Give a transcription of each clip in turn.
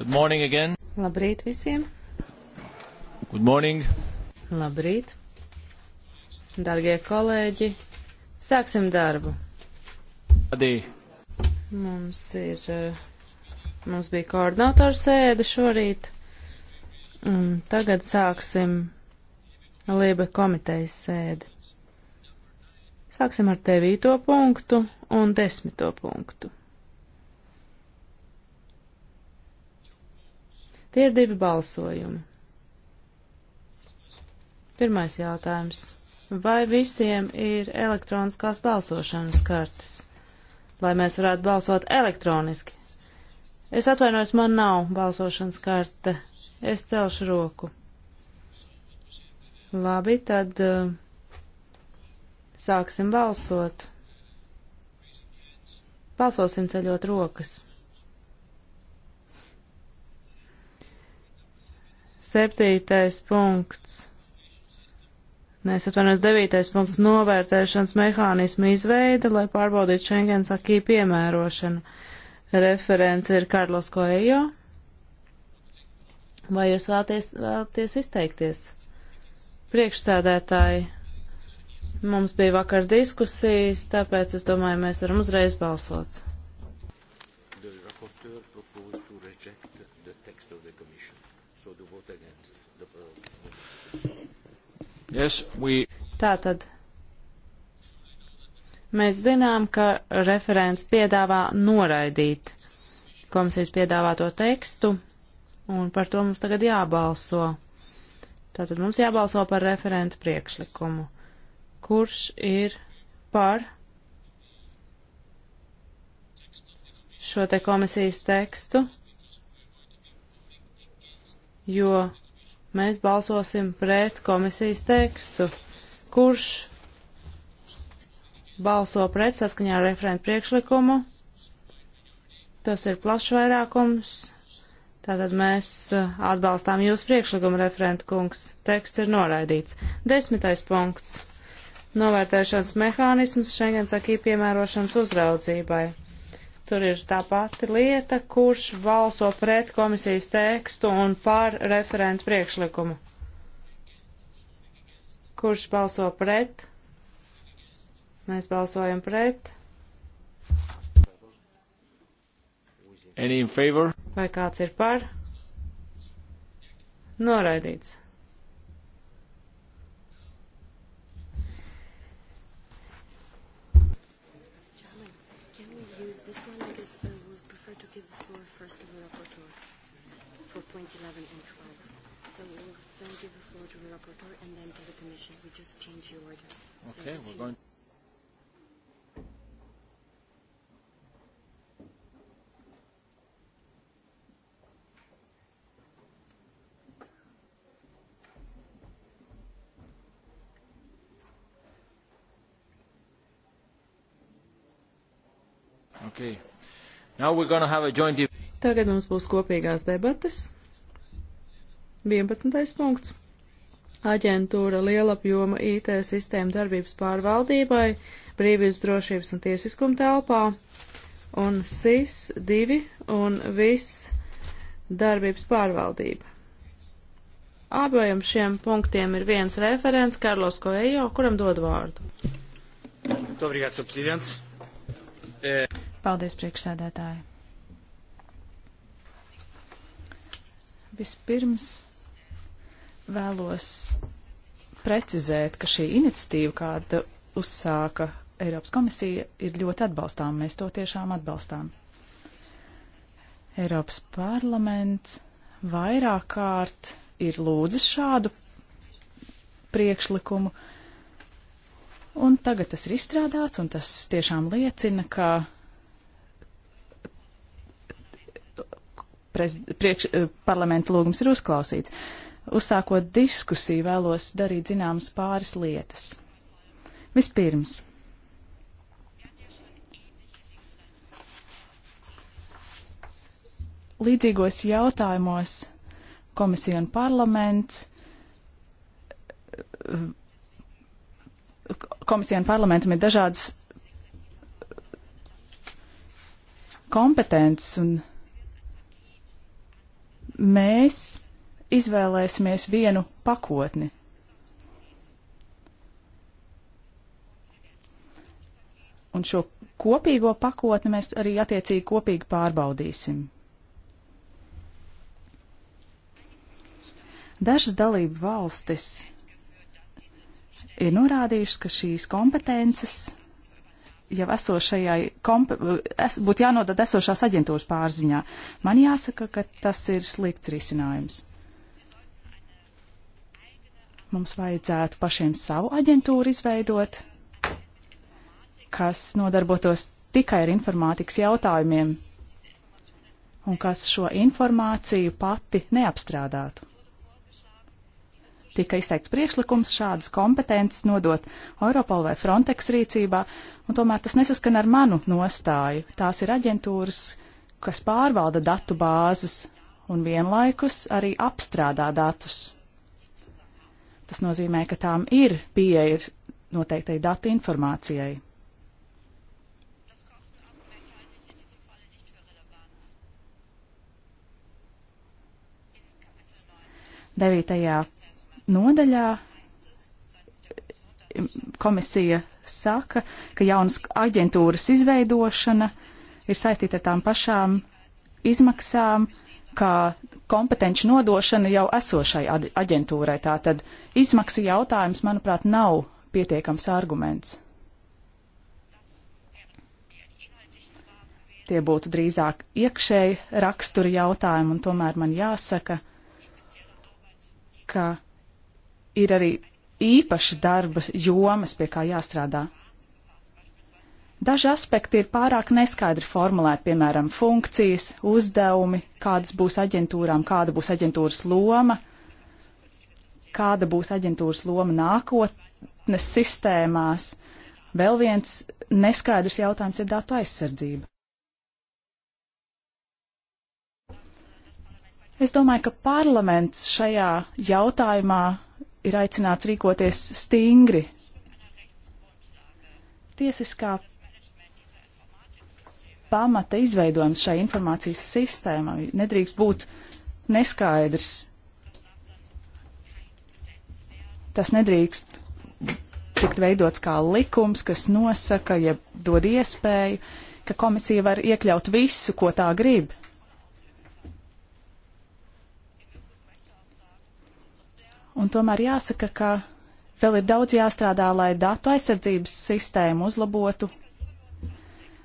Good morning again. Labrīt visiem. Good morning. Labrīt. Dargie kolēģi, sāksim darbu. Adī. Mums ir, eh, mums bija koordinātora sēde šorīt, un tagad sāksim Liebe komitejas sēdi. Sāksim ar devīto punktu un desmito punktu. Tie ir divi balsojumi. Pirmais jautājums. Vai visiem ir elektroniskās balsošanas kartes, lai mēs varētu balsot elektroniski? Es atvainojos, man nav balsošanas karte. Es celšu roku. Labi, tad uh, sāksim balsot. Balsosim ceļot rokas. Septītais punkts. Nē, es atvainojos, devītais punkts - novērtēšanas mehānismu izveida, lai pārbaudītu Schengens akī piemērošanu. Referents ir Karlos Koejo. Vai jūs vēlaties, vēlaties izteikties? Priekšsēdētāji, mums bija vakar diskusijas, tāpēc es domāju, mēs varam uzreiz balsot. Yes, we... Tātad. Mēs zinām, ka referents piedāvā noraidīt komisijas piedāvāto tekstu, un par to mums tagad jābalso. Tātad mums jābalso par referentu priekšlikumu. Kurš ir par šo te komisijas tekstu? Jo mēs balsosim pret komisijas tekstu. Kurš balso pret saskaņā ar referentu priekšlikumu? Tas ir plašs vairākums. Tātad mēs uh, atbalstām jūsu priekšlikumu, referenta kungs. Teksts ir noraidīts. Desmitais punkts. Novērtēšanas mehānisms Schengens akī piemērošanas uzraudzībai. Tur ir tā pati lieta, kurš balso pret komisijas tekstu un par referentu priekšlikumu. Kurš balso pret? Mēs balsojam pret. Vai kāds ir par? Noraidīts. 11 and 12. So we will then give the floor to the rapporteur and then to the Commission. We just change the order. Okay, so we're going. Okay. Now we're going to have a joint debate. Tagad mums būs kopīgās debates 11. punkts. Aģentūra lielapjoma IT sistēma darbības pārvaldībai, brīvības drošības un tiesiskuma telpā, un SIS 2 un viss darbības pārvaldība. Abiem šiem punktiem ir viens referents, Karlos Koejo, kuram dod vārdu. Dobrīgāds, prezidents. E... Paldies, priekšsēdētāji. Vispirms vēlos precizēt, ka šī iniciatīva, kāda uzsāka Eiropas komisija, ir ļoti atbalstām. Mēs to tiešām atbalstām. Eiropas parlaments vairāk kārt ir lūdzis šādu priekšlikumu, un tagad tas ir izstrādāts, un tas tiešām liecina, ka prez, priekš, eh, parlamenta lūgums ir uzklausīts. Uh, uzsākot diskusiju, vēlos darīt zināmas pāris lietas. Vispirms. Līdzīgos jautājumos komisija un parlaments komisija un parlamentam ir dažādas kompetences un mēs izvēlēsimies vienu pakotni. Un šo kopīgo pakotni mēs arī attiecīgi kopīgi pārbaudīsim. Dažas dalību valstis ir norādījušas, ka šīs kompetences jau esošajai, komp es, būtu jānodod esošās aģentūras pārziņā. Man jāsaka, ka tas ir slikts risinājums. Mums vajadzētu pašiem savu aģentūru izveidot, kas nodarbotos tikai ar informātikas jautājumiem un kas šo informāciju pati neapstrādātu. Tika izteikts priekšlikums šādas kompetences nodot Europol vai Frontex rīcībā, un tomēr tas nesaskan ar manu nostāju. Tās ir aģentūras, kas pārvalda datu bāzes un vienlaikus arī apstrādā datus. Tas nozīmē, ka tām ir pieeja noteiktai datu informācijai. Devītajā nodaļā komisija saka, ka jaunas aģentūras izveidošana ir saistīta ar tām pašām izmaksām, uh, kā kompetenci nodošana jau esošai aģentūrai. Tātad izmaksu jautājums, manuprāt, nav pietiekams arguments. Tie būtu drīzāk iekšēji raksturi jautājumi, un tomēr man jāsaka, ka ir arī īpaši darba jomas, pie kā jāstrādā Daži aspekti ir pārāk neskaidri formulēti, piemēram, funkcijas, uzdevumi, kādas būs aģentūrām, kāda būs aģentūras loma, kāda būs aģentūras loma nākotnes sistēmās. Vēl viens neskaidrs jautājums ir datu aizsardzība. Es domāju, ka parlaments šajā jautājumā ir aicināts rīkoties stingri. Tiesiskā pamata izveidojums šai informācijas sistēmai. Nedrīkst būt neskaidrs. Tas nedrīkst tikt veidots kā likums, kas nosaka, ja dod iespēju, ka komisija var iekļaut visu, ko tā grib. Un tomēr jāsaka, ka vēl ir daudz jāstrādā, lai datu aizsardzības sistēmu uzlabotu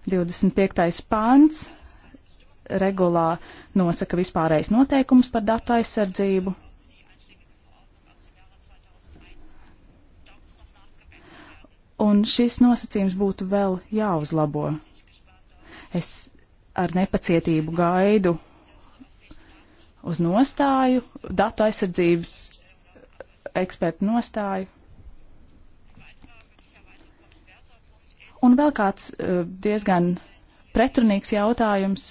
25. pāns regulā nosaka vispārējais noteikums par datu aizsardzību. Un šis nosacījums būtu vēl jāuzlabo. Es ar nepacietību gaidu uz nostāju, datu aizsardzības ekspertu nostāju. Un vēl kāds eh, diezgan pretrunīgs jautājums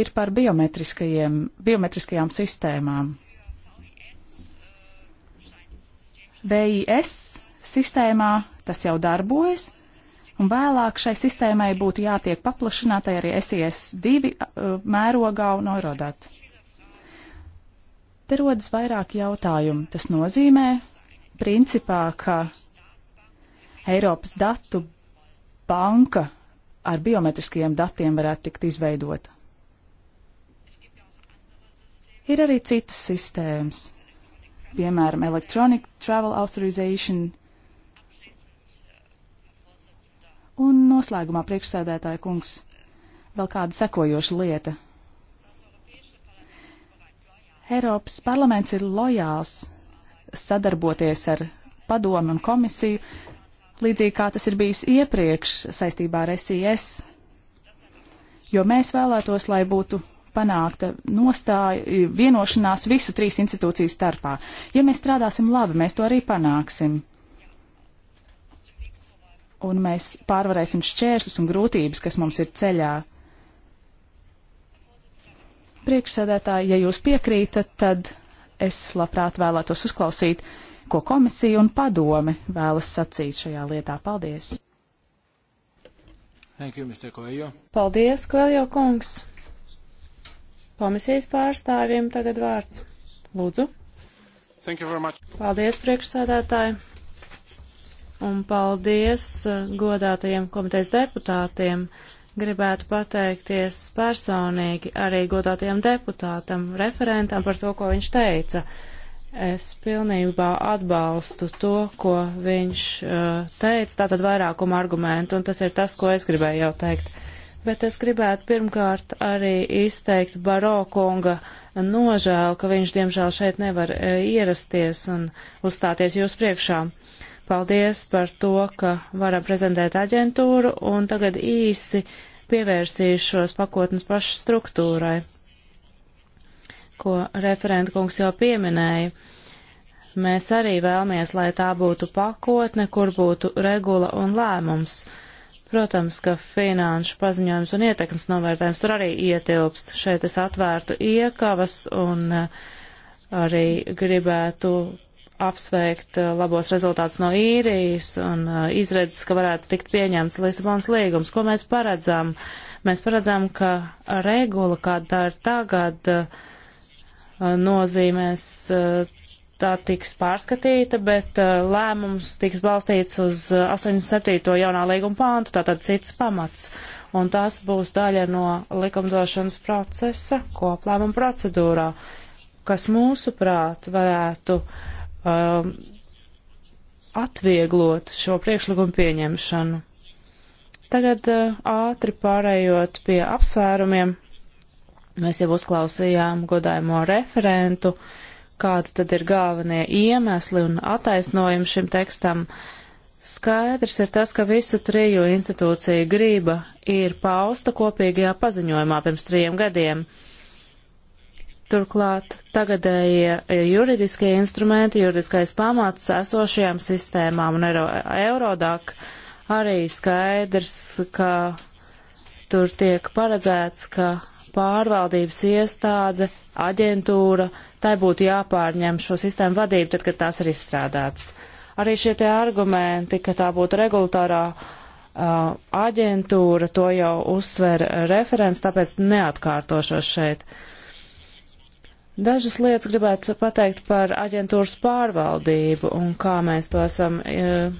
ir par biometriskajām sistēmām. VIS sistēmā tas jau darbojas, un vēlāk šai sistēmai būtu jātiek paplašinātai arī SIS-2 eh, mērogā un Eurodat. Te rodas vairāk jautājumu. Tas nozīmē, principā, ka Eiropas datu banka ar biometriskajiem datiem varētu tikt izveidota. Ir arī citas sistēmas, piemēram, Electronic Travel Authorization. Un noslēgumā priekšsēdētāja kungs vēl kāda sekojoša lieta. Eiropas parlaments ir lojāls sadarboties ar padomu un komisiju, līdzīgi kā tas ir bijis iepriekš saistībā ar SIS, jo mēs vēlētos, lai būtu panākta nostāja, vienošanās visu trīs institūciju starpā. Ja mēs strādāsim labi, mēs to arī panāksim. Un mēs pārvarēsim šķēršļus un grūtības, kas mums ir ceļā. Priekšsēdētāji, ja jūs piekrītat, tad es labprāt vēlētos uzklausīt ko komisija un padome vēlas sacīt šajā lietā. Paldies! Thank you, Mr. Koejo. Paldies, Koejo kungs! Komisijas pārstāvjiem tagad vārds. Lūdzu! Thank you very much. Paldies, priekšsēdētāji! Un paldies eh, godātajiem komitejas deputātiem! gribētu pateikties personīgi arī godātajam deputātam, referentam par to, ko viņš teica. Es pilnībā atbalstu to, ko viņš uh, teica, tātad vairākumu argumentu, un tas ir tas, ko es gribēju jau teikt. Bet es gribētu pirmkārt arī izteikt Barokunga nožēlu, ka viņš diemžēl šeit nevar uh, ierasties un uzstāties jūs priekšā. Paldies par to, ka varam prezentēt aģentūru, un tagad īsi pievērsīšos pakotnes pašu struktūrai ko referenta kungs jau pieminēja. Mēs arī vēlamies, lai tā būtu pakotne, kur būtu regula un lēmums. Protams, ka finanšu paziņojums un ietekmes novērtējums tur arī ietilpst. Šeit es atvērtu iekavas un uh, arī gribētu apsveikt uh, labos rezultātus no īrijas un uh, izredzes, ka varētu tikt pieņemts Lisabonas līgums. Ko mēs paredzam? Mēs paredzam, ka regula, kāda tā ir tagad, uh, Eh, nozīmēs eh, tā tiks pārskatīta, bet eh, lēmums tiks balstīts uz 87. jaunā līguma pāntu, tātad cits pamats. Un tas būs daļa no likumdošanas procesa koplēmuma procedūrā, kas mūsuprāt varētu um, atvieglot šo priekšlikumu pieņemšanu. Tagad uh, ātri pārējot pie apsvērumiem. Mēs jau uzklausījām godājumo referentu, kāda tad ir galvenie iemesli un attaisnojumi šim tekstam. Skaidrs ir tas, ka visu triju institūciju grība ir pausta kopīgajā paziņojumā pirms trijiem gadiem. Turklāt tagadējie juridiskie instrumenti, juridiskais pamats esošajām sistēmām un Eurodak arī skaidrs, ka tur tiek paredzēts, ka pārvaldības iestāde, aģentūra, tai būtu jāpārņem šo sistēmu vadību, tad, kad tās ir izstrādātas. Arī šie tie argumenti, ka tā būtu regulatārā uh, aģentūra, to jau uzsver referents, tāpēc neatkārtošos šeit. Dažas lietas gribētu pateikt par aģentūras pārvaldību un kā mēs to esam uh,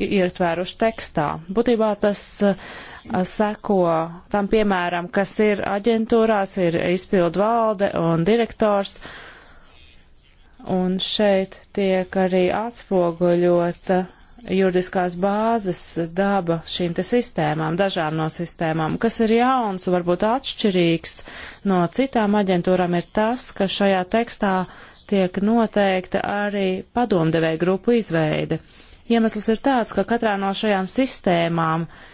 ietvēruši tekstā. Būtībā tas uh, seko tam, piemēram, kas ir aģentūrās, ir izpildu valde un direktors. Un šeit tiek arī atspoguļota juridiskās bāzes daba šīm te sistēmām, dažām no sistēmām. Kas ir jauns un varbūt atšķirīgs no citām aģentūrām ir tas, ka šajā tekstā tiek noteikta arī padomdevēja grupu izveide. Iemesls ir tāds, ka katrā no šajām sistēmām uh,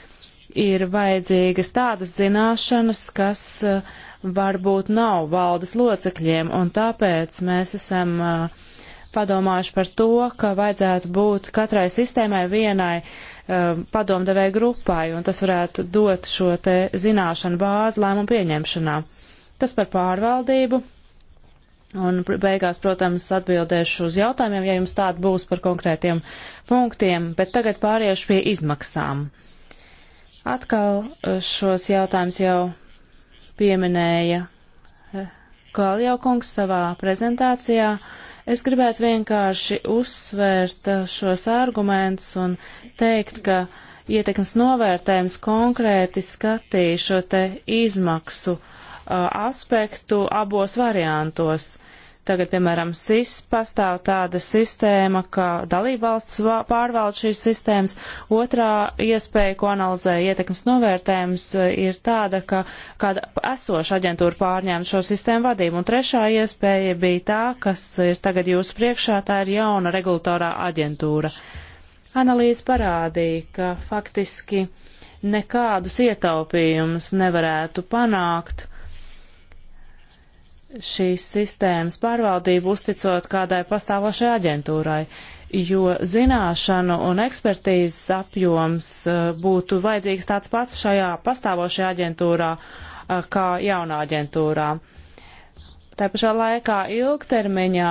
ir vajadzīgas tādas zināšanas, kas eh, varbūt nav valdes locekļiem, un tāpēc mēs esam eh, padomājuši par to, ka vajadzētu būt katrai sistēmai vienai eh, padomdevēja grupai, un tas varētu dot šo te zināšanu bāzi lēmumu pieņemšanā. Tas par pārvaldību. Un beigās, protams, atbildēšu uz jautājumiem, ja jums tādi būs par konkrētiem punktiem, bet tagad pāriešu pie izmaksām. Uh, Atkal e, šos jautājumus jau pieminēja e, Kaljau kungs savā prezentācijā. Es gribētu vienkārši uzsvērt e, šos argumentus un teikt, ka ietekmes novērtējums konkrēti skatīja šo te izmaksu uh, aspektu abos variantos. Tagad, piemēram, SIS pastāv tāda sistēma, ka dalībvalsts pārvalda šīs sistēmas. Otrā iespēja, ko analizē ietekmes novērtējums, ir tāda, ka kāda esoša aģentūra pārņēma šo sistēmu vadību. Un trešā iespēja bija tā, kas ir tagad jūsu priekšā, tā ir jauna regulatorā aģentūra. Analīze parādīja, ka faktiski nekādus ietaupījumus nevarētu panākt šīs sistēmas pārvaldību uzticot kādai pastāvošai aģentūrai, jo zināšanu un ekspertīzes apjoms eh, būtu vajadzīgs tāds pats šajā pastāvošajā aģentūrā eh, kā jaunā aģentūrā. Tā pašā laikā ilgtermiņā,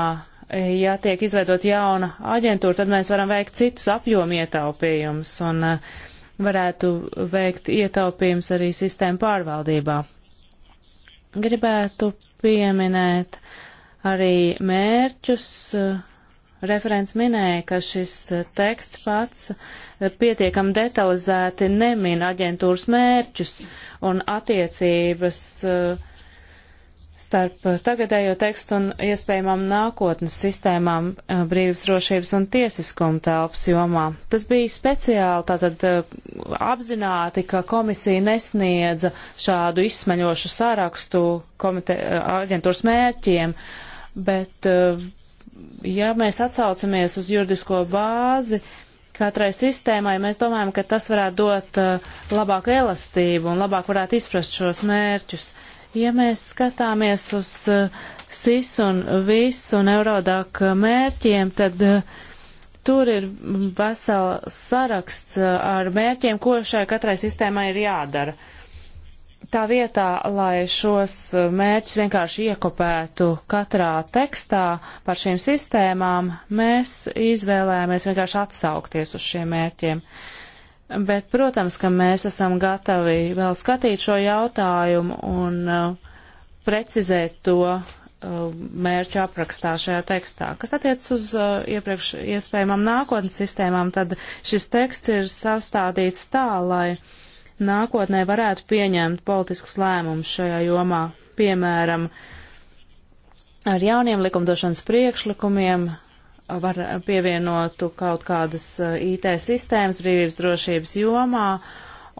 eh, ja tiek izveidot jauna aģentūra, tad mēs varam veikt citus apjomu ietaupījumus un varētu veikt ietaupījumus arī sistēmu pārvaldībā. Gribētu pieminēt arī mērķus. Referents minēja, ka šis teksts pats pietiekam detalizēti nemin aģentūras mērķus un attiecības uh, starp tagadējo tekstu un iespējamām nākotnes sistēmām eh, brīvības drošības un tiesiskuma telpas jomā. Tas bija speciāli tātad eh, apzināti, ka komisija nesniedza šādu izsmeļošu sārakstu komite, eh, aģentūras mērķiem, bet ja mēs atsaucamies uz juridisko bāzi, katrai sistēmai, mēs domājam, ka tas varētu dot labāku elastību un labāk varētu izprast šos mērķus. Uh, Ja mēs skatāmies uz eh, SIS un VIS un Eurodāk eh, mērķiem, tad eh, tur ir vesels saraksts ar mērķiem, ko šai katrai sistēmai ir jādara. Tā vietā, lai šos mērķus vienkārši iekopētu katrā tekstā par šīm sistēmām, mēs izvēlējāmies vienkārši atsaukties uz šiem mērķiem. Uh, Bet, protams, ka mēs esam gatavi vēl skatīt šo jautājumu un uh, precizēt to uh, mērķu aprakstā šajā tekstā. Kas attiecas uz uh, iepriekš iespējamām nākotnes sistēmām, tad šis teksts ir sastādīts tā, lai nākotnē varētu pieņemt politiskus lēmumus šajā jomā. Piemēram, ar jauniem likumdošanas priekšlikumiem var pievienotu kaut kādas eh, IT sistēmas brīvības drošības jomā,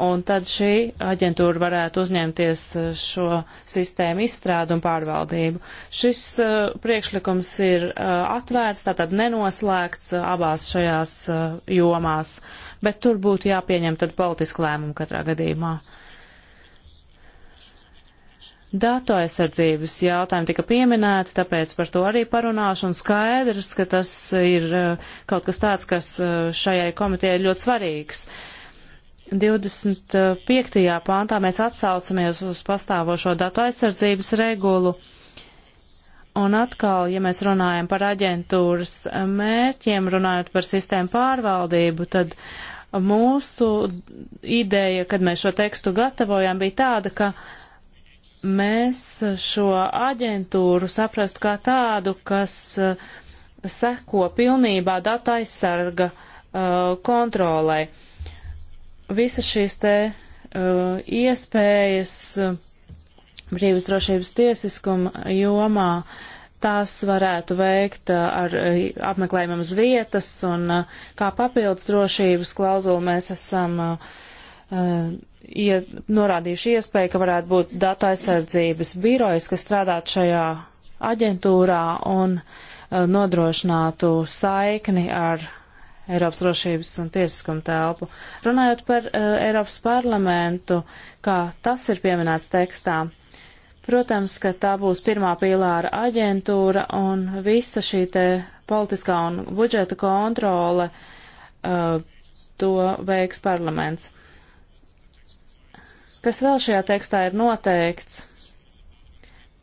un tad šī aģentūra varētu uzņemties eh, šo sistēmu izstrādu un pārvaldību. Šis eh, priekšlikums ir atvērts, tātad nenoslēgts abās šajās jomās, bet tur būtu jāpieņem tad politiski lēmumu katrā gadījumā. Uh, Datu aizsardzības jautājumi tika pieminēti, tāpēc par to arī parunāšu un skaidrs, ka tas ir uh, kaut kas tāds, kas uh, šajai komitejai ir ļoti svarīgs. 25. pāntā mēs atsaucamies uz pastāvošo datu aizsardzības regulu. Un atkal, ja mēs runājam par aģentūras mērķiem, runājot par sistēmu pārvaldību, tad mūsu ideja, kad mēs šo tekstu gatavojām, bija tāda, ka mēs šo aģentūru saprastu kā tādu, kas uh, seko pilnībā data aizsarga uh, kontrolai. Visas šīs te uh, iespējas brīvas drošības tiesiskuma jomā tās varētu veikt ar apmeklējumiem uz vietas, un kā papildus drošības klauzulu mēs esam uh, ja uh, norādījuši iespēju, ka varētu būt datu aizsardzības birojas, kas strādātu šajā aģentūrā un uh, nodrošinātu saikni ar Eiropas drošības un tiesiskumu telpu. Runājot par uh, Eiropas parlamentu, kā tas ir pieminēts tekstā, protams, ka tā būs pirmā pīlāra aģentūra un visa šī te politiskā un budžeta kontrole, uh, to veiks parlaments. Kas vēl šajā tekstā ir noteikts?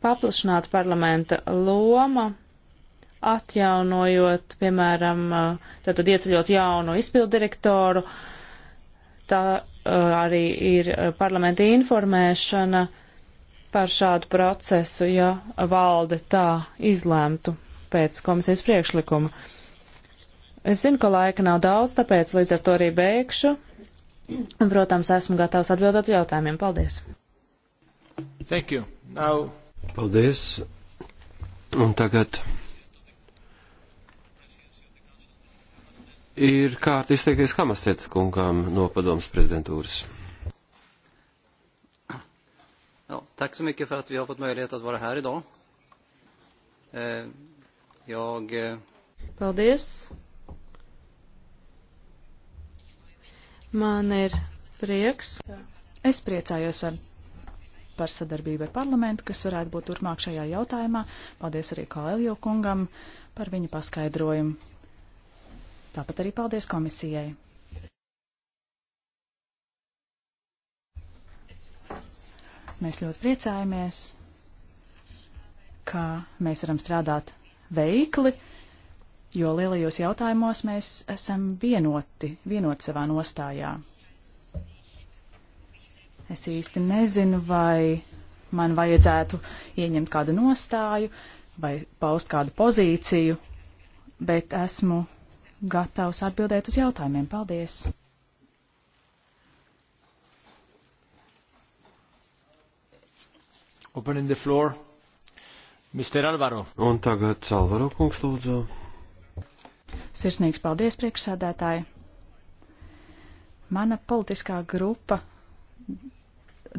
Paplašināt parlamenta loma, atjaunojot, piemēram, tātad ieceļot jaunu izpildirektoru, tā arī ir parlamenta informēšana par šādu procesu, ja valde tā izlemtu pēc komisijas priekšlikuma. Es zinu, ka laika nav daudz, tāpēc līdz ar to arī beigšu. Un, protams, esmu gatavs atbildēt uz jautājumiem. Paldies! Thank you. Now... Paldies! Un tagad ir kārt izteikties Hamastiet kungām no padomas prezidentūras. Ja, tack så mycket för att vi har fått möjlighet att vara här idag. Eh, jag... Eh, Paldies! Man ir prieks. Es priecājos ar, par sadarbību ar parlamentu, kas varētu būt turpmāk šajā jautājumā. Paldies arī Kalēļo kungam par viņa paskaidrojumu. Tāpat arī paldies komisijai. Mēs ļoti priecājamies, ka mēs varam strādāt veikli jo lielajos jautājumos mēs esam vienoti, vienoti savā nostājā. Es īsti nezinu, vai man vajadzētu ieņemt kādu nostāju vai paust kādu pozīciju, bet esmu gatavs atbildēt uz jautājumiem. Paldies! Opening the floor. Mr. Alvaro. Un tagad Alvaro kungs lūdzu. Sirsnīgs paldies, priekšsādātāji! Mana politiskā grupa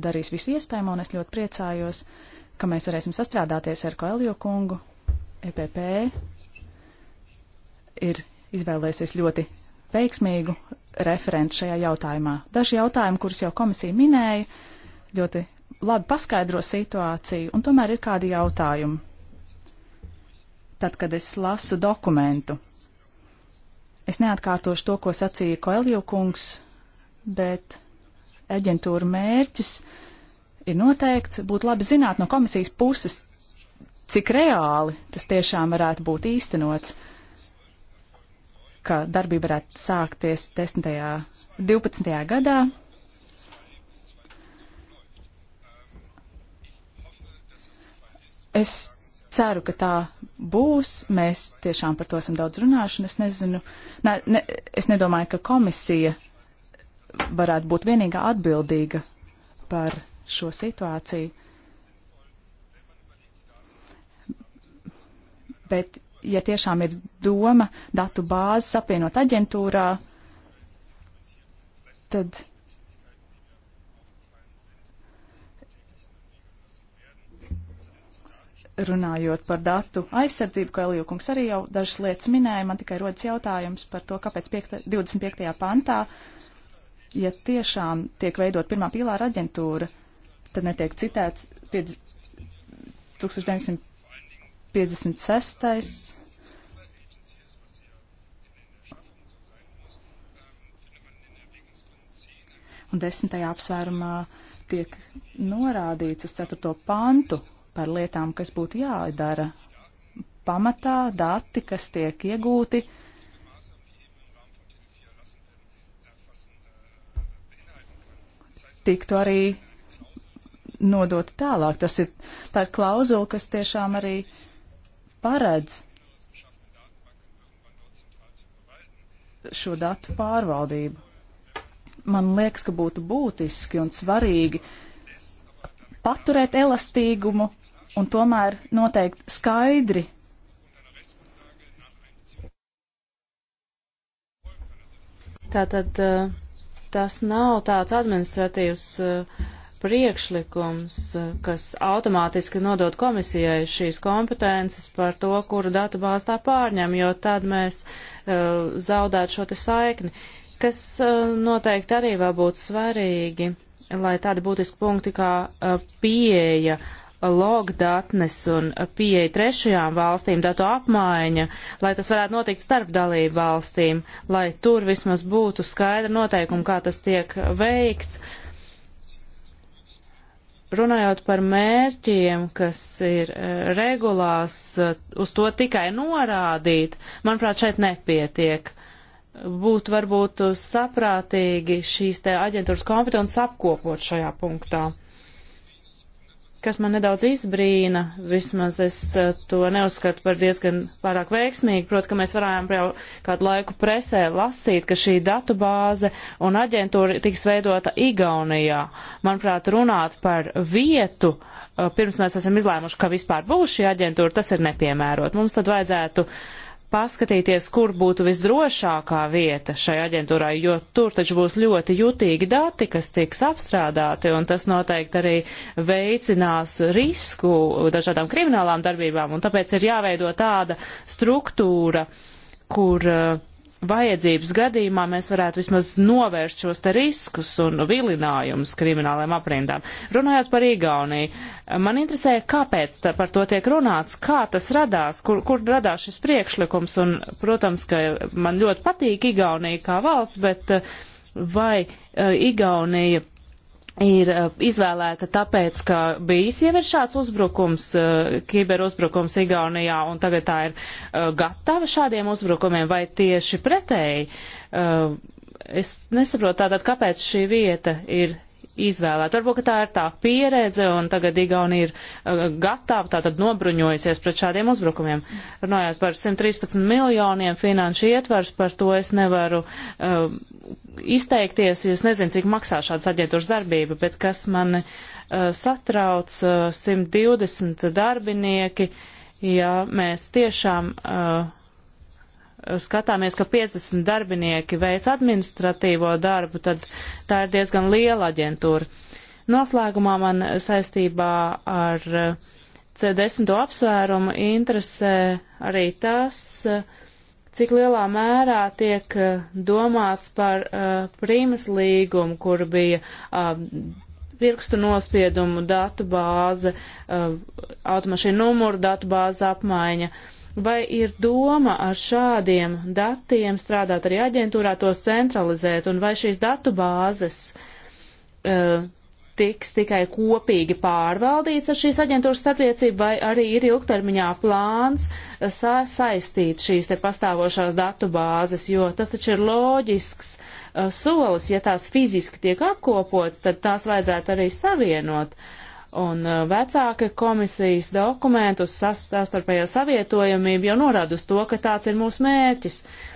darīs visu iespējamo, un es ļoti priecājos, ka mēs varēsim sastrādāties ar Koelio kungu. EPP ir izvēlēsies ļoti veiksmīgu referentu šajā jautājumā. Daži jautājumi, kurus jau komisija minēja, ļoti labi paskaidro situāciju, un tomēr ir kādi jautājumi. Tad, kad es lasu dokumentu, Es neatkārtošu to, ko sacīja Koeljo kungs, bet aģentūra mērķis ir noteikts. Būtu labi zināt no komisijas puses, cik reāli tas tiešām varētu būt īstenots, ka darbība varētu sākties 10. 12. gadā. Es ceru, ka tā būs. Mēs tiešām par to esam daudz runājuši. Es nezinu, ne, ne, es nedomāju, ka komisija varētu būt vienīgā atbildīga par šo situāciju. Bet, ja tiešām ir doma datu bāzes apvienot aģentūrā, tad runājot par datu aizsardzību, ko Elijūkungs arī jau dažas lietas minēja, man tikai rodas jautājums par to, kāpēc 5, 25. pantā, ja tiešām tiek veidot pirmā pīlāra aģentūra, tad netiek citēts 5, 1956. Un desmitajā apsvērumā tiek norādīts uz ceturto pantu, par lietām, kas būtu jādara. Pamatā dati, kas tiek iegūti, tiktu arī nodot tālāk. Tas ir tā ir klauzula, kas tiešām arī paredz šo datu pārvaldību. Man liekas, ka būtu būtiski un svarīgi paturēt elastīgumu, un tomēr noteikti skaidri. Tātad eh, tas nav tāds administratīvs eh, priekšlikums, eh, kas automātiski nodod komisijai šīs kompetences par to, kuru datu bāzi tā pārņem, jo tad mēs uh, zaudētu šo te saikni, kas uh, noteikti arī vēl būtu svarīgi, lai tādi būtiski punkti kā uh, pieeja uh, logdatnes un pieeja trešajām valstīm, datu apmaiņa, lai tas varētu notikt starp dalību valstīm, lai tur vismaz būtu skaidra noteikuma, kā tas tiek veikts. Runājot par mērķiem, kas ir e, regulās, e, uz to tikai norādīt, manuprāt, šeit nepietiek. Būtu varbūt saprātīgi šīs te aģentūras kompetences apkopot šajā punktā kas man nedaudz izbrīna, vismaz es eh, to neuzskatu par diezgan pārāk veiksmīgi, proti, ka mēs varējām jau kādu laiku presē lasīt, ka šī datu bāze un aģentūra tiks veidota Igaunijā. Manuprāt, runāt par vietu, eh, pirms mēs esam izlēmuši, ka vispār būs šī aģentūra, tas ir nepiemērot. Mums tad vajadzētu uh, paskatīties, kur būtu visdrošākā vieta šai aģentūrai, jo tur taču būs ļoti jutīgi dati, kas tiks apstrādāti, un tas noteikti arī veicinās risku dažādām kriminālām darbībām, un tāpēc ir jāveido tāda struktūra, kur uh, vajadzības gadījumā mēs varētu vismaz novērst šos te riskus un vilinājumus krimināliem aprindām. Runājot par Igauniju, man interesē, kāpēc par to tiek runāts, kā tas radās, kur, kur radās šis priekšlikums, un, protams, ka man ļoti patīk Igaunija kā valsts, bet eh, vai eh, Igaunija ir eh, izvēlēta tāpēc, ka bijis jau ir šāds uzbrukums, eh, kiberuzbrukums Igaunijā, un tagad tā ir eh, gatava šādiem uzbrukumiem, vai tieši pretēji. Es nesaprotu tātad, kāpēc šī vieta ir izvēlēta. Varbūt, ka tā ir tā pieredze, un tagad Igaunija ir gatava, tātad nobruņojusies pret šādiem uzbrukumiem. Runājot par 113 miljoniem finanšu ietvars, par to es nevaru uh, izteikties, es nezinu, cik maksā šāds aģentūras darbība, bet kas mani uh, satrauc, uh, 120 darbinieki, ja mēs tiešām uh, skatāmies, ka 50 darbinieki veic administratīvo darbu, tad tā ir diezgan liela aģentūra. Noslēgumā man saistībā ar uh, C10 apsvērumu interesē arī tas, uh, cik lielā mērā tiek eh, domāts par uh, prīmas līgumu, kur bija uh, pirkstu nospiedumu datu bāze, uh, automašīnu numuru datu bāze apmaiņa. Vai ir doma ar šādiem datiem strādāt arī aģentūrā, tos centralizēt, un vai šīs datu bāzes uh, tiks tikai kopīgi pārvaldīts ar šīs aģentūras starpniecību, vai arī ir ilgtermiņā plāns eh, sa saistīt šīs te pastāvošās datu bāzes, jo tas taču ir loģisks uh, solis, ja tās fiziski tiek apkopots, tad tās vajadzētu arī savienot. Un uh, vecāka komisijas dokumentus sastarpējo savietojamību jau norāda uz to, ka tāds ir mūsu mērķis. Uh,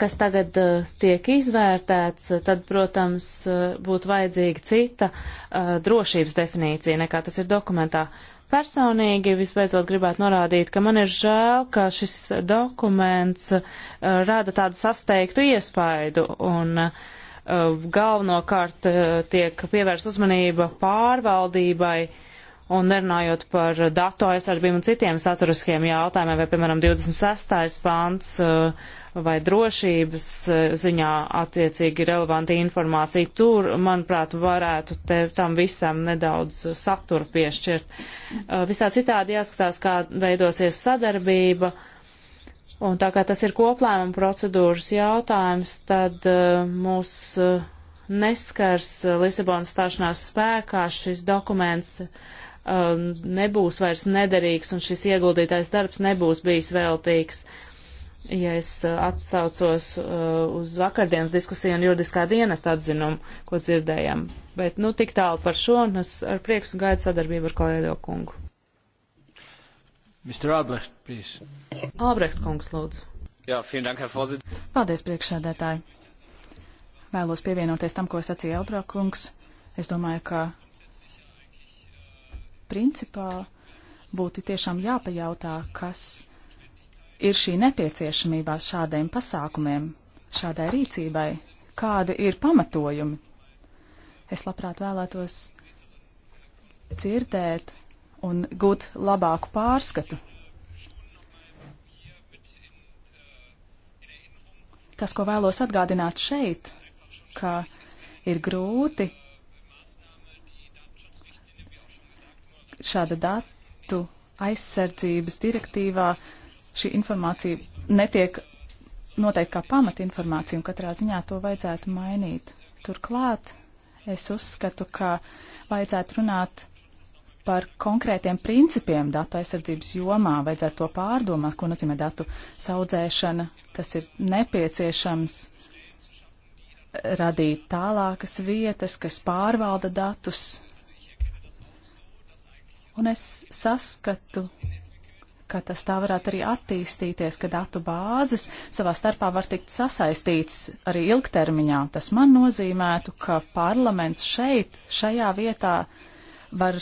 kas tagad uh, tiek izvērtēts, uh, tad, protams, uh, būtu vajadzīga cita uh, drošības definīcija nekā tas ir dokumentā. Personīgi visbeidzot gribētu norādīt, ka man ir žēl, ka šis dokuments uh, rada tādu sasteigtu iespaidu un uh, galvenokārt tiek pievērsta uzmanība pārvaldībai un nerunājot par datu aizsardzību un citiem saturiskiem jautājumiem, vai, piemēram, 26. pants vai drošības e, ziņā attiecīgi relevanta informācija. Tur, manuprāt, varētu te tam visam nedaudz satura piešķirt. E, visā citādi jāskatās, kā veidosies sadarbība. Un tā kā tas ir koplēmuma procedūras jautājums, tad e, mūs neskars Lisabonas stāšanās spēkā šis dokuments nebūs vairs nederīgs un šis ieguldītais darbs nebūs bijis veltīgs. Uh, ja es uh, atsaucos uh, uz vakardienas diskusiju un juridiskā dienesta atzinumu, ko dzirdējām. Bet, nu, tik tālu par šo, un es ar prieks un gaidu sadarbību ar kolēģo kungu. Mr. Albrecht, please. Albrecht kungs, lūdzu. Jā, vielen dank, Herr Vorsitz. Paldies, priekšsēdētāji. Vēlos pievienoties tam, ko sacīja Albrecht kungs. Es domāju, ka principā būtu tiešām jāpajautā, kas ir šī nepieciešamība šādiem pasākumiem, šādai rīcībai? Kādi ir pamatojumi? Es labprāt vēlētos dzirdēt un gūt labāku pārskatu. Tas, ko vēlos atgādināt šeit, ka ir grūti šāda datu aizsardzības direktīvā uh, šī informācija netiek noteikti kā pamatinformācija, un katrā ziņā to vajadzētu mainīt. Turklāt es uzskatu, ka vajadzētu runāt par konkrētiem principiem datu aizsardzības jomā, vajadzētu to pārdomāt, ko nozīmē datu saudzēšana, tas ir nepieciešams radīt tālākas vietas, kas pārvalda datus. Un es saskatu ka tas tā varētu arī attīstīties, ka datu bāzes savā starpā var tikt sasaistīts arī ilgtermiņā. Tas man nozīmētu, ka parlaments šeit, šajā vietā, var,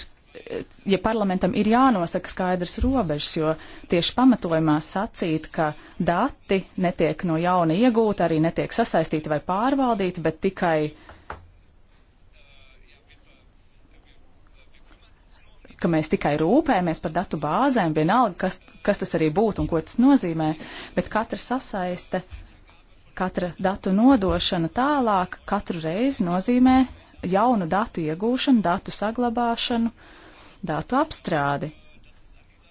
ja parlamentam ir jānosaka skaidrs robežas, jo tieši pamatojumā sacīt, ka dati netiek no jauna iegūti, arī netiek sasaistīti vai pārvaldīti, bet tikai uh, ka mēs tikai rūpējamies par datu bāzēm, vienalga, kas, kas tas arī būtu un ko tas nozīmē, bet katra sasaiste, katra datu nodošana tālāk katru reizi nozīmē jaunu datu iegūšanu, datu saglabāšanu, datu apstrādi.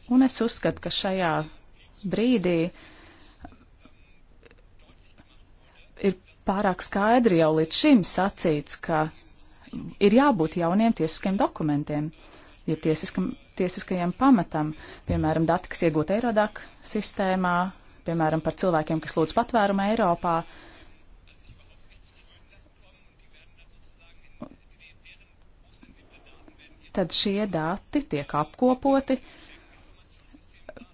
Un es uzskatu, ka šajā brīdī ir pārāk skaidri jau līdz šim sacīts, ka ir jābūt jauniem tiesiskiem dokumentiem. Uh, jeb tiesiskam, tiesiskajam pamatam, piemēram, dati, kas iegūti Eirodak sistēmā, piemēram, par cilvēkiem, kas lūdz patvērumu Eiropā. Tad šie dati tiek apkopoti,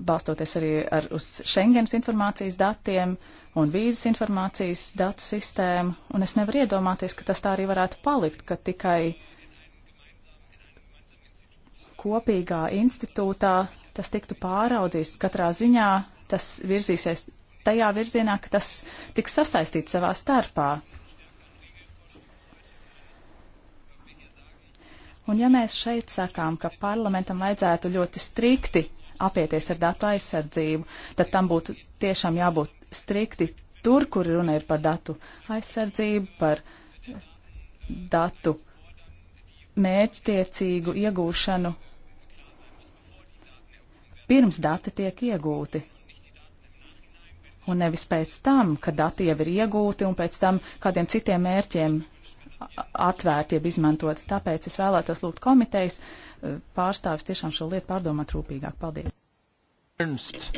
balstoties arī ar, uz Schengens informācijas datiem un vīzas informācijas datu sistēmu, un es nevaru iedomāties, ka tas tā arī varētu palikt, ka tikai uh, kopīgā institūtā tas tiktu pāraudzīts. Katrā ziņā tas virzīsies tajā virzienā, ka tas tiks sasaistīts savā starpā. Un ja mēs šeit sakām, ka parlamentam vajadzētu ļoti strikti apieties ar datu aizsardzību, tad tam būtu tiešām jābūt strikti tur, kur runa ir par datu aizsardzību, par datu mērķtiecīgu iegūšanu pirms dati tiek iegūti. Un nevis pēc tam, kad dati jau ir iegūti un pēc tam kādiem citiem mērķiem atvērti, jeb izmantot. Tāpēc es vēlētos lūgt komitejas eh, pārstāvis tiešām šo lietu pārdomāt rūpīgāk. Paldies! Ernst.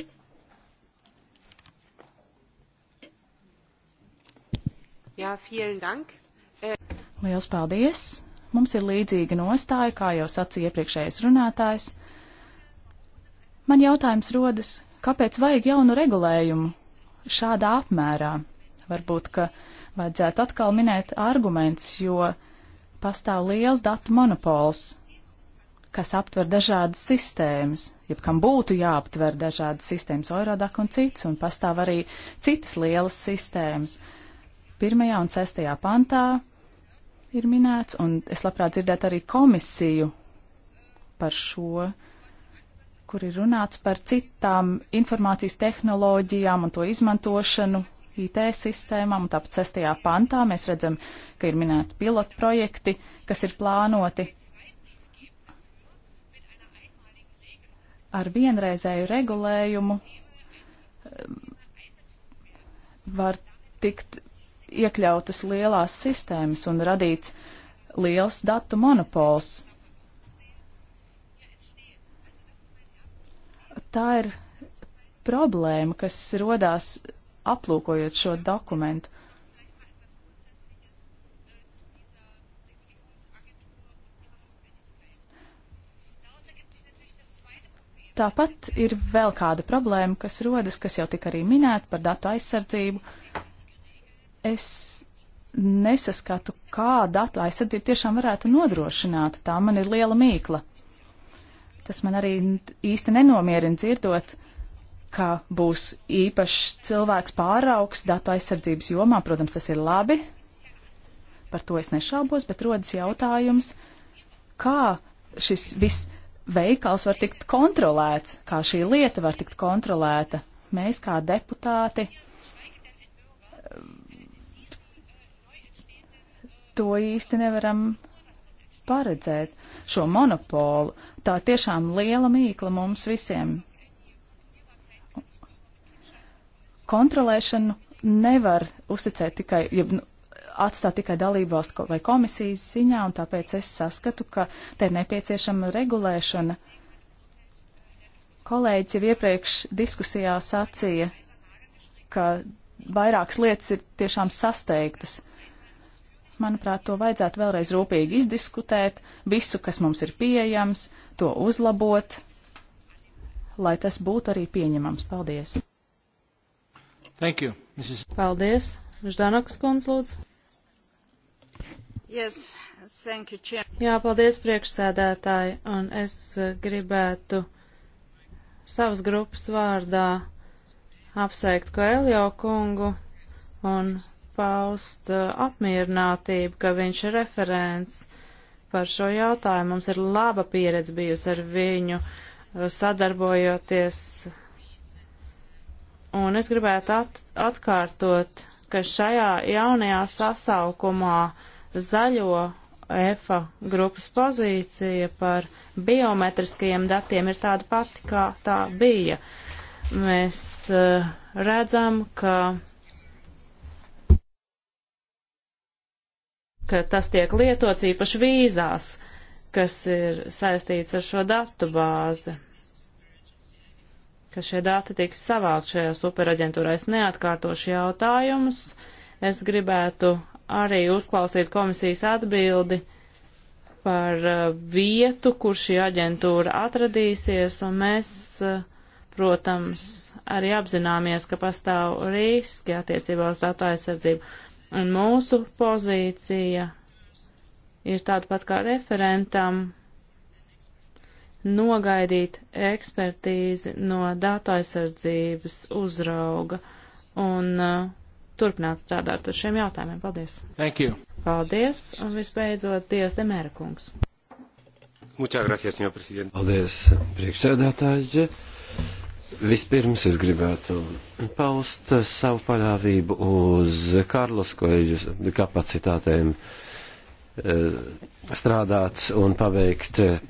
Jā, vielen dank. Eh, Liels paldies! Mums ir līdzīga nostāja, kā jau sacīja iepriekšējais runātājs. Man jautājums rodas, kāpēc vajag jaunu regulējumu šādā apmērā? Varbūt, ka vajadzētu atkal minēt arguments, jo pastāv liels datu monopols, kas aptver dažādas sistēmas, jeb kam būtu jāaptver dažādas sistēmas, Eurodak un cits, un pastāv arī citas lielas sistēmas. Pirmajā un sestajā pantā ir minēts, un es labprāt dzirdētu arī komisiju par šo uh, kur ir runāts par citām informācijas tehnoloģijām un to izmantošanu IT sistēmām, un tāpat sestajā pantā mēs redzam, ka ir minēti pilotu projekti, kas ir plānoti ar vienreizēju regulējumu var tikt iekļautas lielās sistēmas un radīts liels datu monopols. Tā ir problēma, kas rodās aplūkojot šo dokumentu. Tāpat ir vēl kāda problēma, kas rodas, kas jau tika arī minēta par datu aizsardzību. Es nesaskatu, kā datu aizsardzību tiešām varētu nodrošināt. Tā man ir liela mīkla. Tas man arī īsti nenomierina dzirdot, ka būs īpašs cilvēks pāraugs datu aizsardzības jomā. Protams, tas ir labi, par to es nešaubos, bet rodas jautājums, kā šis viss veikals var tikt kontrolēts, kā šī lieta var tikt kontrolēta. Mēs kā deputāti eh, to īsti nevaram paredzēt šo monopolu. Tā tiešām liela mīkla mums visiem. Kontrolēšanu nevar uzticēt tikai, ja, nu, atstāt tikai dalībvalstu vai komisijas ziņā, un tāpēc es saskatu, ka te ir nepieciešama regulēšana. Kolēģis jau iepriekš diskusijā sacīja, ka vairākas lietas ir tiešām sasteigtas. Manuprāt, to vajadzētu vēlreiz rūpīgi izdiskutēt, visu, kas mums ir pieejams, to uzlabot, lai tas būtu arī pieņemams. Paldies! Thank you, Mrs. Paldies! Ždanokas kundze, lūdzu. Yes, thank you, Chair. Jā, paldies priekšsēdētāji, un es gribētu savas grupas vārdā apsveikt Koeljo kungu un paust uh, apmierinātību, ka viņš ir referents par šo jautājumu. Mums ir laba pieredze bijusi ar viņu uh, sadarbojoties. Un es gribētu at atkārtot, ka šajā jaunajā sasaukumā zaļo EFA grupas pozīcija par biometriskajiem datiem ir tāda pati, kā tā bija. Mēs uh, redzam, ka ka tas tiek lietots īpaši vīzās, kas ir saistīts ar šo datu bāzi, ka šie dati tiks savākt šajā superaģentūrā. Es neatkārtošu jautājumus, es gribētu arī uzklausīt komisijas atbildi par uh, vietu, kur šī aģentūra atradīsies, un mēs, uh, protams, arī apzināmies, ka pastāv riski attiecībā uz datu aizsardzību. Un mūsu pozīcija ir tāda pat kā referentam nogaidīt ekspertīzi no datu aizsardzības uzrauga un uh, turpināt strādāt ar šiem jautājumiem. Paldies! Thank you! Paldies! Un visbeidzot, Dievs Demēra kungs! Muchas gracias, señor presidente. Paldies, priekšsēdētāji! Vispirms es gribētu paust savu paļāvību uz Karlas koeģu kapacitātēm eh, strādāt un paveikt eh,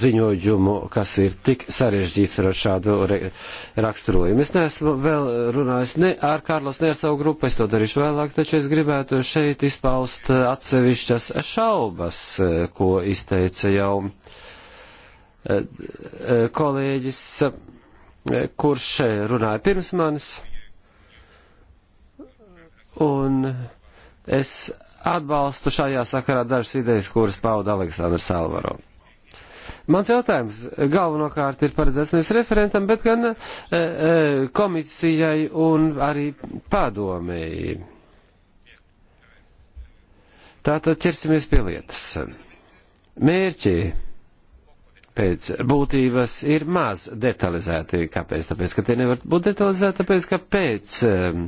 ziņojumu, kas ir tik sarežģīts ar šādu raksturojumu. Es neesmu vēl runājis ne ar Karlos, ne ar savu grupu, es to darīšu vēlāk, taču es gribētu šeit izpaust atsevišķas šaubas, eh, ko izteica jau kolēģis Eh, kurš eh, runāja pirms manis, un es atbalstu šajā sakarā dažas idejas, kuras pauda Aleksandrs Alvaro. Mans jautājums galvenokārt ir paredzēts nevis referentam, bet gan e, e, komisijai un arī padomēji. Tātad ķersimies pie lietas. Mērķi pēc būtības ir maz detalizēti. Kāpēc? Tāpēc, ka tie nevar būt detalizēti, tāpēc, ka pēc um,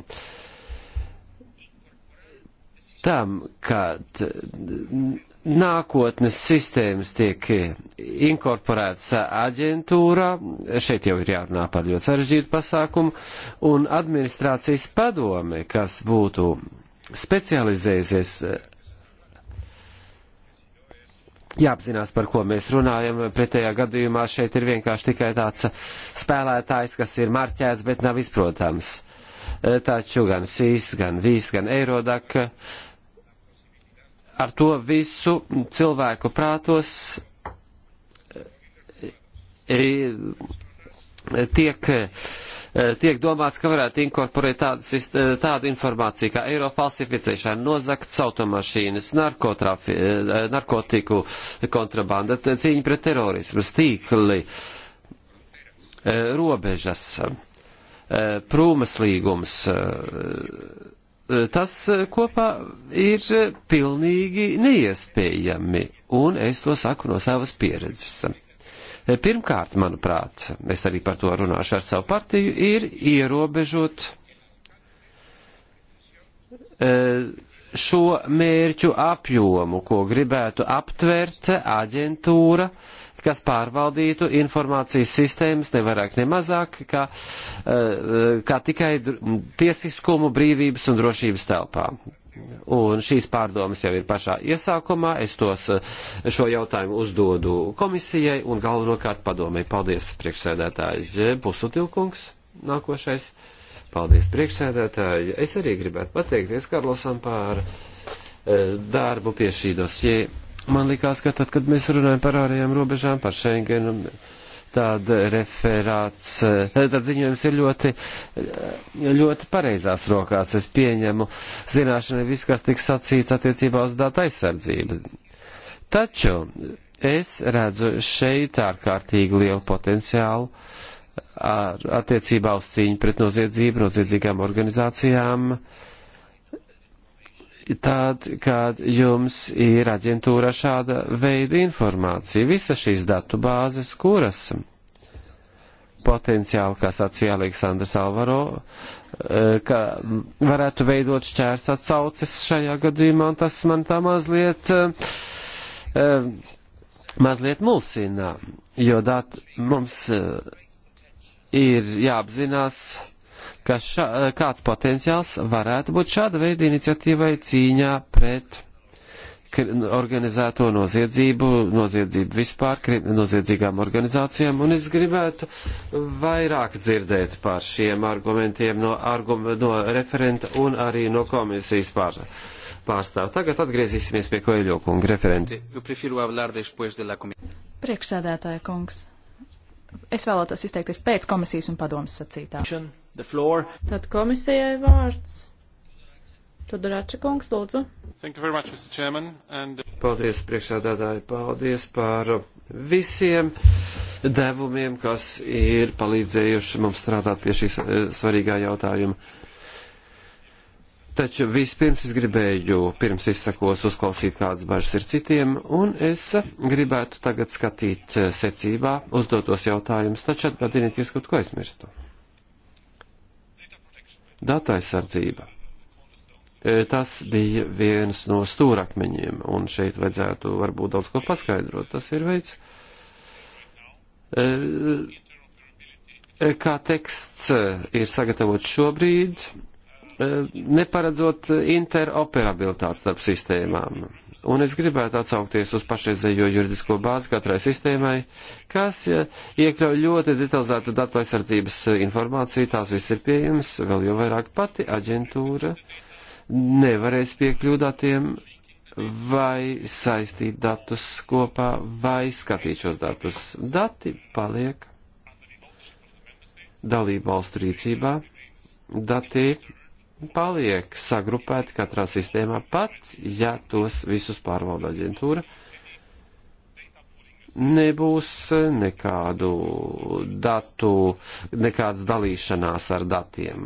tam, kad nākotnes sistēmas tiek inkorporētas aģentūrā, šeit jau ir jārunā par ļoti sarežģītu pasākumu, un administrācijas padome, kas būtu specializējusies jāapzinās, par ko mēs runājam. Pretējā gadījumā šeit ir vienkārši tikai tāds spēlētājs, kas ir marķēts, bet nav izprotams. Eh, taču gan SIS, gan VIS, gan Eirodak. Ar to visu cilvēku prātos eh, tiek Eh, tiek domāts, ka varētu inkorporēt tādu, eh, tādu informāciju kā eiro falsificēšana, nozakts automašīnas, eh, narkotiku kontrabanda, cīņa pret terorismu, stīkli, robežas, prūmas līgums. Tas kopā ir pilnīgi neiespējami, un es to saku no savas pieredzes. Pirmkārt, manuprāt, es arī par to runāšu ar savu partiju, ir ierobežot e, šo mērķu apjomu, ko gribētu aptvert aģentūra, kas pārvaldītu informācijas sistēmas ne vairāk, ne mazāk, kā, e, kā tikai tiesiskumu, brīvības un drošības telpā. Un šīs pārdomas jau ir pašā iesākumā. Es tos eh, šo jautājumu uzdodu komisijai un galvenokārt padomēji. Paldies, priekšsēdētāji. Pusutilkungs nākošais. Paldies, priekšsēdētāji. Es arī gribētu pateikties Karlosam par eh, darbu pie šī dosie. Man likās, ka tad, kad mēs runājam par ārējām robežām, par Schengenu, tad referāts, eh, tad ziņojums ir ļoti, eh, ļoti pareizās rokās. Es pieņemu zināšanai viss, kas tiks sacīts attiecībā uz datu aizsardzību. Taču es redzu šeit ārkārtīgi lielu potenciālu ar attiecībā uz cīņu pret noziedzību, noziedzīgām organizācijām. Uh, tad, kad jums ir aģentūra šāda veida informācija, visa šīs datu bāzes, kuras potenciāli, kā sacīja Aleksandrs Alvaro, eh, ka varētu veidot šķērs atsaucis šajā gadījumā, un tas man tā mazliet, eh, mazliet mulsina, jo dat, mums eh, ir jāapzinās, ka šā, kāds potenciāls varētu būt šāda veida iniciatīvai cīņā pret organizēto noziedzību, noziedzību vispār, noziedzīgām organizācijām, un es gribētu vairāk dzirdēt par šiem argumentiem no, argum, no referenta un arī no komisijas pār, pārstāv. Tagad atgriezīsimies pie Koeļo kunga referenti. Priekšsēdētāja kungs, es vēlētos izteikties pēc komisijas un padomas sacītā. Šan the floor. Tad komisijai vārds. Čudurāča kungs, lūdzu. Thank you very much, Mr. Chairman. And... Paldies, priekšādādāji, paldies par visiem devumiem, kas ir palīdzējuši mums strādāt pie šīs svarīgā jautājuma. Taču vispirms es gribēju, pirms izsakos, uzklausīt kādas bažas ir citiem, un es gribētu tagad skatīt secībā uzdotos jautājumus, taču atgādiniet, ja kaut ko aizmirstu. Data aizsardzība. E, tas bija viens no stūrakmeņiem, un šeit vajadzētu varbūt daudz ko paskaidrot. Tas ir veids, e, e, kā teksts ir sagatavots šobrīd, neparedzot interoperabilitāti starp sistēmām. Un es gribētu atsaukties uz pašreizējo juridisko bāzi katrai sistēmai, kas iekļauj ļoti detalizētu datu aizsardzības eh, informāciju, tās viss ir pieejams, vēl jau vairāk pati aģentūra nevarēs piekļūt datiem vai saistīt datus kopā vai skatīt šos datus. Dati paliek dalību valstu rīcībā, dati paliek sagrupēti katrā sistēmā, pat ja tos visus pārvalda aģentūra. Nebūs nekādu datu, nekādas dalīšanās ar datiem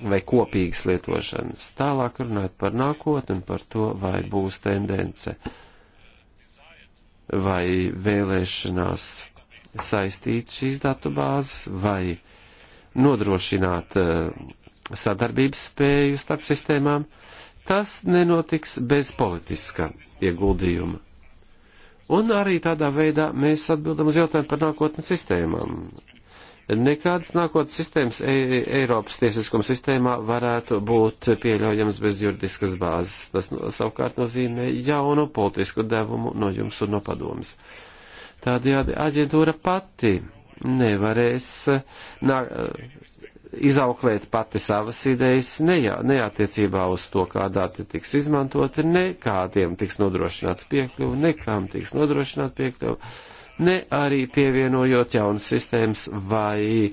vai kopīgas lietošanas. Tālāk runāt par nākotni, par to, vai būs tendence vai vēlēšanās saistīt šīs datu bāzes vai nodrošināt uh, sadarbības spēju starp sistēmām, tas nenotiks bez politiska ieguldījuma. Un arī tādā veidā mēs atbildam uz jautājumu par nākotnes sistēmām. Nekādas nākotnes sistēmas Ei e, Eiropas tiesiskuma sistēmā varētu būt pieļaujams bez juridiskas bāzes. Tas no, savukārt nozīmē jaunu politisku devumu no jums un no padomas. Tādējādi aģentūra pati nevarēs nā, izauklēt pati savas idejas, ne, ne attiecībā uz to, kā dati tiks izmantoti, ne kādiem tiks nodrošināta piekļuva, ne kam tiks nodrošināta piekļuva, ne arī pievienojot jaunas sistēmas vai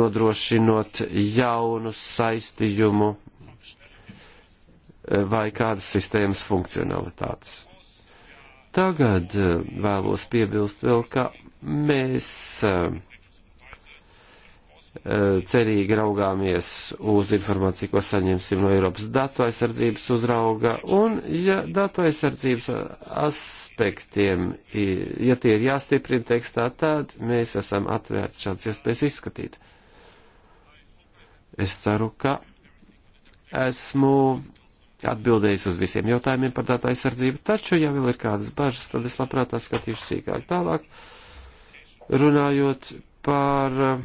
nodrošinot jaunu saistījumu eh, vai kādas sistēmas funkcionalitātes. Tagad eh, vēlos piebilst vēl, ka mēs uh, Eh, cerīgi raugāmies uz informāciju, ko saņemsim no Eiropas datu aizsardzības uzrauga, un ja datu aizsardzības aspektiem, ja tie ir jāstiprina tekstā, tad mēs esam atvērti šāds iespējas izskatīt. Es ceru, ka esmu atbildējis uz visiem jautājumiem par datu aizsardzību, taču, ja vēl ir kādas bažas, tad es labprāt skatīšu sīkāk tālāk, runājot par uh,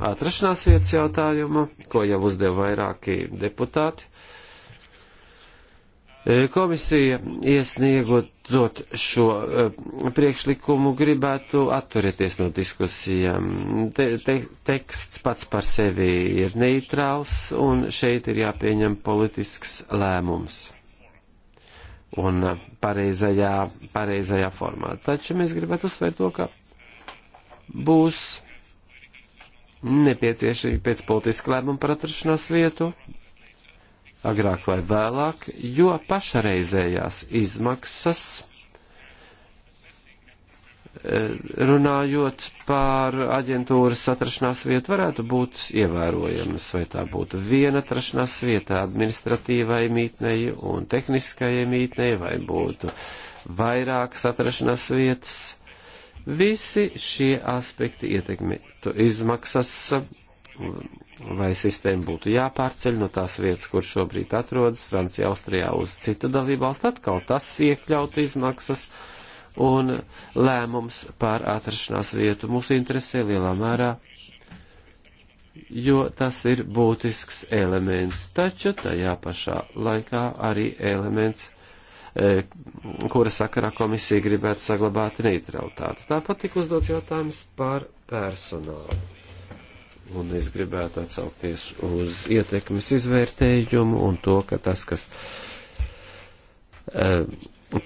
Atrašanās vietas jautājumu, ko jau uzdeva vairāki deputāti. E, komisija iesniegot šo e, priekšlikumu gribētu atturēties no diskusijām. Te, te, teksts pats par sevi ir neitrāls un šeit ir jāpieņem politisks lēmums un pareizajā, pareizajā formā. Taču mēs gribētu uzsvērt to, ka būs nepieciešamība pēc politiska lēmuma par atrašanās vietu, agrāk vai vēlāk, jo pašreizējās izmaksas, e, runājot par aģentūras atrašanās vietu, varētu būt ievērojamas, vai tā būtu viena atrašanās vieta administratīvai mītnei un tehniskajai mītnei, vai būtu vairākas atrašanās vietas Visi šie aspekti ietekmē izmaksas vai sistēma būtu jāpārceļ no tās vietas, kur šobrīd atrodas Francija, Austrijā uz citu dalību valstu, atkal tas iekļautu izmaksas un lēmums par atrašanās vietu mūs interesē lielā mērā, jo tas ir būtisks elements, taču tajā pašā laikā arī elements, E, kura sakarā komisija gribētu saglabāt neutralitāti. Tāpat tika uzdots jautājums par personālu. Un es gribētu atsaukties uz ietekmes izvērtējumu un to, ka tas, kas e,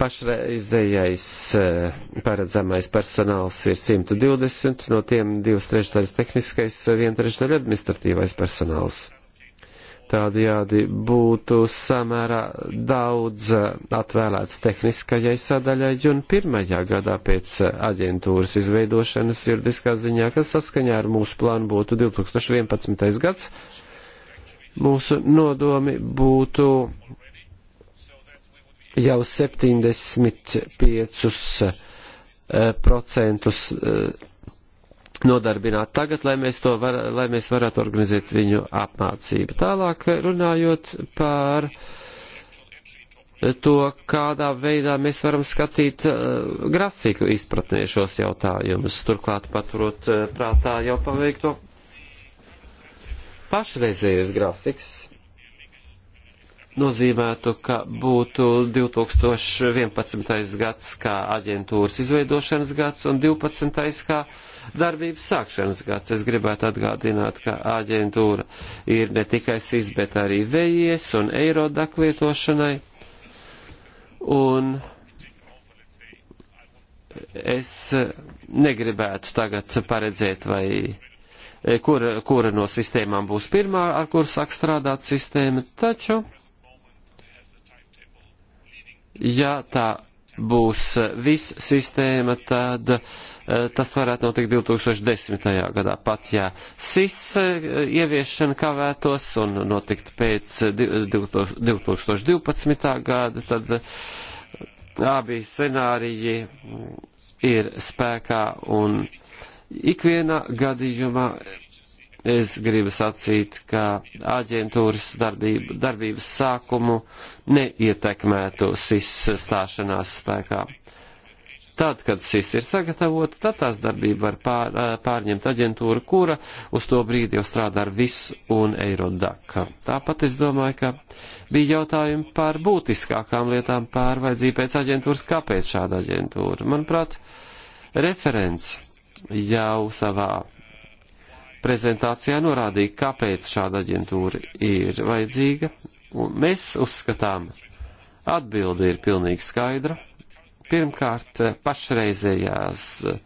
pašreizējais e, paredzamais personāls ir 120, no tiem divas trešdaļas tehniskais, viena trešdaļa administratīvais personāls. Tādējādi būtu samērā daudz atvēlēts tehniskajai sadaļai un pirmajā gadā pēc aģentūras izveidošanas juridiskā ziņā, kas saskaņā ar mūsu plānu būtu 2011. gads. Mūsu nodomi būtu jau 75 eh, procentus eh, nodarbināt tagad, lai mēs, to var, lai mēs varētu organizēt viņu apmācību. Tālāk runājot par to, kādā veidā mēs varam skatīt uh, grafiku izpratnē šos jautājumus, turklāt paturot uh, prātā jau paveikto pašreizējais grafiks nozīmētu, ka būtu 2011. gads kā aģentūras izveidošanas gads un 12. kā darbības sākšanas gads. Es gribētu atgādināt, ka aģentūra ir ne tikai SIS, bet arī VIS un Eirodak lietošanai. Un es negribētu tagad paredzēt, vai e, kura, kura no sistēmām būs pirmā, ar kuru sāk strādāt sistēma, taču ja tā būs viss sistēma, tad eh, tas varētu notikt 2010. gadā. Pat ja SIS eh, ieviešana kavētos un notikt pēc 2012. gada, tad eh, abi scenāriji ir spēkā un ikvienā gadījumā es gribu sacīt, ka aģentūras darbība, darbības sākumu neietekmētu SIS stāšanās spēkā. Tad, kad SIS ir sagatavota, tad tās darbība var pār, eh, pārņemt aģentūra, kura uz to brīdi jau strādā ar visu un Eirodak. Tāpat es domāju, ka bija jautājumi par būtiskākām lietām pār vajadzību pēc aģentūras, kāpēc šāda aģentūra. Manuprāt, referents jau savā prezentācijā norādīja, kāpēc šāda aģentūra ir vajadzīga. Un mēs uzskatām, atbildi ir pilnīgi skaidra. Pirmkārt, pašreizējās eh,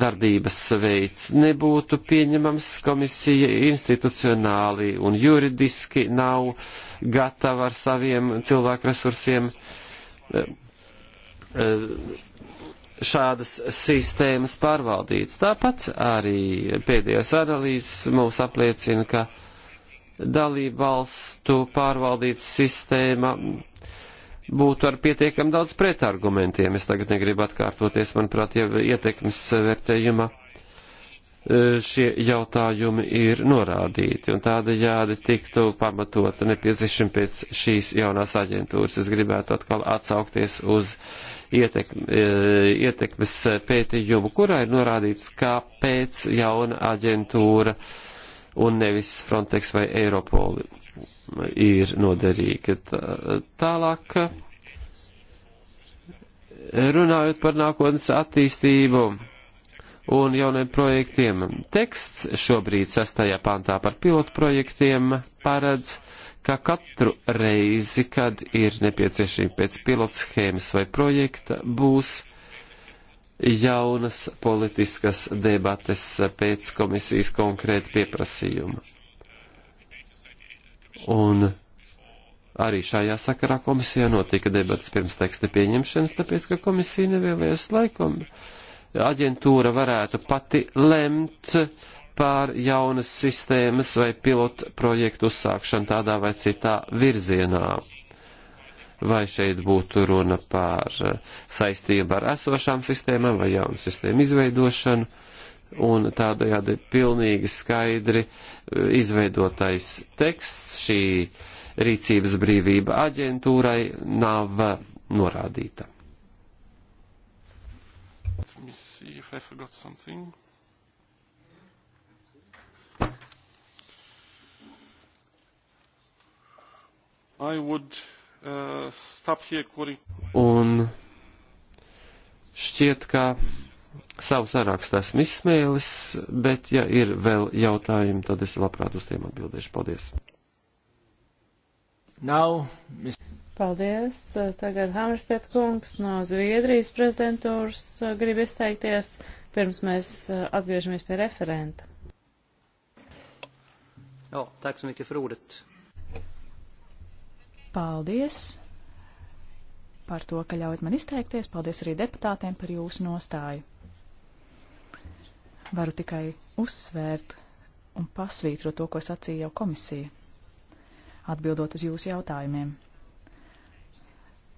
darbības veids nebūtu pieņemams, komisija institucionāli un juridiski nav gatava ar saviem cilvēku resursiem eh, eh, šādas sistēmas pārvaldīts. Tāpat arī pēdējās analīzes mums apliecina, ka dalību valstu pārvaldīts sistēma būtu ar pietiekam daudz pretargumentiem. Es tagad negribu atkārtoties, manuprāt, jau ietekmes vērtējuma E, šie jautājumi ir norādīti, un tādējādi tiktu pamatota nepieciešama pēc šīs jaunās aģentūras. Es gribētu atkal atsaukties uz ietekme, ietekmes pētījumu, kurā ir norādīts, kāpēc jauna aģentūra un nevis Frontex vai Eiropoli ir noderīga. Tālāk, runājot par nākotnes attīstību un jauniem projektiem. Teksts šobrīd sastajā pantā par pilotu projektiem paredz, ka katru reizi, kad ir nepieciešība pēc pilotu schēmas vai projekta, būs jaunas politiskas debates pēc komisijas konkrēta pieprasījuma. Un Arī šajā sakarā komisijā notika debats pirms teksta pieņemšanas, tāpēc, ka komisija nevēlējās laikam aģentūra varētu pati lemt pār jaunas sistēmas vai pilotu projektu uzsākšanu tādā vai citā virzienā. Vai šeit būtu runa par eh, saistību ar esošām sistēmām vai jaunu sistēmu izveidošanu, un tādējādi pilnīgi skaidri eh, izveidotais teksts šī rīcības brīvība aģentūrai nav eh, norādīta. Let me see if I forgot something. I would uh, stop here quoting. Un šķiet, ka savu sarakstu esmu izsmēlis, bet ja ir vēl jautājumi, tad es labprāt uz tiem atbildēšu. Paldies. Now, Mr. Paldies. Tagad Hammerstedt kungs no Zviedrijas prezidentūras uh, grib izteikties, pirms mēs uh, atgriežamies pie referenta. Jā, tack så mycket för ordet. Paldies par to, ka ļaujat man izteikties. Paldies arī deputātiem par jūsu nostāju. Varu tikai uzsvērt un pasvītrot to, ko sacīja jau komisija, atbildot uz jūsu jautājumiem.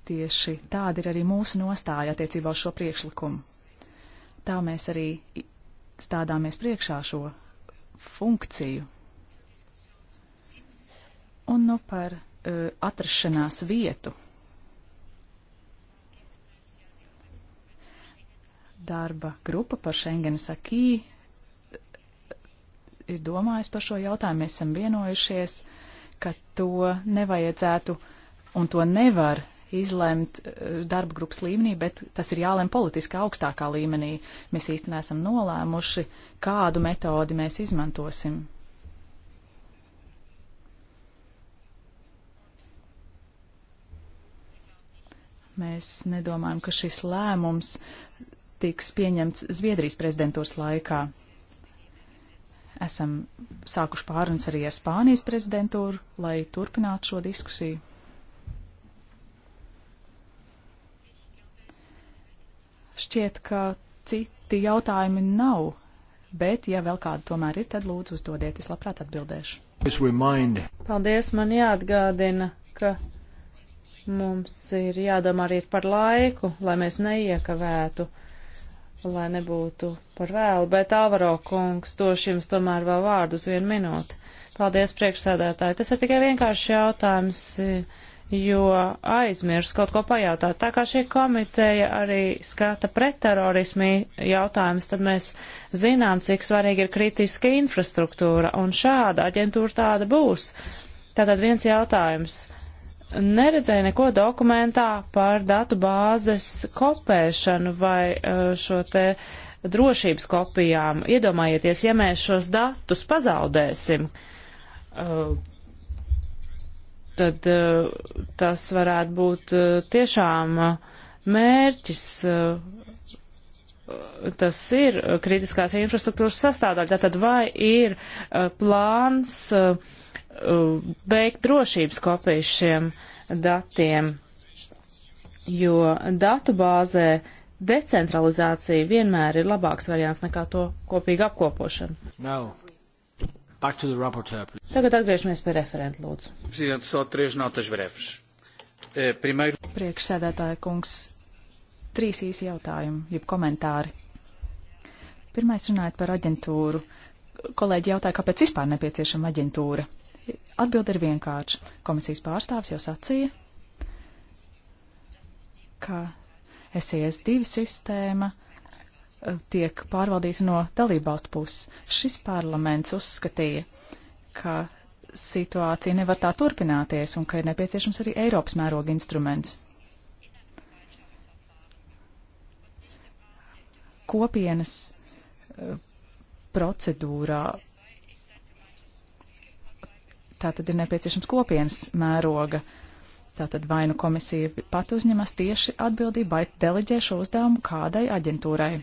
Tieši tāda ir arī mūsu nostāja attiecībā uz šo priekšlikumu. Tā mēs arī stādāmies priekšā šo funkciju. Un nu par uh, atrašanās vietu. Darba grupa par Schengenas akī e, ir domājis par šo jautājumu. Mēs esam vienojušies, ka to nevajadzētu un to nevar izlemt eh, darba grupas līmenī, bet tas ir jālem politiski augstākā līmenī. Mēs īsti neesam nolēmuši, kādu metodi mēs izmantosim. Mēs nedomājam, ka šis lēmums tiks pieņemts Zviedrijas prezidentūras laikā. Esam sākuši pārunas arī ar Spānijas prezidentūru, lai turpinātu šo diskusiju. Šķiet, ka citi jautājumi nav, bet ja vēl kāda tomēr ir, tad lūdzu uzdodiet, es labprāt atbildēšu. Paldies, man jāatgādina, ka mums ir jādomā arī par laiku, lai mēs neiekavētu, lai nebūtu par vēlu, bet Alvaro kungs došu jums tomēr vēl vārdus vienu minūti. Paldies, priekšsēdētāji. Tas ir tikai vienkārši jautājums jo aizmirs kaut ko pajautāt. Tā kā šī komiteja arī skata pretterorismu jautājumus, tad mēs zinām, cik svarīgi ir kritiska infrastruktūra, un šāda aģentūra tāda būs. Tātad viens jautājums. Neredzēju neko dokumentā par datu bāzes kopēšanu vai eh, šo te drošības kopijām. Iedomājieties, ja mēs šos datus pazaudēsim, eh, tad eh, tas varētu būt eh, tiešām eh, mērķis. Tas ir kritiskās infrastruktūras sastāvdaļa. Tātad vai ir plāns beigt drošības kopijas šiem datiem, jo datu bāzē decentralizācija vienmēr ir labāks variants nekā to kopīgu apkopošanu. Nav. No. Tagad atgriežamies pie referenta, lūdzu. Prezidents, sot trīs notas brefs. Eh, Primēr... Priekšsēdētāja kungs, trīs īsi jautājumi, jeb komentāri. Pirmais runājot par aģentūru. Kolēģi jautāja, kāpēc vispār nepieciešama aģentūra. Atbilde ir vienkārša. Komisijas pārstāvs jau sacīja, ka SES2 sistēma uh, tiek pārvaldīti no dalībvalstu puses. Šis parlaments uzskatīja, ka situācija nevar tā turpināties un ka ir nepieciešams arī Eiropas mēroga instruments. Kopienas uh, procedūrā tātad ir nepieciešams kopienas mēroga. Tātad vai nu komisija pat uzņemas tieši atbildību vai deleģē šo uzdevumu kādai aģentūrai.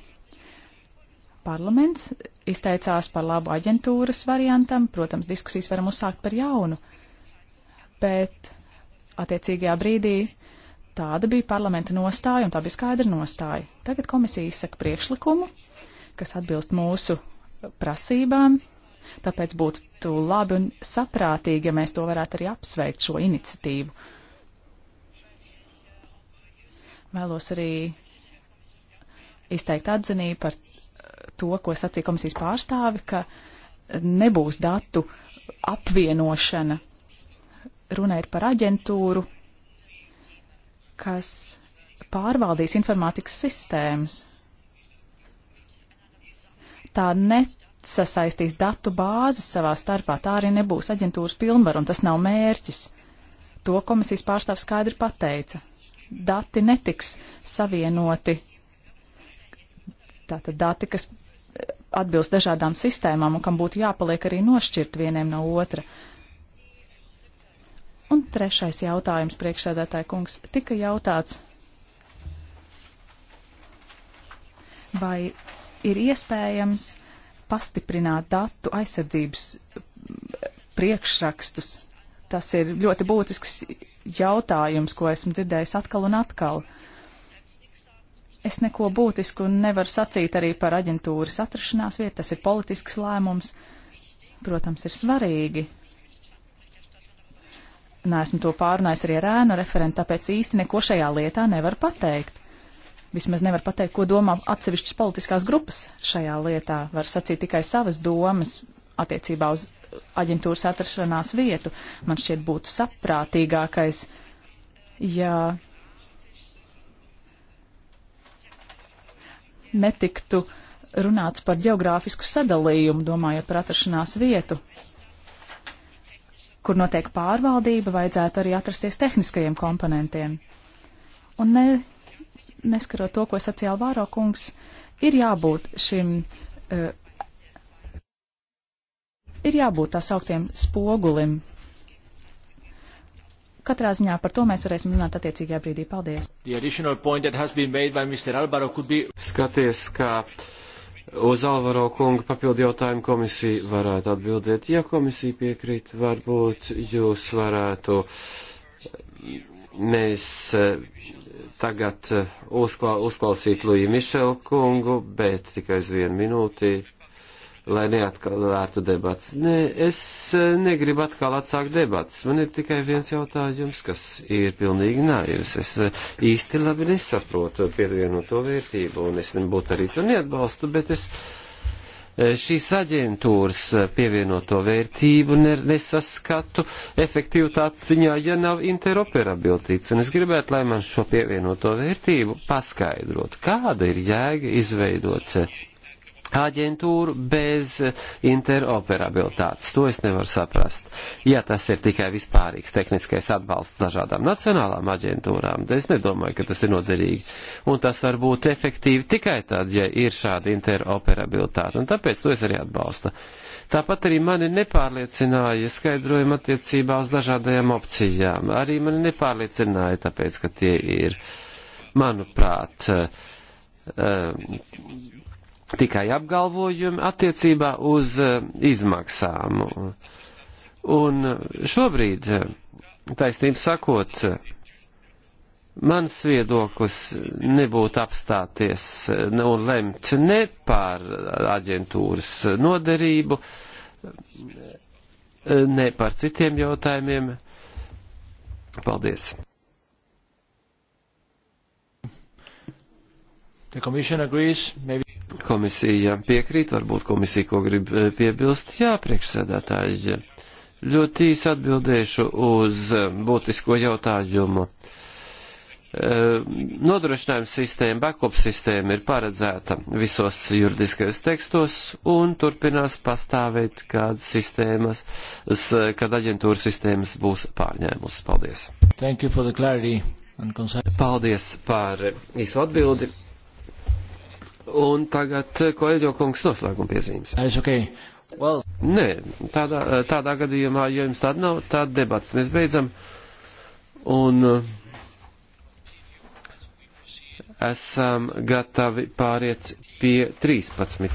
Parlaments izteicās par labu aģentūras variantam, protams, diskusijas varam uzsākt par jaunu, bet attiecīgajā brīdī tāda bija parlamenta nostāja un tā bija skaidra nostāja. Tagad komisija izsaka priekšlikumu, kas atbilst mūsu prasībām, tāpēc būtu labi un saprātīgi, ja mēs to varētu arī apsveikt šo iniciatīvu. Vēlos arī izteikt atzinību par to, ko sacīja komisijas pārstāvi, ka nebūs datu apvienošana. Runa ir par aģentūru, kas pārvaldīs informātikas sistēmas. Tā nesasaistīs datu bāzes savā starpā, tā arī nebūs aģentūras pilnvar, un tas nav mērķis. To komisijas pārstāvs skaidri pateica. Dati netiks savienoti Tātad dati, kas eh, atbilst dažādām sistēmām un kam būtu jāpaliek arī nošķirt vieniem no otra. Un trešais jautājums, priekšsēdētāja kungs, tika jautāts, vai ir iespējams pastiprināt datu aizsardzības eh, priekšrakstus. Tas ir ļoti būtisks jautājums, ko esmu dzirdējis atkal un atkal. Uh, Es neko būtisku nevaru sacīt arī par aģentūras atrašanās vietu, tas ir politisks lēmums. Protams, ir svarīgi. Nēsmu to pārunājis arī ar ēnu referentu, tāpēc īsti neko šajā lietā nevar pateikt. Vismaz nevar pateikt, ko domā atsevišķas politiskās grupas šajā lietā. Var sacīt tikai savas domas attiecībā uz aģentūras atrašanās vietu. Man šķiet būtu saprātīgākais, ja netiktu runāts par geogrāfisku sadalījumu, domājot par atrašanās vietu, kur notiek pārvaldība, vajadzētu arī atrasties tehniskajiem komponentiem. Un ne, neskarot to, ko sacīja Alvāro kungs, ir jābūt šim. Uh, ir jābūt tā sauktiem spogulim, Katrā ziņā par to mēs varēsim runāt attiecīgajā brīdī. Paldies! Be... Skaties, kā uz Alvaro kunga papildu jautājumu komisija varētu atbildēt. Ja komisija piekrīt, varbūt jūs varētu. Mēs eh, tagad eh, uzklā, uzklausīt Luiju Mišelu kungu, bet tikai uz vienu minūti lai neatklātu debats. Nē, es e, negribu atkal atsākt debats. Man ir tikai viens jautājums, kas ir pilnīgi naivs. Es e, īsti labi nesaprotu pievienoto vērtību, un es nebūtu arī to neatbalstu, bet es e, šīs aģentūras pievienoto vērtību nesaskatu efektivitātes ziņā, ja nav interoperabilitātes. Un es gribētu, lai man šo pievienoto vērtību paskaidrotu, kāda ir jēga izveidot aģentūru bez interoperabilitātes. To es nevaru saprast. Ja tas ir tikai vispārīgs tehniskais atbalsts dažādām nacionālām aģentūrām, tad es nedomāju, ka tas ir noderīgi. Un tas var būt efektīvi tikai tad, ja ir šāda interoperabilitāte. Un tāpēc to es arī atbalstu. Tāpat arī mani nepārliecināja skaidrojumi attiecībā uz dažādajām opcijām. Arī mani nepārliecināja, tāpēc, ka tie ir, manuprāt, uh, tikai apgalvojumi attiecībā uz eh, izmaksām. Un eh, šobrīd, eh, taisnība sakot, mans viedoklis nebūtu apstāties un lemt ne par aģentūras noderību, ne par citiem jautājumiem. Paldies! The Commission agrees, maybe Komisija piekrīt, varbūt komisija ko grib eh, piebilst. Jā, priekšsēdētāji, ļoti īsi atbildēšu uz eh, būtisko jautājumu. Eh, nodrošinājuma sistēma, backup sistēma ir paredzēta visos juridiskajos tekstos un turpinās pastāvēt, kad sistēmas, kad aģentūra sistēmas būs pārņēmusi. Paldies! Paldies par īsu atbildi! Un tagad eh, Koeļo kungs noslēguma piezīmes. Es ok. Well. Nē, tādā, eh, tādā gadījumā, ja jums tāda nav, tāda debats mēs beidzam. Un eh, esam gatavi pāriet pie 13.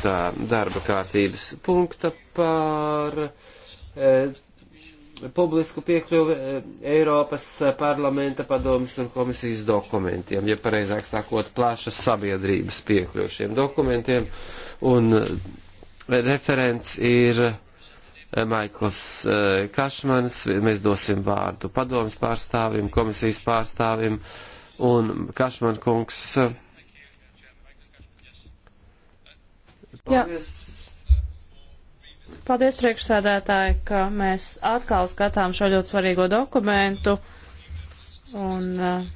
darba kārtības punkta par. E, publisku piekļuvi eh, Eiropas eh, parlamenta padomas un komisijas dokumentiem, ja pareizāk sakot, plašas sabiedrības piekļuvi šiem dokumentiem. Un eh, referents ir Maikls Kašmans, mēs dosim vārdu padomas pārstāvim, komisijas pārstāvim, un Kašman kungs. Paldies. Jā. Paldies, priekšsēdētāji, ka mēs atkal skatām šo ļoti svarīgo dokumentu un eh,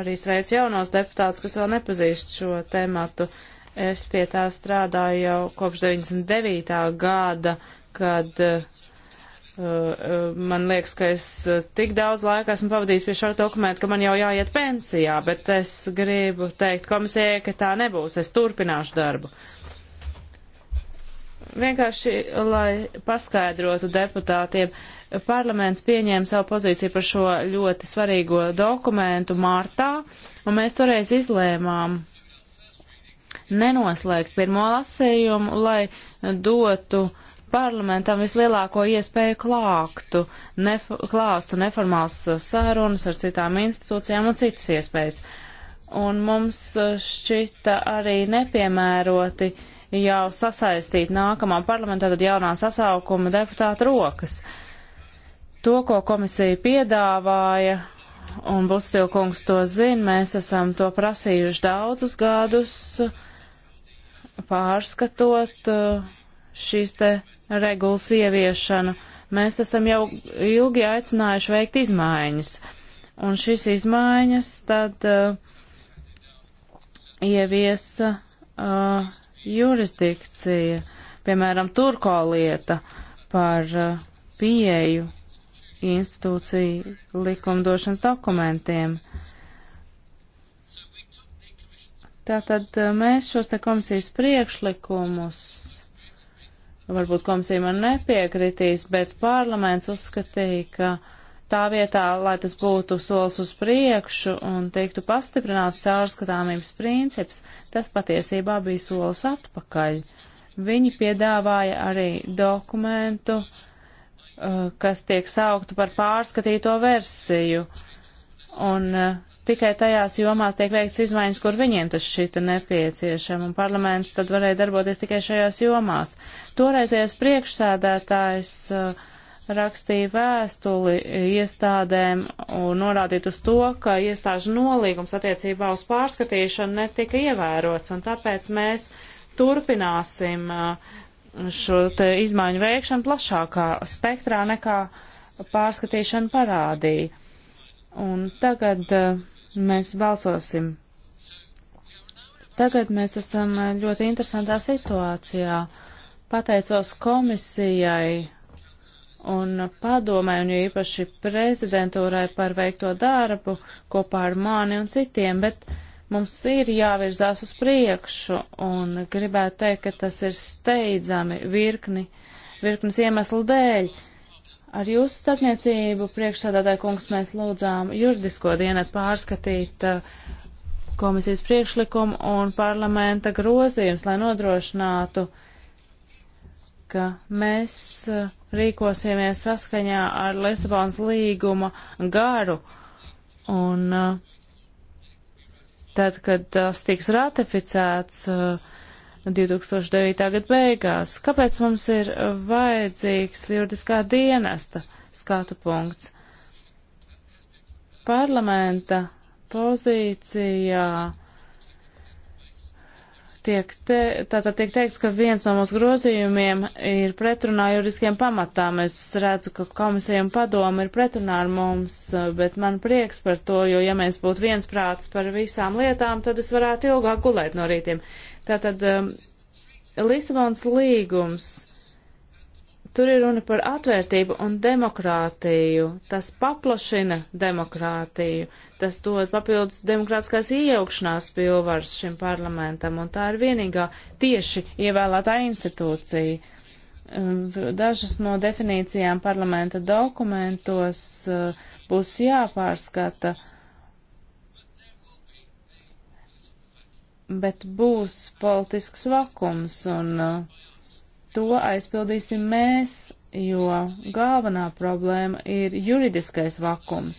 arī sveicu jaunos deputātus, kas vēl nepazīst šo tematu. Es pie tā strādāju jau kopš 99. gada, kad eh, eh, man liekas, ka es tik daudz laika esmu pavadījis pie šā dokumenta, ka man jau jāiet pensijā, bet es gribu teikt komisijai, ka tā nebūs, es turpināšu darbu. Uh, Vienkārši, lai paskaidrotu deputātiem, parlaments pieņēma savu pozīciju par šo ļoti svarīgo dokumentu martā, un mēs toreiz izlēmām nenoslēgt pirmo lasējumu, lai dotu parlamentam vislielāko iespēju klāktu, nef klāstu neformāls sārunas ar citām institūcijām un citas iespējas. Un mums šķita arī nepiemēroti uh, jau sasaistīt nākamā parlamentā, tad jaunā sasaukuma deputāta rokas. To, ko komisija piedāvāja, un Bustilkungs to zina, mēs esam to prasījuši daudzus gadus, pārskatot uh, šīs te regulas ieviešanu. Mēs esam jau ilgi aicinājuši veikt izmaiņas, un šīs izmaiņas tad uh, ieviesa uh, jurisdikcija, piemēram, Turko lieta par uh, pieeju institūciju likumdošanas dokumentiem. Tātad uh, mēs šos te komisijas priekšlikumus, varbūt komisija man nepiekritīs, bet parlaments uzskatīja, ka tā vietā, lai tas būtu solis uz priekšu un tiktu pastiprināts caurskatāmības princips, tas patiesībā bija solis atpakaļ. Viņi piedāvāja arī dokumentu, uh, kas tiek sauktu par pārskatīto versiju, un uh, tikai tajās jomās tiek veikts izmaiņas, kur viņiem tas šita nepieciešama, un parlaments tad varēja darboties tikai šajās jomās. Toreizies priekšsēdētājs uh, rakstīja vēstuli iestādēm un norādīt uz to, ka iestāžu nolīgums attiecībā uz pārskatīšanu netika ievērots, un tāpēc mēs turpināsim uh, šo izmaiņu veikšanu plašākā spektrā nekā pārskatīšana parādīja. Un tagad uh, mēs balsosim. Tagad mēs esam uh, ļoti interesantā situācijā. Pateicos komisijai un padomē, un jo īpaši prezidentūrai par veikto darbu kopā ar mani un citiem, bet mums ir jāvirzās uz priekšu, un gribētu teikt, ka tas ir steidzami virkni, virknes iemeslu dēļ. Ar jūsu starpniecību priekšsādātāju kungs mēs lūdzām juridisko dienat pārskatīt uh, komisijas priekšlikumu un parlamenta grozījums, lai nodrošinātu, ka mēs uh, rīkosimies saskaņā ar Lisabonas līguma garu. Un eh, tad, kad tas tiks ratificēts 2009. Eh, gada beigās, kāpēc mums ir vajadzīgs juridiskā dienesta skatu punkts? Parlamenta pozīcijā tiek, te, tātad tiek teikts, ka viens no mūsu grozījumiem ir pretrunā juridiskiem pamatām. Es redzu, ka komisija un padoma ir pretrunā ar mums, bet man prieks par to, jo ja mēs būtu viensprāts par visām lietām, tad es varētu ilgāk gulēt no rītiem. Tātad um, Lisabons līgums Tur ir runa par atvērtību un demokrātiju. Tas paplašina demokrātiju, tas dod papildus demokrātiskās iejaukšanās pilvars šim parlamentam, un tā ir vienīgā tieši ievēlētā institūcija. Dažas no definīcijām parlamenta dokumentos uh, būs jāpārskata, bet būs politisks vakums un uh, to aizpildīsim mēs, jo galvenā problēma ir juridiskais vakums.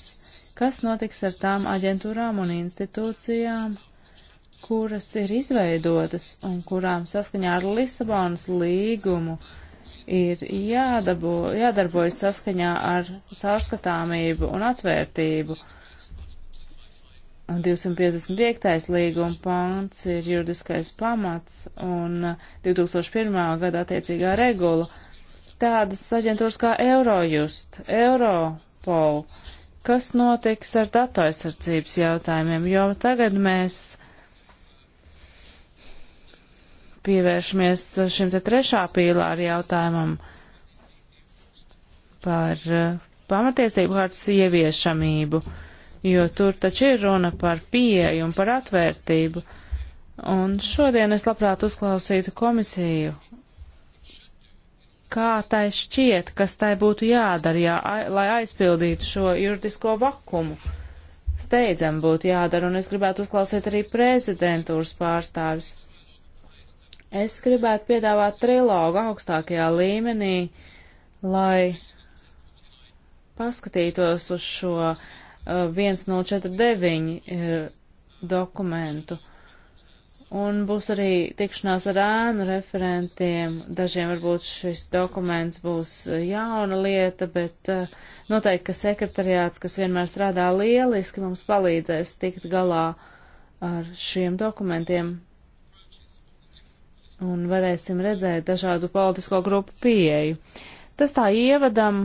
Kas notiks ar tām aģentūrām un institūcijām, kuras ir izveidotas un kurām saskaņā ar Lisabonas līgumu ir jādabo, jādarbojas saskaņā ar caurskatāmību un atvērtību? 255. līguma pants ir juridiskais pamats un 2001. gada attiecīgā regula. Tādas aģentūras kā Eurojust, Europol, kas notiks ar datu aizsardzības jautājumiem, jo tagad mēs pievēršamies šim te trešā pīlāra jautājumam par eh, pamatiesību hartas ieviešamību. Uh, jo tur taču ir runa par pieeju un par atvērtību. Un šodien es labprāt uzklausītu komisiju. Kā tai šķiet, kas tai būtu jādara, jā, lai aizpildītu šo juridisko vakumu? Steidzam būtu jādara, un es gribētu uzklausīt arī prezidentūras pārstāvis. Es gribētu piedāvāt trilogu augstākajā līmenī, lai paskatītos uz šo uh, 1049 eh, dokumentu. Un būs arī tikšanās ar ēnu referentiem. Dažiem varbūt šis dokuments būs eh, jauna lieta, bet eh, noteikti, ka sekretariāts, kas vienmēr strādā lieliski, mums palīdzēs tikt galā ar šiem dokumentiem. Un varēsim redzēt dažādu politisko grupu pieeju. Tas tā ievadam,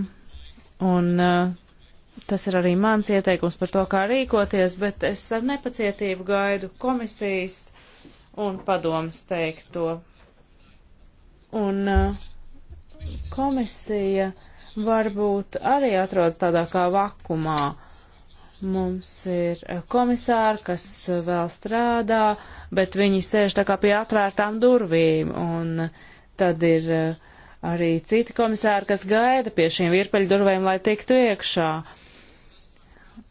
un uh, Tas ir arī mans ieteikums par to, kā rīkoties, bet es ar nepacietību gaidu komisijas un padomas teikto. Un uh, komisija varbūt arī atrodas tādā kā vakumā. Mums ir uh, komisāri, kas uh, vēl strādā, bet viņi sēž tā kā pie atvērtām durvīm, un uh, tad ir arī citi komisāri, kas gaida pie šīm virpeļdurvēm, lai tiktu iekšā. Uh,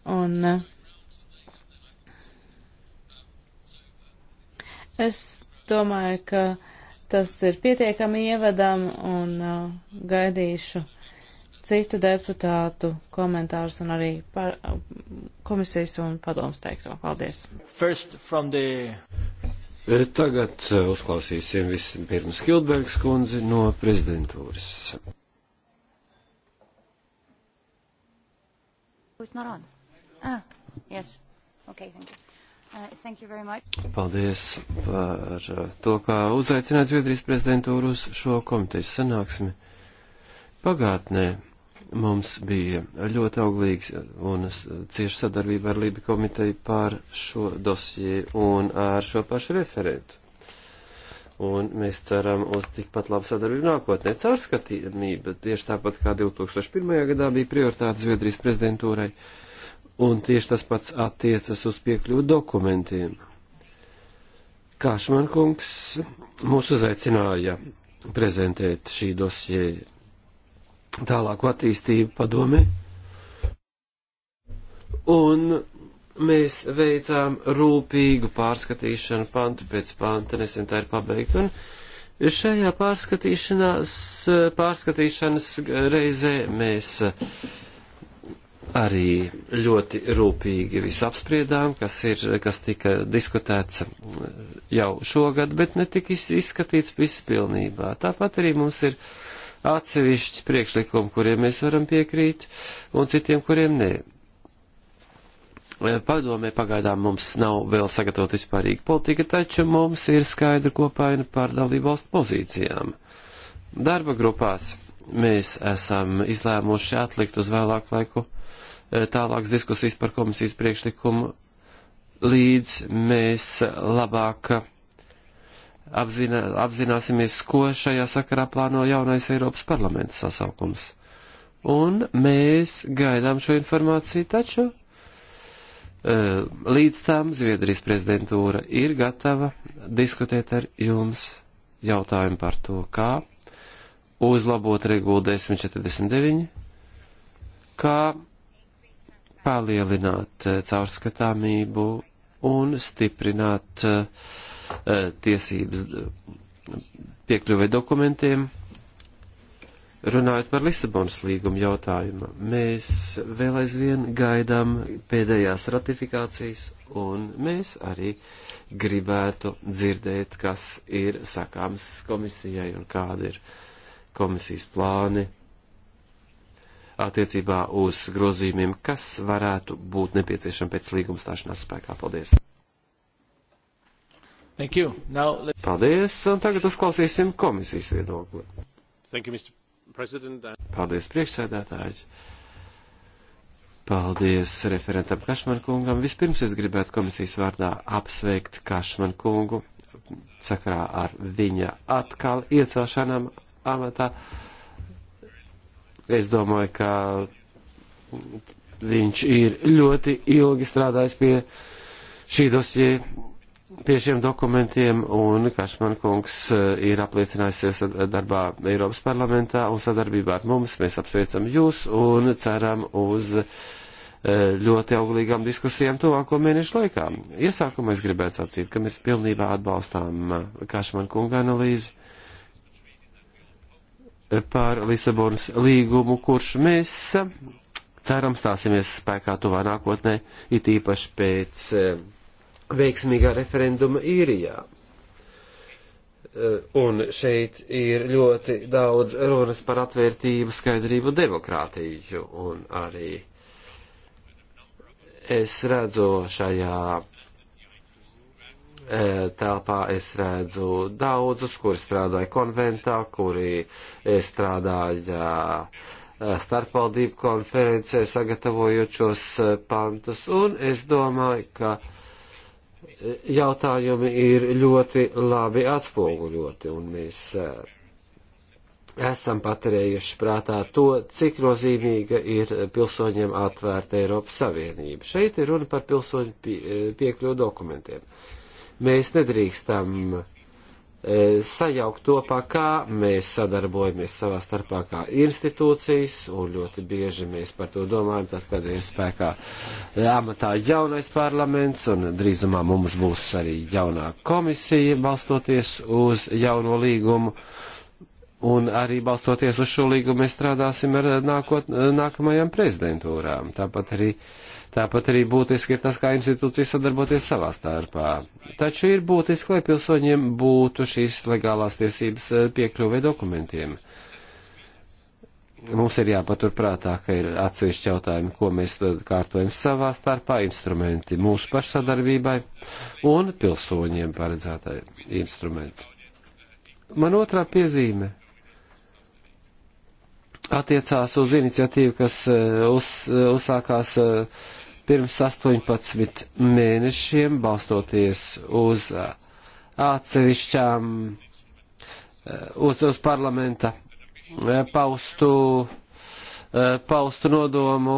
Un eh, es domāju, ka tas ir pietiekami ievadam un eh, gaidīšu citu deputātu komentārus un arī par, eh, komisijas un padomus teikto. Paldies. The... Tagad uzklausīsim vispirms Hildbergs kundzi no prezidentūras. Who's not on? Ah, yes. Okay, thank you. Uh, Paldies par uh, to, kā uzaicināt Zviedrijas prezidentūru uz šo komitejas sanāksmi. Pagātnē mums bija ļoti auglīgs un cieši sadarbība ar Lībi komiteju pār šo dosiju un ar šo pašu referentu. Un mēs ceram uz tikpat labu sadarbību nākotnē. Caurskatāmība tieši tāpat kā 2001. gadā bija prioritāte Zviedrijas prezidentūrai. Uh, un tieši tas pats attiecas uz piekļuvu dokumentiem. Kāšman kungs mūs uzaicināja prezentēt šī dosie tālāku attīstību padome, un mēs veicām rūpīgu pārskatīšanu pantu pēc panta, nesen tā ir pabeigta, un šajā pārskatīšanās, pārskatīšanas reizē mēs uh, arī ļoti rūpīgi visu apspriedām, kas, ir, kas tika diskutēts jau šogad, bet netika izskatīts viss pilnībā. Tāpat arī mums ir atsevišķi priekšlikumi, kuriem mēs varam piekrīt, un citiem, kuriem nē. Padomē pagaidām mums nav vēl sagatavot vispārīga politika, taču mums ir skaidra kopaina par dalību valstu pozīcijām. Darba grupās mēs esam izlēmuši atlikt uz vēlāku laiku Eh, tālākas diskusijas par komisijas priekšlikumu, līdz mēs labāk apzina, apzināsimies, ko šajā sakarā plāno jaunais Eiropas parlaments sasaukums. Un mēs gaidām šo informāciju, taču eh, līdz tam Zviedrijas prezidentūra ir gatava diskutēt ar jums jautājumu par to, kā uzlabot regulu 1049, kā palielināt eh, caurskatāmību un stiprināt eh, eh, tiesības piekļuvai dokumentiem. Runājot par Lisabonas līgumu jautājumu, mēs vēl aizvien gaidām pēdējās ratifikācijas, un mēs arī gribētu dzirdēt, kas ir sakāms komisijai un kādi ir komisijas plāni attiecībā uz grozījumiem, kas varētu būt nepieciešami pēc līguma stāšanās spēkā. Paldies! Now, Paldies, un tagad uzklausīsim komisijas viedokli. You, Paldies, priekšsēdētājs! Paldies referentam Kašmankungam. Vispirms es gribētu komisijas vārdā apsveikt Kašmankungu sakarā ar viņa atkal iecelšanām amatā. Es domāju, ka viņš ir ļoti ilgi strādājis pie šī dosie, pie šiem dokumentiem, un Kašman kungs eh, ir apliecinājusies darbā Eiropas parlamentā un sadarbībā ar mums. Mēs apsveicam jūs un ceram uz eh, ļoti auglīgām diskusijām tuvāko mēnešu laikā. Iesākumā es gribētu sacīt, ka mēs pilnībā atbalstām Kašman kunga analīzi par Lisabonas līgumu, kurš mēs eh, ceram stāsimies spēkā tuvā nākotnē, it īpaši pēc eh, veiksmīgā referenduma īrijā. Eh, un šeit ir ļoti daudz runas par atvērtību, skaidrību, demokrātiju un arī es redzu šajā E, telpā es redzu daudzus, kuri strādāja konventā, kuri e, strādāja e, starpvaldību konferencē, sagatavojot šos pantus, un es domāju, ka jautājumi ir ļoti labi atspoguļoti, un mēs esam paturējuši prātā to, cik nozīmīga ir pilsoņiem atvērta Eiropas Savienība. Šeit ir runa par pilsoņu piekļuvu dokumentiem. Uh, Mēs nedrīkstam e, sajaukt to, pa kā mēs sadarbojamies savā starpā kā institūcijas, un ļoti bieži mēs par to domājam, tad, kad ir spēkā amatā jaunais parlaments, un drīzumā mums būs arī jaunā komisija, balstoties uz jauno līgumu. Uh, Un arī balstoties uz šo līgumu mēs strādāsim ar eh, nākot, eh, nākamajām prezidentūrām. Tāpat arī, tāpat arī būtiski ir tas, kā institūcijas sadarboties savā starpā. Taču ir būtiski, lai pilsoņiem būtu šīs legālās tiesības eh, piekļuvē dokumentiem. Mums ir jāpaturprātā, ka ir atsevišķi jautājumi, ko mēs kārtojam savā starpā, instrumenti mūsu pašsadarbībai un pilsoņiem paredzētai instrumenti. Man otrā piezīme attiecās uz iniciatīvu, kas eh, uz, eh, uzsākās eh, pirms 18 mēnešiem, balstoties uz atsevišķām, uz, uz parlamenta paustu, paustu nodomu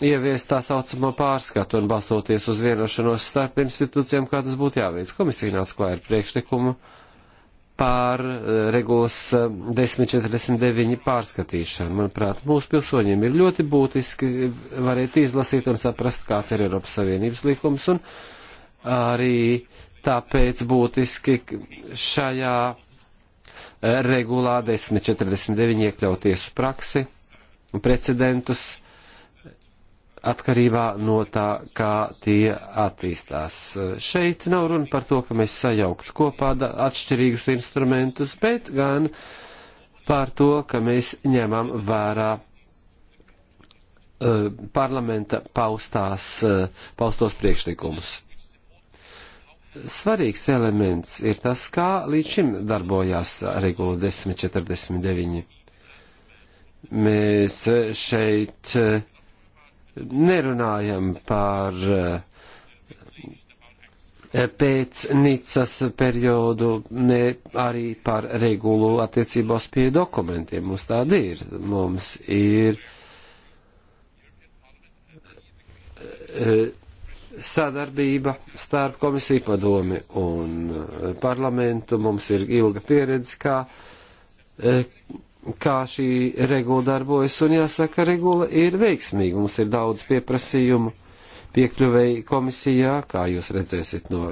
ieviest tā saucamo pārskatu un balstoties uz vienošanos starp institūcijiem, kā tas būtu jāveic. Komisija nāca klāja ar priekšlikumu uh, pār eh, regulas 1049 eh, pārskatīšanu. Manuprāt, mūsu pilsoņiem ir ļoti būtiski varēt izlasīt un saprast, kāds ir Eiropas Savienības likums, un arī tāpēc būtiski šajā eh, regulā 1049 iekļauties praksi un precedentus atkarībā no tā, kā tie attīstās. Šeit nav runa par to, ka mēs sajauktu kopā atšķirīgus instrumentus, bet gan par to, ka mēs ņemam vērā uh, parlamenta paustās, uh, paustos priekšlikumus. Svarīgs elements ir tas, kā līdz šim darbojās regula 1049. Mēs eh, šeit uh, nerunājam par eh, pēc Nicas periodu, ne arī par regulu attiecībās pie dokumentiem. Mums tāda ir. Mums ir eh, sadarbība starp komisiju padomi un eh, parlamentu. Mums ir ilga pieredze, kā kā šī regula darbojas, un jāsaka, regula ir veiksmīga. Mums ir daudz pieprasījumu piekļuvēji komisijā, kā jūs redzēsiet no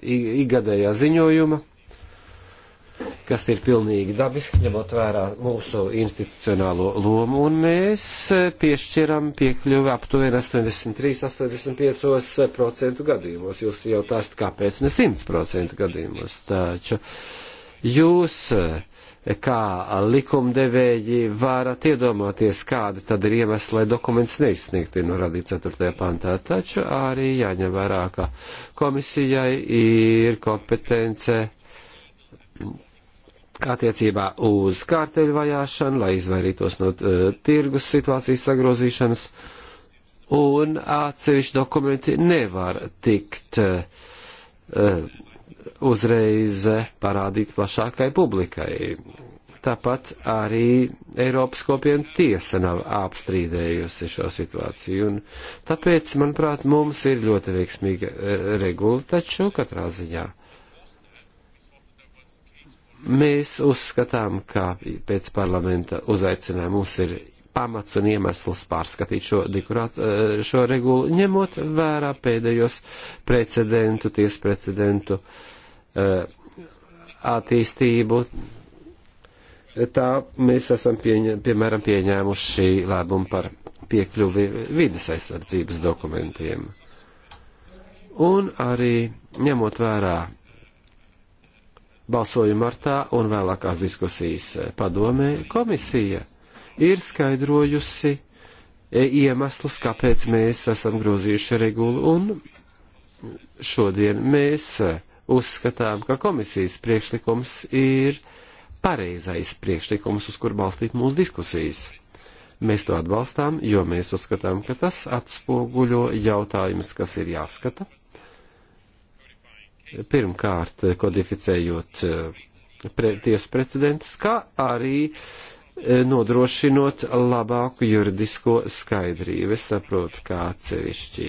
igadējā ziņojuma, kas ir pilnīgi dabiski, ņemot vērā mūsu institucionālo lomu, un mēs piešķiram piekļuvi aptuveni 83-85% gadījumos. Jūs jau tāst, kāpēc ne 100% gadījumos, taču jūs uh, kā likumdevēji varat iedomāties, kāda tad ir iemesla, lai dokuments neizsniegti norādīt 4. pantā. Taču arī jāņem vērā, ka komisijai ir kompetence attiecībā uz kārteļu vajāšanu, lai izvairītos no uh, tirgus situācijas sagrozīšanas, un atsevišķi dokumenti nevar tikt uh, uzreiz parādīt plašākai publikai. Tāpat arī Eiropas kopiena tiesa nav apstrīdējusi šo situāciju, un tāpēc, manuprāt, mums ir ļoti veiksmīga e, regula, taču katrā ziņā mēs uzskatām, ka pēc parlamenta uzaicinājuma mums ir pamats un iemesls pārskatīt šo, dikurāt, eh, šo regulu, ņemot vērā pēdējos precedentu, tiesu precedentu eh, attīstību. Tā mēs esam, pieņa, piemēram, pieņēmuši lēmumu par piekļuvi vidas aizsardzības dokumentiem. Un arī ņemot vērā balsojumu martā un vēlākās diskusijas eh, padomē, komisija ir skaidrojusi e, iemeslus, kāpēc mēs esam grozījuši regulu, un šodien mēs e, uzskatām, ka komisijas priekšlikums ir pareizais priekšlikums, uz kur balstīt mūsu diskusijas. Mēs to atbalstām, jo mēs uzskatām, ka tas atspoguļo jautājumus, kas ir jāskata. Pirmkārt, kodificējot e, pre, tiesu precedentus, kā arī uh, E, nodrošinot labāku juridisko skaidrību. Es saprotu, kā atsevišķi,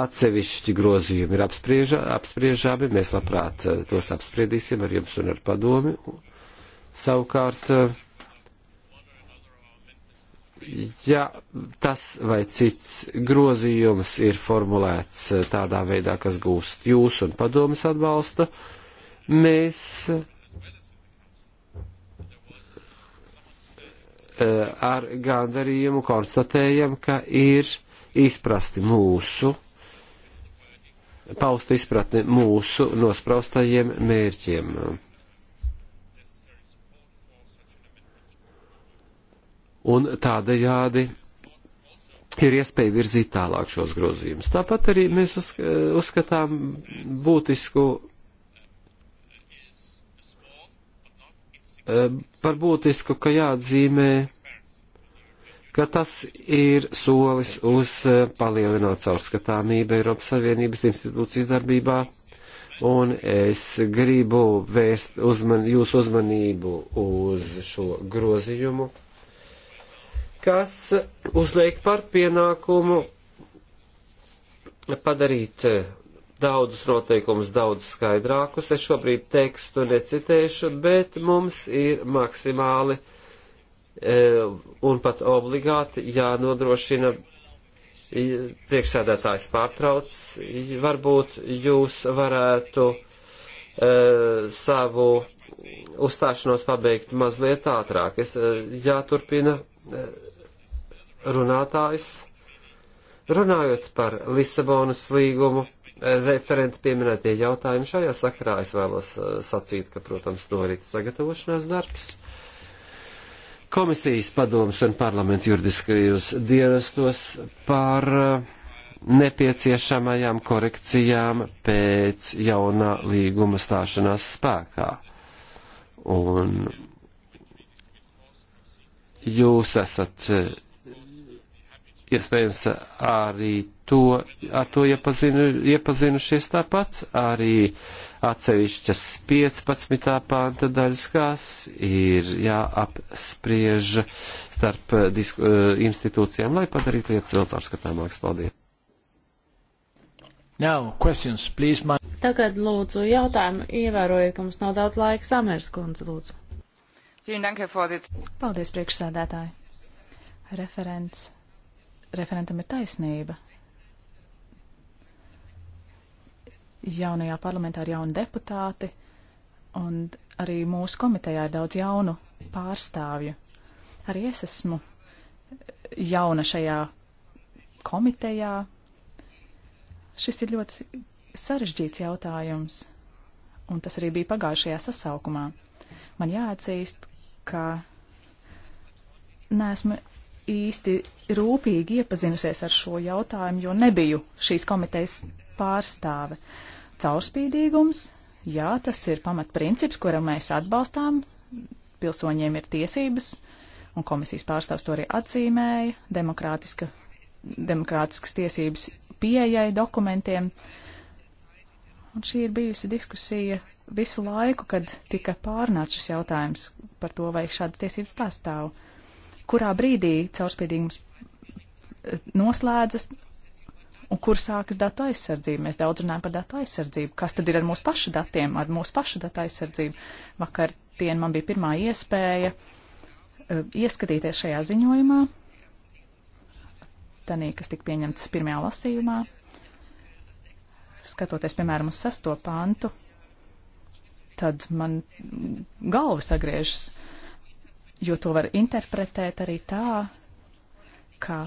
atsevišķi grozījumi ir apspriežā, apspriežāmi, mēs labprāt e, tos apspriedīsim ar jums un ar padomi. Savukārt, e, ja tas vai cits grozījums ir formulēts tādā veidā, kas gūst jūs un padomas atbalsta, mēs Eh, ar gandarījumu konstatējam, ka ir izprasti mūsu, pausta izpratne mūsu nospraustajiem mērķiem. Un tādējādi ir iespēja virzīt tālāk šos grozījumus. Tāpat arī mēs uzskatām būtisku Ehm, par būtisku, ka jāatzīmē, ka tas ir solis uz ehm, palielināt caurskatāmību Eiropas Savienības institūcijas darbībā, un es gribu vērst uzman, jūsu uzmanību uz šo grozījumu, kas uzliek par pienākumu padarīt daudzus noteikumus daudz skaidrākus. Es šobrīd tekstu necitēšu, bet mums ir maksimāli e, un pat obligāti jānodrošina priekšsēdētājs pārtrauc. Varbūt jūs varētu e, savu uzstāšanos pabeigt mazliet ātrāk. Es e, jāturpina e, runātājs. Runājot par Lisabonas līgumu referenti pieminētie jautājumi šajā sakrā es vēlos uh, sacīt, ka, protams, norit sagatavošanās darbs. Komisijas padomus un parlamentu juridiskajos dienestos par uh, nepieciešamajām korekcijām pēc jaunā līguma stāšanās spēkā. Un jūs esat uh, iespējams arī to, ar to iepazinu, iepazinušies tāpat arī atsevišķas 15. panta daļas, kas ir jāapspriež starp disku, eh, institūcijām, lai padarītu lietas vēl caurskatāmākas. Paldies! Now, questions, please, man... Tagad lūdzu jautājumu, ievērojiet, ka mums nav daudz laika. Samers kundze, lūdzu. Paldies, priekšsēdētāji. Referents. Referentam ir taisnība jaunajā parlamentā ir jauni deputāti, un arī mūsu komitejā ir daudz jaunu pārstāvju. Arī es esmu jauna šajā komitejā. Šis ir ļoti sarežģīts jautājums, un tas arī bija pagājušajā sasaukumā. Man jāatzīst, ka neesmu īsti rūpīgi iepazinusies ar šo jautājumu, jo nebiju šīs komitejas pārstāve. Uh, Caurspīdīgums, jā, tas ir pamatprincips, kuram mēs atbalstām. Pilsoņiem ir tiesības, un komisijas pārstāvs to arī atzīmēja, demokrātiska, demokrātiskas tiesības pieejai dokumentiem. Un šī ir bijusi diskusija visu laiku, kad tika pārnāts šis jautājums par to, vai šāda tiesības pastāv. Kurā brīdī caurspīdīgums noslēdzas un kur sākas datu aizsardzība. Mēs daudz runājam par datu aizsardzību. Kas tad ir ar mūsu pašu datiem, ar mūsu pašu datu aizsardzību? Vakar dien man bija pirmā iespēja uh, ieskatīties šajā ziņojumā, tanī, kas tika pieņemts pirmajā lasījumā. Skatoties, piemēram, uz sesto pantu, tad man galva sagriežas, jo to var interpretēt arī tā, ka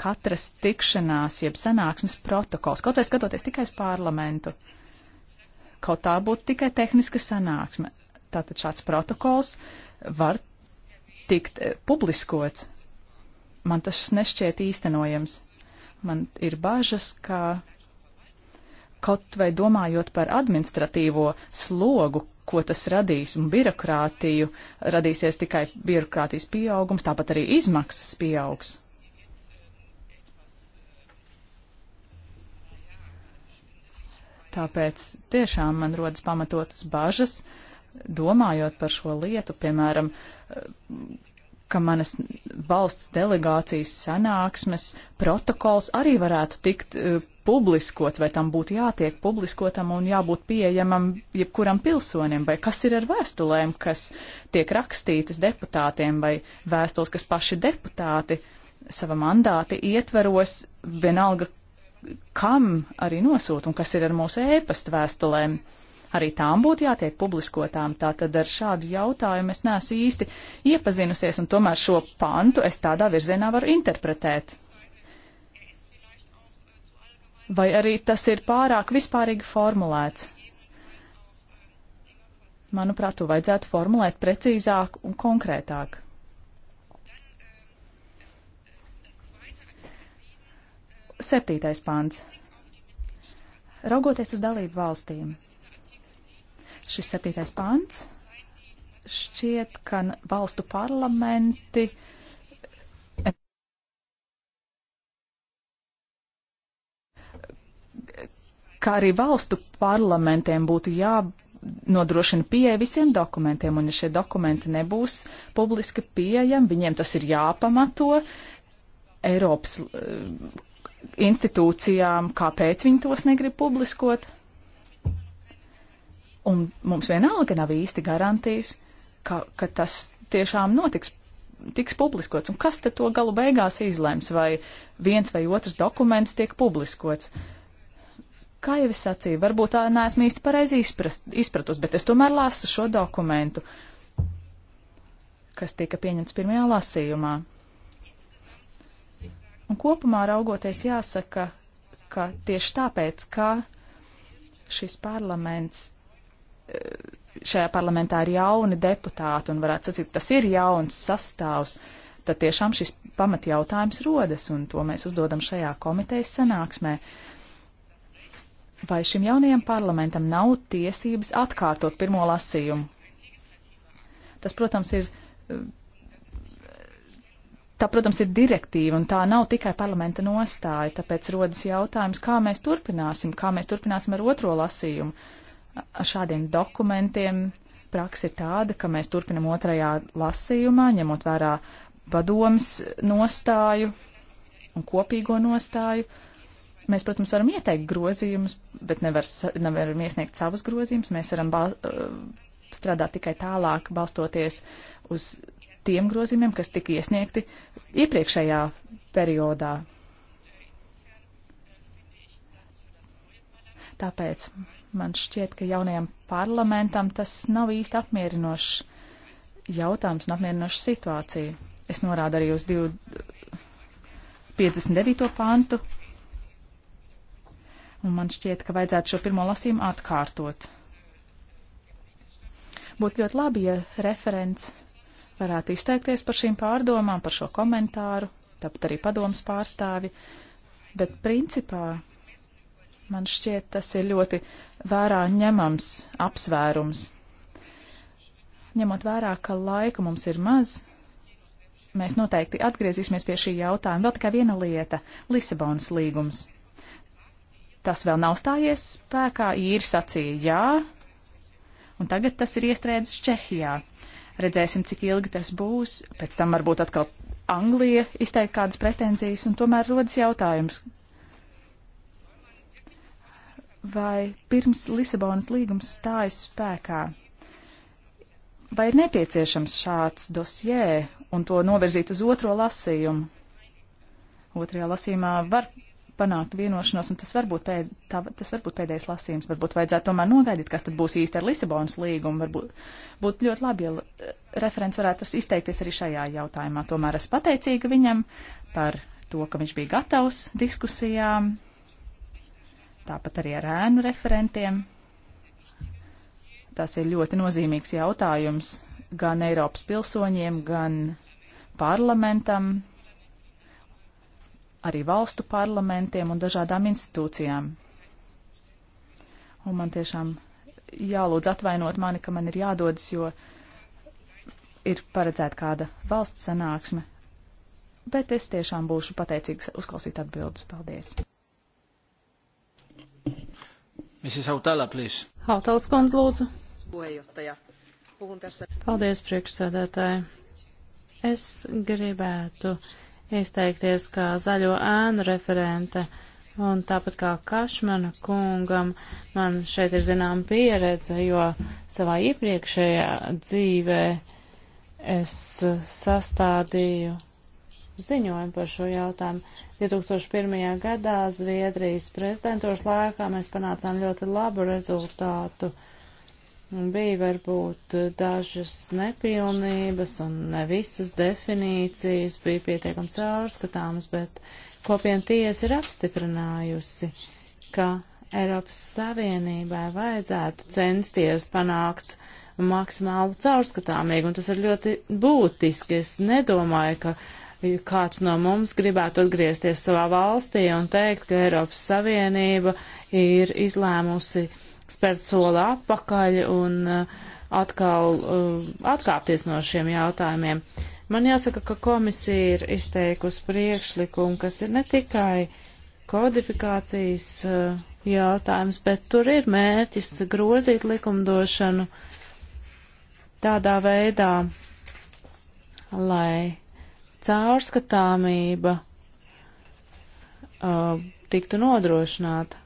katras tikšanās, jeb sanāksmes protokols, kaut vai skatoties tikai uz parlamentu. Kaut tā būtu tikai tehniska sanāksme. Tātad šāds protokols var tikt eh, publiskots. Man tas nešķiet īstenojams. Man ir bažas, ka kaut vai domājot par administratīvo slogu, ko tas radīs un birokrātiju, radīsies tikai birokrātijas pieaugums, tāpat arī izmaksas pieaugs. Tāpēc tiešām man rodas pamatotas bažas, domājot par šo lietu, piemēram, ka manas valsts delegācijas sanāksmes protokols arī varētu tikt uh, publiskot, vai tam būtu jātiek publiskotam un jābūt pieejamam jebkuram pilsonim, vai kas ir ar vēstulēm, kas tiek rakstītas deputātiem, vai vēstules, kas paši deputāti sava mandāti ietveros, vienalga, kam arī nosūta un kas ir ar mūsu ēpastu vēstulēm. Arī tām būtu jātiek publiskotām, tātad ar šādu jautājumu es neesmu īsti iepazinusies, un tomēr šo pantu es tādā virzienā varu interpretēt. Vai arī tas ir pārāk vispārīgi formulēts? Manuprāt, to vajadzētu formulēt precīzāk un konkrētāk. Septītais pants. Raugoties uz dalību valstīm. Šis septītais pants šķiet, ka valstu parlamenti kā arī valstu parlamentiem būtu jānodrošina pieeja visiem dokumentiem, un ja šie dokumenti nebūs publiski pieejami, viņiem tas ir jāpamato Eiropas institūcijām, kāpēc viņi tos negrib publiskot. Un mums vienalga nav īsti garantijas, ka, ka tas tiešām notiks, tiks publiskots. Un kas tad to galu beigās izlems, vai viens vai otrs dokuments tiek publiskots? Kā jau es sacīju, varbūt tā neesmu īsti pareizi izprast, izpratusi, bet es tomēr lasu šo dokumentu, kas tika pieņemts pirmajā lasījumā. Un kopumā raugoties jāsaka, ka tieši tāpēc, ka šis parlaments, eh, šajā parlamentā ir jauni deputāti un varētu sacīt, tas ir jauns sastāvs, tad tiešām šis pamatjautājums rodas un to mēs uzdodam šajā komitejas sanāksmē. Vai šim jaunajam parlamentam nav tiesības atkārtot pirmo lasījumu? Tas, protams, ir eh, tā, protams, ir direktīva, un tā nav tikai parlamenta nostāja. Tāpēc rodas jautājums, kā mēs turpināsim, kā mēs turpināsim ar otro lasījumu. Ar šādiem dokumentiem praksa ir tāda, ka mēs turpinam otrajā lasījumā, ņemot vērā padomas nostāju un kopīgo nostāju. Mēs, protams, varam ieteikt grozījumus, bet nevar, nevaram iesniegt savus grozījumus. Mēs varam bal, uh, strādāt tikai tālāk, balstoties uz tiem grozījumiem, kas tika iesniegti iepriekšējā periodā. Tāpēc man šķiet, ka jaunajam parlamentam tas nav īsti apmierinošs jautājums un apmierinoša situācija. Es norādu arī uz 2, 59. pantu, un man šķiet, ka vajadzētu šo pirmo lasījumu atkārtot. Būtu ļoti labi, ja referents varētu izteikties par šīm pārdomām, par šo komentāru, tāpat arī padomas pārstāvi, bet principā man šķiet tas ir ļoti vērā ņemams apsvērums. Ņemot vērā, ka laika mums ir maz, mēs noteikti atgriezīsimies pie šī jautājuma. Vēl tikai viena lieta - Lisabonas līgums. Tas vēl nav stājies spēkā, īri sacīja jā, un tagad tas ir iestrēdzis Čehijā. Redzēsim, cik ilgi tas būs. Pēc tam varbūt atkal Anglija izteikt kādas pretenzijas, un tomēr rodas jautājums, vai pirms Lisabonas līgums stājas spēkā, vai ir nepieciešams šāds dosjē un to novirzīt uz otro lasījumu? Otrajā lasījumā var panākt vienošanos, un tas varbūt, pēd, tā, tas varbūt pēdējais lasījums, varbūt vajadzētu tomēr nogaidīt, kas tad būs īsti ar Lisabonas līgumu. Varbūt būtu ļoti labi, ja referents varētu izteikties arī šajā jautājumā. Tomēr es pateicīga viņam par to, ka viņš bija gatavs diskusijām, tāpat arī ar ēnu referentiem. Tas ir ļoti nozīmīgs jautājums gan Eiropas pilsoņiem, gan parlamentam arī valstu parlamentiem un dažādām institūcijām. Un man tiešām jālūdz atvainot mani, ka man ir jādodas, jo ir paredzēta kāda valsts sanāksme. Bet es tiešām būšu pateicīgs uzklausīt atbildes. Paldies! Mrs. Hautala, please. Hautalas kundze, lūdzu. Paldies, priekšsēdētāji. Es gribētu uh, izteikties kā zaļo ēnu referente. Un tāpat kā Kašmana kungam, man šeit ir zinām pieredze, jo savā iepriekšējā dzīvē es sastādīju ziņojumu par šo jautājumu. 2001. gadā Zviedrijas prezidentūras laikā mēs panācām ļoti labu rezultātu. Uh, Bija varbūt dažas nepilnības un ne visas definīcijas bija pietiekami caurskatāmas, bet kopiena tiesa ir apstiprinājusi, ka Eiropas Savienībai vajadzētu censties panākt maksimālu caurskatāmību, un tas ir ļoti būtiski. Es nedomāju, ka kāds no mums gribētu atgriezties savā valstī un teikt, ka Eiropas Savienība ir izlēmusi uh, spērt soli atpakaļ un uh, atkal uh, atkāpties no šiem jautājumiem. Man jāsaka, ka komisija ir izteikusi priekšlikumu, kas ir ne tikai kodifikācijas uh, jautājums, bet tur ir mērķis grozīt likumdošanu tādā veidā, lai caurskatāmība uh, tiktu nodrošināta.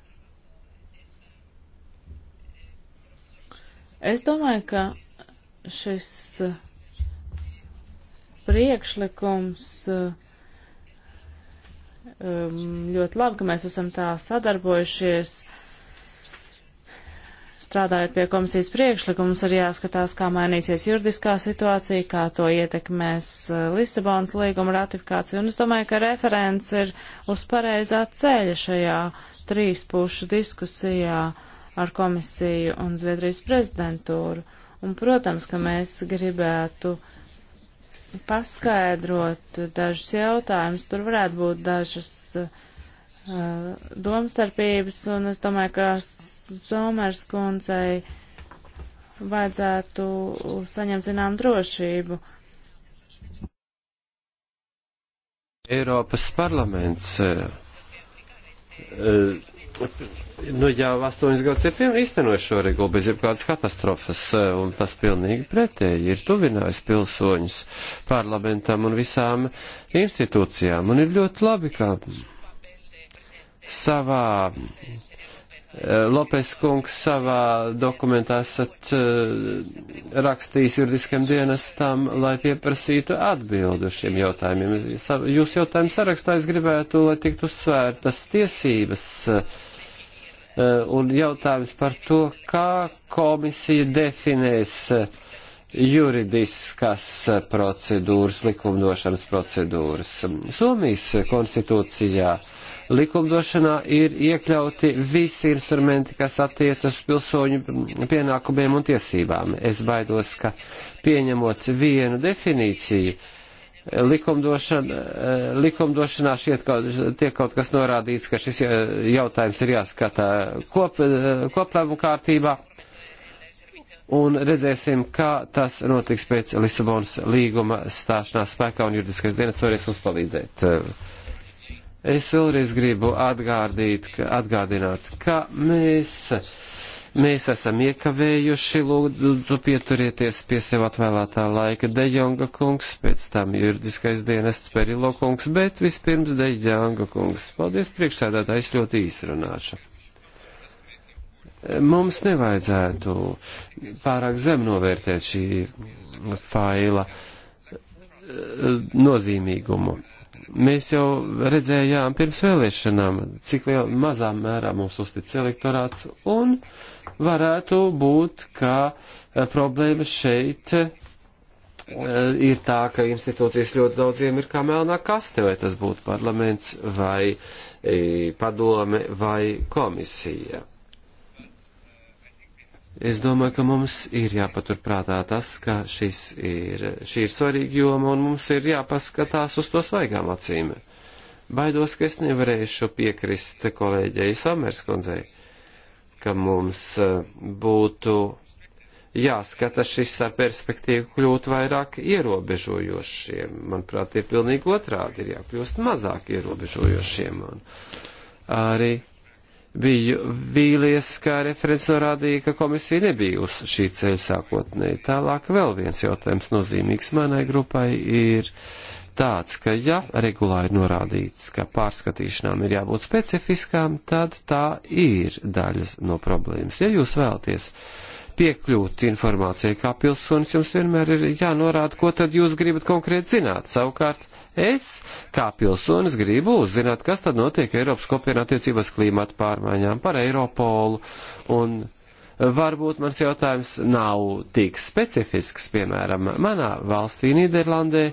Es domāju, ka šis uh, priekšlikums uh, um, ļoti labi, ka mēs esam tā sadarbojušies. Strādājot pie komisijas priekšlikums, ir jāskatās, kā mainīsies juridiskā situācija, kā to ietekmēs uh, Lisabonas līguma ratifikācija. Un es domāju, ka referents ir uz pareizā ceļa šajā trīspušu diskusijā. Uh, ar komisiju un Zviedrijas prezidentūru. Un, protams, ka mēs gribētu paskaidrot dažus jautājumus. Tur varētu būt dažas uh, domstarpības, un es domāju, ka Somers kundzei vajadzētu saņemt zinām drošību. Eiropas parlaments uh, uh nu, jau astoņas gadus ir īstenojuši šo regulu bez jebkādas katastrofas, eh, un tas pilnīgi pretēji ir tuvinājis pilsoņus parlamentam un visām institūcijām, un ir ļoti labi, ka savā eh, Lopes kungs savā dokumentā esat eh, rakstījis juridiskiem dienestam, lai pieprasītu atbildu šiem jautājumiem. Jūs jautājumu sarakstā es gribētu, lai tiktu uzsvērtas tiesības uh, Eh, un jautājums par to, kā komisija definēs eh, juridiskas eh, procedūras, likumdošanas procedūras. Somijas konstitūcijā likumdošanā ir iekļauti visi instrumenti, kas attiecas uz pilsoņu pienākumiem un tiesībām. Es baidos, ka pieņemot vienu definīciju, uh, likumdošana, eh, likumdošanā šiet kaut, tiek kaut kas norādīts, ka šis eh, jautājums ir jāskatā kop, eh, koplēmu kārtībā. Un redzēsim, kā tas notiks pēc Lisabonas līguma stāšanās spēkā un juridiskais dienas varēs mums palīdzēt. Es vēlreiz gribu atgādīt, ka, atgādināt, ka mēs Mēs esam iekavējuši, lūdzu pieturieties pie sev atvēlētā laika Dejonga kungs, pēc tam juridiskais dienests Perilo kungs, bet vispirms Dejonga kungs. Paldies priekšsēdētājs ļoti īsrunāšu. Mums nevajadzētu pārāk zem novērtēt šī faila nozīmīgumu Mēs jau redzējām pirms vēlēšanām, cik liel, mazā mērā mums uztic elektorāts, un varētu būt, ka eh, problēma šeit eh, ir tā, ka institūcijas ļoti daudziem ir kā melnā kaste, vai tas būtu parlaments, vai eh, padome, vai komisija. Es domāju, ka mums ir jāpaturprātā tas, ka šis ir, šī ir svarīga joma un mums ir jāpaskatās uz to svaigām acīm. Baidos, ka es nevarēšu piekrist kolēģei Samerskundzei, ka mums eh, būtu jāskata šis ar perspektīvu kļūt vairāk ierobežojošiem. Manuprāt, ir pilnīgi otrādi, ir jākļūst mazāk ierobežojošiem. Un arī biju vīlies, kā referents norādīja, ka komisija nebija uz šī ceļa sākotnēji. Tālāk vēl viens jautājums nozīmīgs manai grupai ir tāds, ka ja regulā ir norādīts, ka pārskatīšanām ir jābūt specifiskām, tad tā ir daļas no problēmas. Ja jūs vēlaties piekļūt informācijai kā pilsonis, jums vienmēr ir jānorāda, ko tad jūs gribat konkrēti zināt. Savukārt, Es, kā pilsonis, gribu uzzināt, kas tad notiek Eiropas kopienā attiecībās klimata pārmaiņām par Eiropolu. Un varbūt mans jautājums nav tik specifisks, piemēram, manā valstī Nīderlandē.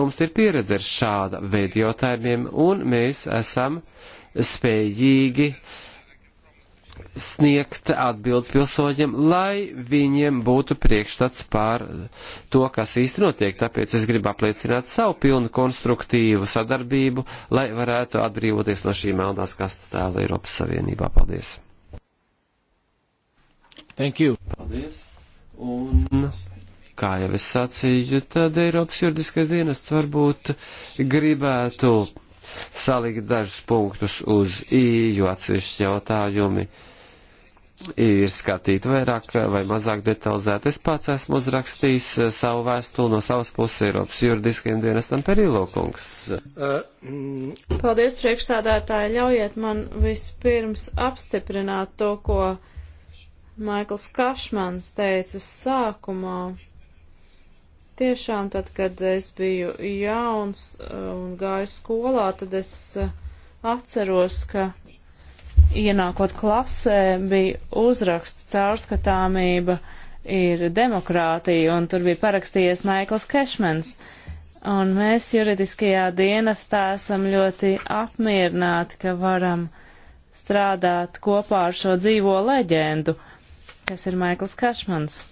Mums ir pieredze ar šāda veida jautājumiem, un mēs esam spējīgi uh, sniegt atbildes pilsoņiem, lai viņiem būtu priekšstats pār to, kas īsti notiek. Tāpēc es gribu apliecināt savu pilnu konstruktīvu sadarbību, lai varētu atbrīvoties no šī melnās kastes tēla Eiropas Savienībā. Paldies! Thank you! Paldies! Un kā jau es sacīju, tad Eiropas juridiskais dienests varbūt gribētu salikt dažus punktus uz i, jo atsevišķi jautājumi ir skatīta vairāk vai mazāk detalizēti. Es pats esmu uzrakstījis eh, savu vēstuli no savas puses Eiropas juridiskajiem dienestam Perīlokungs. Paldies, priekšsādātāji. Ļaujiet man vispirms apstiprināt to, ko Maikls Kašmans teica sākumā. Tiešām tad, kad es biju jauns eh, un gāju skolā, tad es eh, atceros, ka ienākot klasē, bija uzraksts caurskatāmība ir demokrātija, un tur bija parakstījies Maikls Kešmans. Un mēs juridiskajā dienestā esam ļoti apmierināti, ka varam strādāt kopā ar šo dzīvo leģendu, kas ir Maikls Kašmans.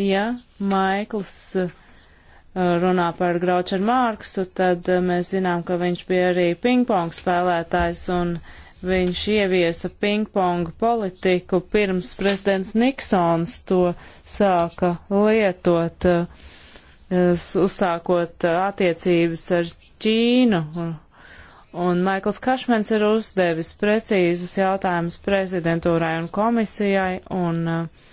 Ja Maikls uh, runā par Graučeru Mārksu, tad eh, mēs zinām, ka viņš bija arī pingpong spēlētājs un viņš ieviesa pingpong politiku pirms prezidents Niksons to sāka lietot, eh, uzsākot eh, attiecības ar Ķīnu. Un Maikls Kašmens ir uzdevis precīzus jautājumus prezidentūrai un komisijai, un uh,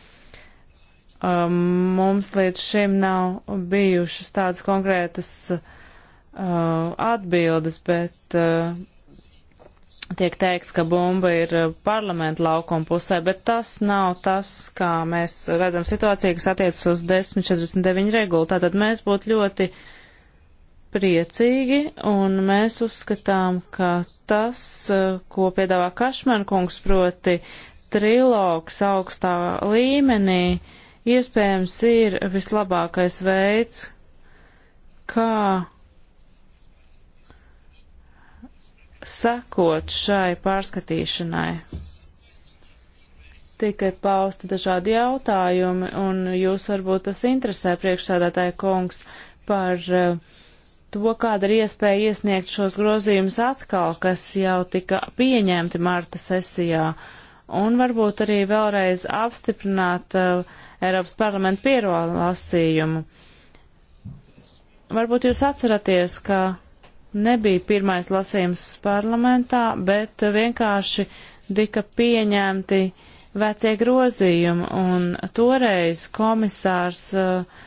Um, mums līdz šim nav bijušas tādas konkrētas uh, atbildes, bet uh, tiek teikts, ka bumba ir uh, parlamenta laukuma pusē, bet tas nav tas, kā mēs redzam situāciju, kas attiecas uz 1049 regulu. Tātad mēs būtu ļoti priecīgi, un mēs uzskatām, ka tas, uh, ko piedāvā Kašmenkungs, proti trilogs augstā līmenī, uh, iespējams ir vislabākais veids, kā sekot šai pārskatīšanai. Tika pausti dažādi jautājumi, un jūs varbūt tas interesē priekšsādātāja kungs par eh, to, kāda ir iespēja iesniegt šos grozījumus atkal, kas jau tika pieņemti marta sesijā, un varbūt arī vēlreiz apstiprināt uh, Eiropas parlamenta pierolasījumu. Varbūt jūs atceraties, ka nebija pirmais lasījums parlamentā, bet vienkārši tika pieņemti vecie grozījumi, un toreiz komisārs uh,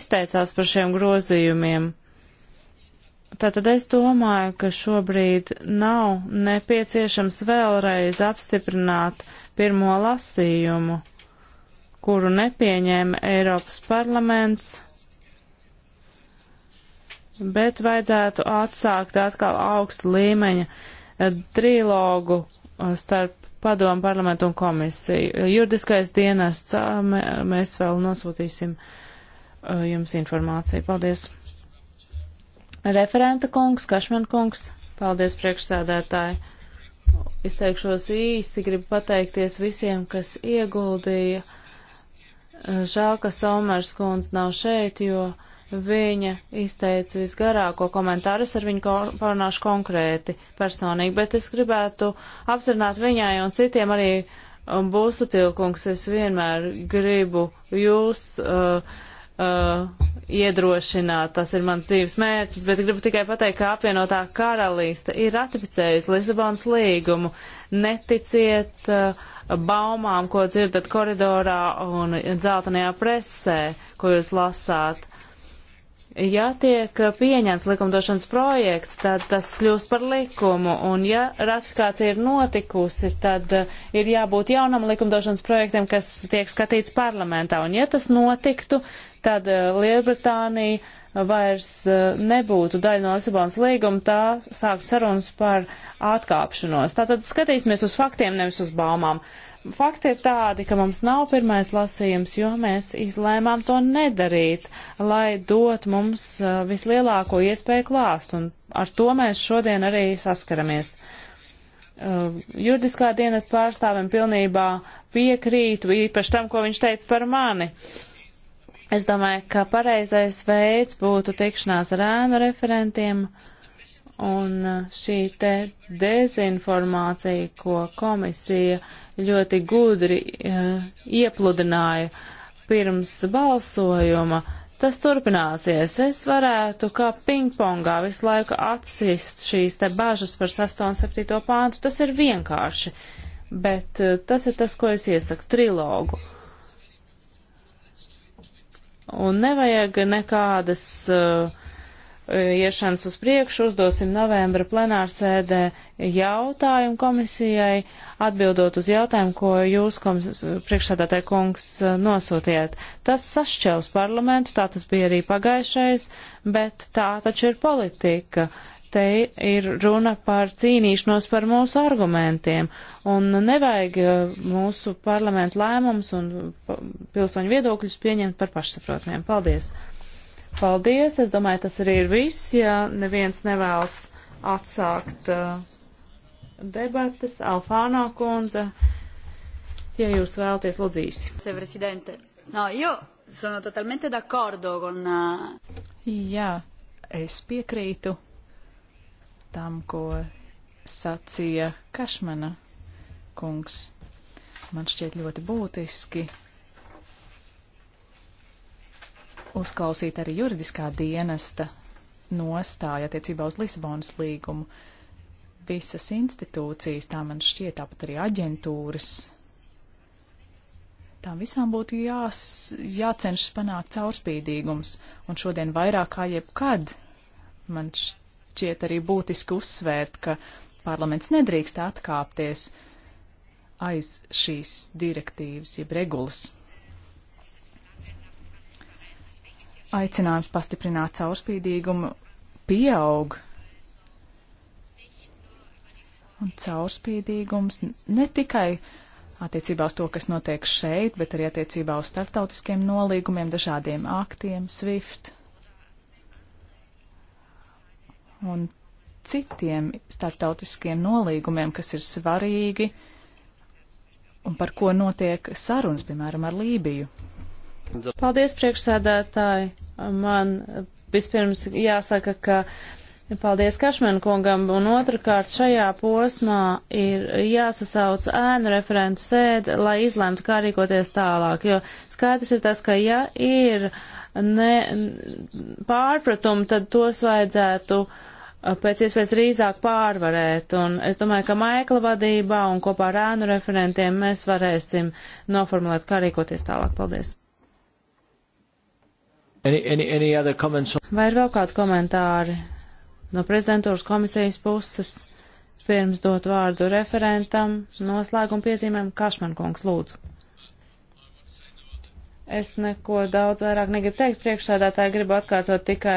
izteicās par šiem grozījumiem. Tātad es domāju, ka šobrīd nav nepieciešams vēlreiz apstiprināt pirmo lasījumu kuru nepieņēma Eiropas parlaments, bet vajadzētu atsākt atkal augsta līmeņa eh, trilogu eh, starp padomu parlamentu un komisiju. Juridiskais dienests, mēs vēl nosūtīsim eh, jums informāciju. Paldies. Referenta kungs, Kašman kungs, paldies priekšsēdētāji. Izteikšos īsi, gribu pateikties visiem, kas ieguldīja Žēl, ka Somers kundze nav šeit, jo viņa izteica visgarāko komentāru. Es ar viņu parunāšu konkrēti personīgi, bet es gribētu apzināt viņai un citiem arī um, būsutilkungs. Es vienmēr gribu jūs. Uh, Uh, iedrošināt, tas ir mans dzīves mērķis, bet gribu tikai pateikt, ka apvienotā karalīste ir ratificējusi Lisabonas līgumu. Neticiet uh, baumām, ko dzirdat koridorā un dzeltenajā presē, ko jūs lasāt. Ja tiek pieņemts likumdošanas projekts, tad tas kļūst par likumu, un ja ratifikācija ir notikusi, tad eh, ir jābūt jaunam likumdošanas projektam, kas tiek skatīts parlamentā, un ja tas notiktu, tad eh, Lielbritānija vairs eh, nebūtu daļa no Lisabonas līguma, tā sākt sarunas par atkāpšanos. Tātad skatīsimies uz faktiem, nevis uz baumām. Uh, Fakti ir tādi, ka mums nav pirmais lasījums, jo mēs izlēmām to nedarīt, lai dot mums uh, vislielāko iespēju klāst, un ar to mēs šodien arī saskaramies. Uh, juridiskā dienas pārstāvim pilnībā piekrītu, īpaši tam, ko viņš teica par mani. Es domāju, ka pareizais veids būtu tikšanās ar ēnu referentiem un uh, šī te dezinformācija, ko komisija uh, ļoti gudri eh, iepludināja pirms balsojuma. Tas turpināsies. Es varētu kā pingpongā visu laiku atsist šīs te bažas par 6 un 7 pāntu. Tas ir vienkārši. Bet eh, tas ir tas, ko es iesaku - trilogu. Un nevajag nekādas uh, iešanas uz priekšu uzdosim novembra plenārsēdē jautājumu komisijai, atbildot uz jautājumu, ko jūs priekšsādātāja kungs nosūtījāt. Tas sašķels parlamentu, tā tas bija arī pagaišais, bet tā taču ir politika. Te ir runa par cīnīšanos par mūsu argumentiem, un nevajag uh, mūsu parlamentu lēmums un uh, pilsoņu viedokļus pieņemt par pašsaprotniem. Paldies! Paldies! Es domāju, tas arī ir viss. Ja neviens nevēlas atsākt uh, debatas, Alfānā kundze, ja jūs vēlaties, lūdzīsi. No, jo, sono totalmente d'accordo con... Uh, Jā, es piekrītu tam, ko sacīja Kašmana kungs. Man šķiet ļoti būtiski uzklausīt arī juridiskā dienesta nostāja attiecībā uz Lisabonas līgumu. Visas institūcijas, tā man šķiet, tāpat arī aģentūras, tām visām būtu jās, jācenšas panākt caurspīdīgums, un šodien vairāk kā jebkad man šķiet arī būtiski uzsvērt, ka parlaments nedrīkst atkāpties aiz šīs direktīvas jeb regulas. aicinājums pastiprināt caurspīdīgumu pieaug. Un caurspīdīgums ne tikai attiecībā uz to, kas notiek šeit, bet arī attiecībā uz starptautiskiem nolīgumiem, dažādiem aktiem, SWIFT un citiem starptautiskiem nolīgumiem, kas ir svarīgi un par ko notiek sarunas, piemēram, ar Lībiju. Paldies, priekšsēdētāji! man vispirms jāsaka, ka Paldies Kašmenu kungam, un otrkārt šajā posmā ir jāsasauc ēnu referentu sēde, lai izlemtu, kā rīkoties tālāk, jo skaidrs ir tas, ka ja ir ne, pārpratumi, tad tos vajadzētu uh, pēc iespējas drīzāk pārvarēt, un es domāju, ka Maikla vadībā un kopā ar ēnu referentiem mēs varēsim noformulēt, kā rīkoties tālāk. Paldies! Any, any, any other comments? Vai ir vēl kādi komentāri no prezidentūras komisijas puses? Pirms dot vārdu referentam, noslēguma piezīmēm Kašman kungs lūdzu. Es neko daudz vairāk negribu teikt. Priekšsēdētāji gribu atkārtot tikai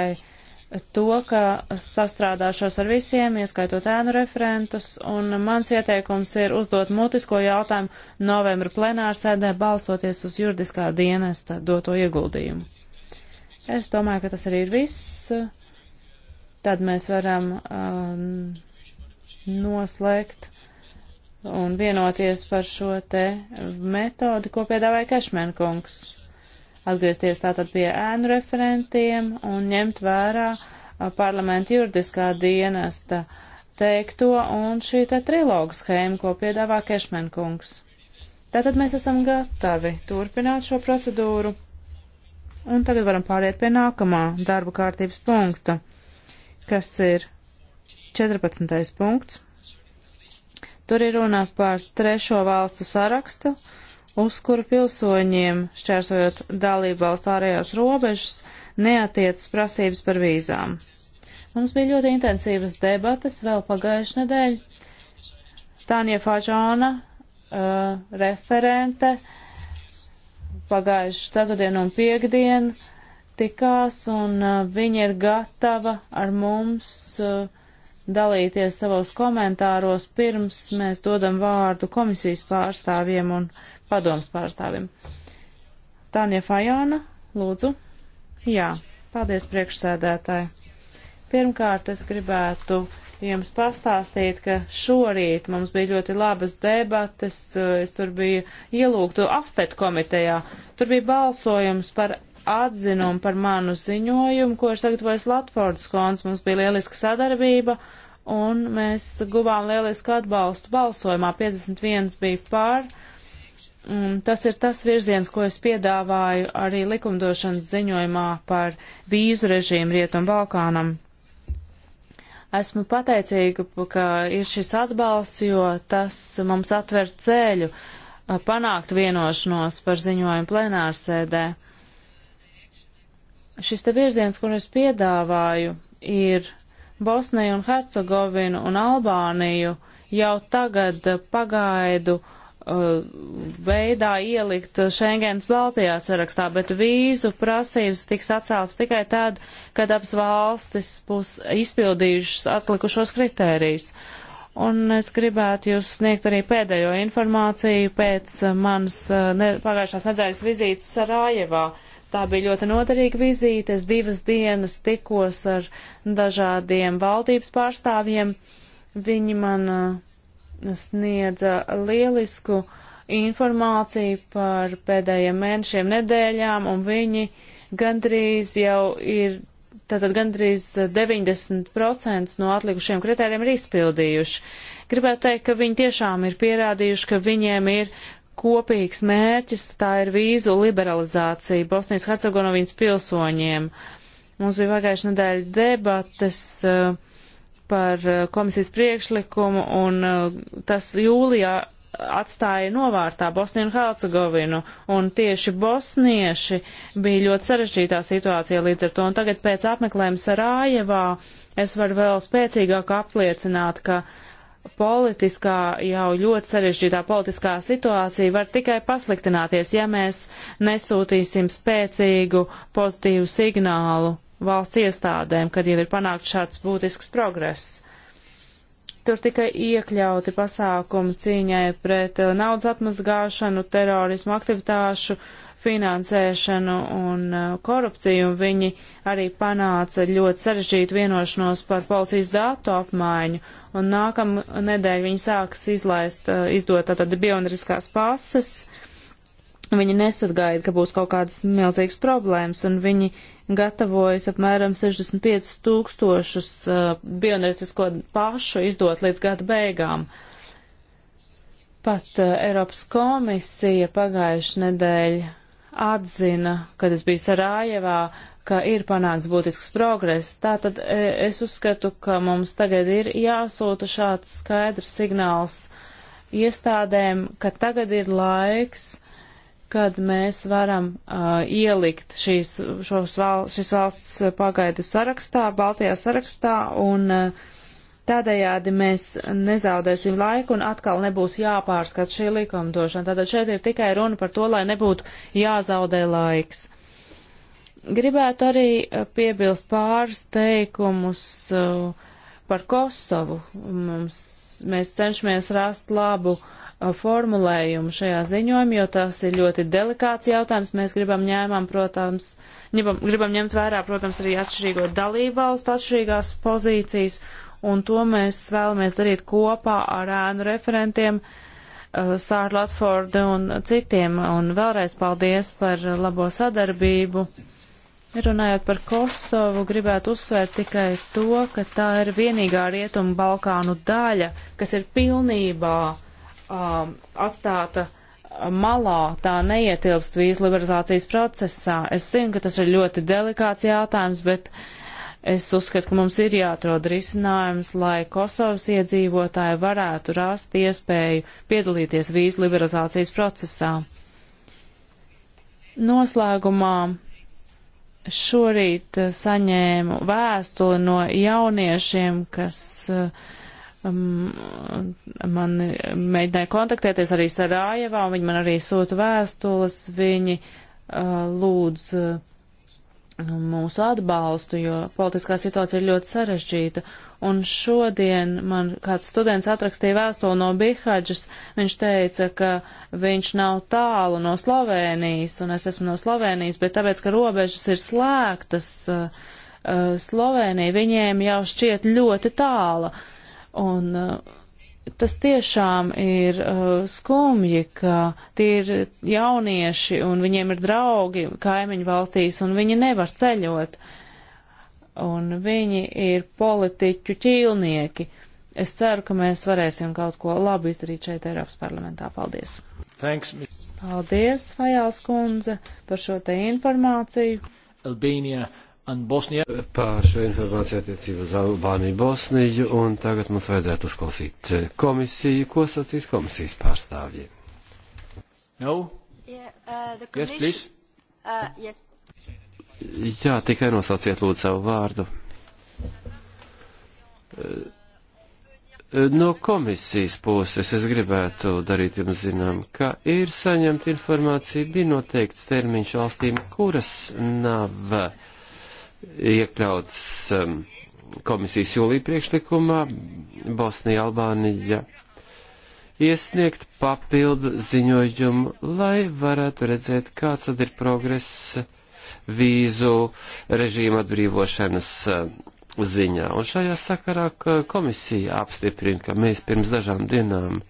to, ka sastrādāšos ar visiem, ieskaitot ēnu referentus, un mans ieteikums ir uzdot mutisko jautājumu novembra plenārsēdē, balstoties uz juridiskā dienesta doto ieguldījumu. Es domāju, ka tas arī ir viss. Tad mēs varam um, noslēgt un vienoties par šo te metodi, ko piedāvāja Kašmenkungs. Atgriezties tātad pie ēnu referentiem un ņemt vērā uh, parlamenta juridiskā dienesta teikto un šī te trilogu schēma, ko piedāvā Kašmenkungs. Tātad mēs esam gatavi turpināt šo procedūru. Un tagad varam pāriet pie nākamā darba kārtības punkta, kas ir 14. punkts. Tur ir runa par trešo valstu sarakstu, uz kuru pilsoņiem, šķērsojot dalību valstu ārējās robežas, neatiecas prasības par vīzām. Mums bija ļoti intensīvas debates vēl pagājušajā nedēļā. Stānie Fāžona, uh, referente, uh, pagājuši ceturtdien un piekdien tikās, un uh, viņa ir gatava ar mums uh, dalīties savos komentāros, pirms mēs dodam vārdu komisijas pārstāvjiem un padoms pārstāvjiem. Tāņa Fajona, lūdzu. Jā, paldies priekšsēdētāji. Pirmkārt, es gribētu jums pastāstīt, ka šorīt mums bija ļoti labas debates, eh, es tur biju ielūgtu AFET komitejā. Tur bija balsojums par atzinumu par manu ziņojumu, ko ir sagatavojis Latvārds Kons. Mums bija lieliska sadarbība un mēs guvām lielisku atbalstu balsojumā. 51 bija pār. Un tas ir tas virziens, ko es piedāvāju arī likumdošanas ziņojumā par vīzu režīmu Rietumbalkānam. Balkānam Esmu pateicīga, ka ir šis atbalsts, jo tas mums atver ceļu panākt vienošanos par ziņojumu plenārsēdē. Šis te virziens, kur es piedāvāju, ir Bosniju un Hercegovinu un Albāniju jau tagad pagaidu uh, Uh, veidā ielikt Schengens Baltijā sarakstā, bet vīzu prasības tiks atceltas tikai tad, kad abas valstis būs izpildījušas atlikušos kritērijus. Un es gribētu jūs sniegt arī pēdējo informāciju pēc manas uh, ne, pagājušās nedēļas vizītes Sarajevā. Tā bija ļoti noderīga vizīte. Es divas dienas tikos ar dažādiem valdības pārstāvjiem. Viņi man uh, sniedza lielisku informāciju par pēdējiem mēnešiem, nedēļām, un viņi gandrīz jau ir, tātad gandrīz 90% no atlikušiem kritērijiem ir izpildījuši. Gribētu teikt, ka viņi tiešām ir pierādījuši, ka viņiem ir kopīgs mērķis, tā ir vīzu liberalizācija Bosnijas Hercegovinas pilsoņiem. Mums bija pagājušajā nedēļa debates. Uh, par eh, komisijas priekšlikumu, un eh, tas jūlijā atstāja novārtā Bosniju un Hercegovinu, un tieši bosnieši bija ļoti sarežģītā situācijā līdz ar to, un tagad pēc apmeklējuma Sarājevā es varu vēl spēcīgāk apliecināt, ka politiskā, jau ļoti sarežģītā politiskā situācija var tikai pasliktināties, ja mēs nesūtīsim spēcīgu pozitīvu signālu valsts iestādēm, kad jau ir panākt šāds būtisks progress. Tur tikai iekļauti pasākumi cīņai pret uh, naudas atmazgāšanu, terorismu aktivitāšu, finansēšanu un uh, korupciju. Viņi arī panāca ļoti sarežģītu vienošanos par policijas datu apmaiņu, un nākam nedēļ viņi sāks izlaist, uh, izdot tātad biometriskās pases. Viņi nesagaida, ka būs kaut kādas milzīgas problēmas, un viņi gatavojas apmēram 65 tūkstošus uh, bioenerģisko pašu izdot līdz gada beigām. Pat uh, Eiropas komisija pagājuši nedēļ atzina, kad es biju Sarājevā, ka ir panāks būtisks progress. Tātad e, es uzskatu, ka mums tagad ir jāsūta šāds skaidrs signāls iestādēm, ka tagad ir laiks kad mēs varam uh, ielikt šīs, šos val, šis valsts pagaidu sarakstā, Baltijā sarakstā, un uh, tādējādi mēs nezaudēsim laiku un atkal nebūs jāpārskat šī likumdošana. Tātad šeit ir tikai runa par to, lai nebūtu jāzaudē laiks. Gribētu arī piebilst pāris teikumus uh, par Kosovu. Mums, mēs cenšamies rast labu uh, Uh, formulējumu šajā ziņojumā, jo tas ir ļoti delikāts jautājums. Mēs gribam, ņēmām, protams, ņemam, gribam ņemt vērā, protams, arī atšķirīgo dalībvalstu atšķirīgās pozīcijas, un to mēs vēlamies darīt kopā ar ēnu referentiem, uh, Sāru Latfordu un citiem. Un vēlreiz paldies par labo sadarbību. Runājot par Kosovu, gribētu uzsvērt tikai to, ka tā ir vienīgā Rietumu Balkānu daļa, kas ir pilnībā uh, um, atstāta malā, tā neietilpst vīzu liberalizācijas procesā. Es zinu, ka tas ir ļoti delikāts jautājums, bet es uzskatu, ka mums ir jāatrod risinājums, lai Kosovas iedzīvotāji varētu rast iespēju piedalīties vīzu liberalizācijas procesā. Noslēgumā šorīt saņēmu vēstuli no jauniešiem, kas uh, Um, man mēģināja kontaktēties arī Sarājevā, un viņi man arī sūta vēstules, viņi uh, lūdz uh, mūsu atbalstu, jo politiskā situācija ir ļoti sarežģīta. Un šodien man kāds students atrakstīja vēstuli no Bihāģas, viņš teica, ka viņš nav tālu no Slovēnijas, un es esmu no Slovēnijas, bet tāpēc, ka robežas ir slēgtas, uh, uh Slovēnija viņiem jau šķiet ļoti tāla. Uh, Un uh, tas tiešām ir uh, skumji, ka tie ir jaunieši un viņiem ir draugi kaimiņu valstīs un viņi nevar ceļot. Un viņi ir politiķu ķīlnieki. Es ceru, ka mēs varēsim kaut ko labu izdarīt šeit Eiropas parlamentā. Paldies! Thanks, Paldies, Fajāls kundze, par šo te informāciju. Albania Pār šo informāciju attiecību uz Albāniju, Bosniju, un tagad mums vajadzētu uzklausīt eh, komisiju. Ko sacīs komisijas pārstāvji? No? Yeah, uh, yes, please. Uh, yes. Jā, tikai nosauciet lūdzu savu vārdu. Uh, No komisijas puses es gribētu darīt jums zinām, ka ir saņemta informācija, bija noteikts termiņš valstīm, kuras nav uh, iekļauts um, komisijas jūlija priekšlikumā Bosnija Albānija iesniegt papildu ziņojumu, lai varētu redzēt, kāds tad ir progress vīzu režīma atbrīvošanas uh, ziņā. Un šajā sakarā komisija apstiprina, ka mēs pirms dažām dienām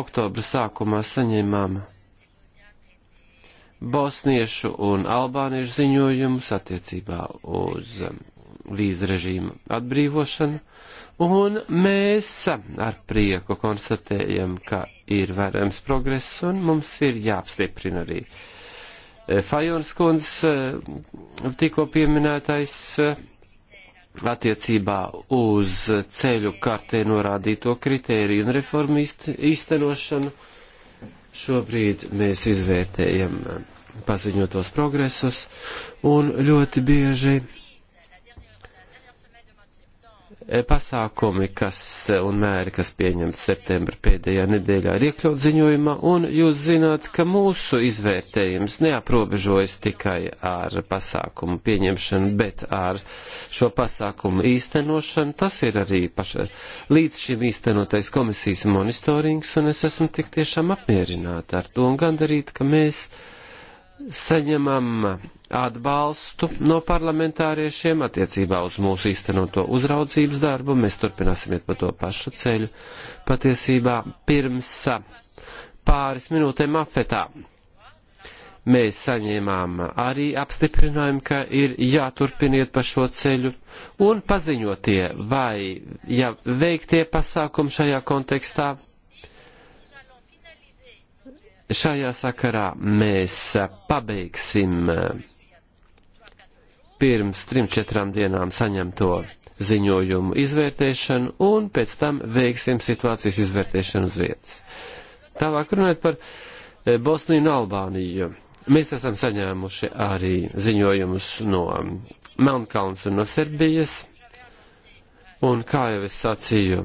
oktobra sākumā saņēmām bosniešu un albāniešu ziņojumus attiecībā uz um, vīzu režīmu atbrīvošanu, un mēs um, ar prieku konstatējam, ka ir vērams progress, un mums ir jāapstiprina arī eh, Fajons kundzes eh, tikko pieminētais eh, attiecībā uz ceļu kartē norādīto kritēriju un reformu īstenošanu. Izt Šobrīd mēs izvērtējam paziņotos progresus un ļoti bieži E, pasākumi, kas e, un mēri, kas pieņemti septembra pēdējā nedēļā, ir iekļaut ziņojumā, un jūs zināt, ka mūsu izvērtējums neaprobežojas tikai ar pasākumu pieņemšanu, bet ar šo pasākumu īstenošanu. Tas ir arī paša, līdz šim īstenotais komisijas monitorings, un es esmu tik tiešām apmierināta ar to un gandarīt, ka mēs saņemam atbalstu no parlamentāriešiem attiecībā uz mūsu īstenoto uzraudzības darbu. Mēs turpināsim iet pa to pašu ceļu. Patiesībā pirms pāris minūtēm afetā mēs saņēmām arī apstiprinājumu, ka ir jāturpiniet pa šo ceļu un paziņotie vai ja veiktie pasākumi šajā kontekstā. Šajā sakarā mēs pabeigsim pirms trim, četrām dienām saņemto ziņojumu izvērtēšanu un pēc tam veiksim situācijas izvērtēšanu uz vietas. Tālāk runājot par e, Bosniju un Albāniju. Mēs esam saņēmuši arī ziņojumus no Melnkalns un no Serbijas. Un kā jau es sacīju,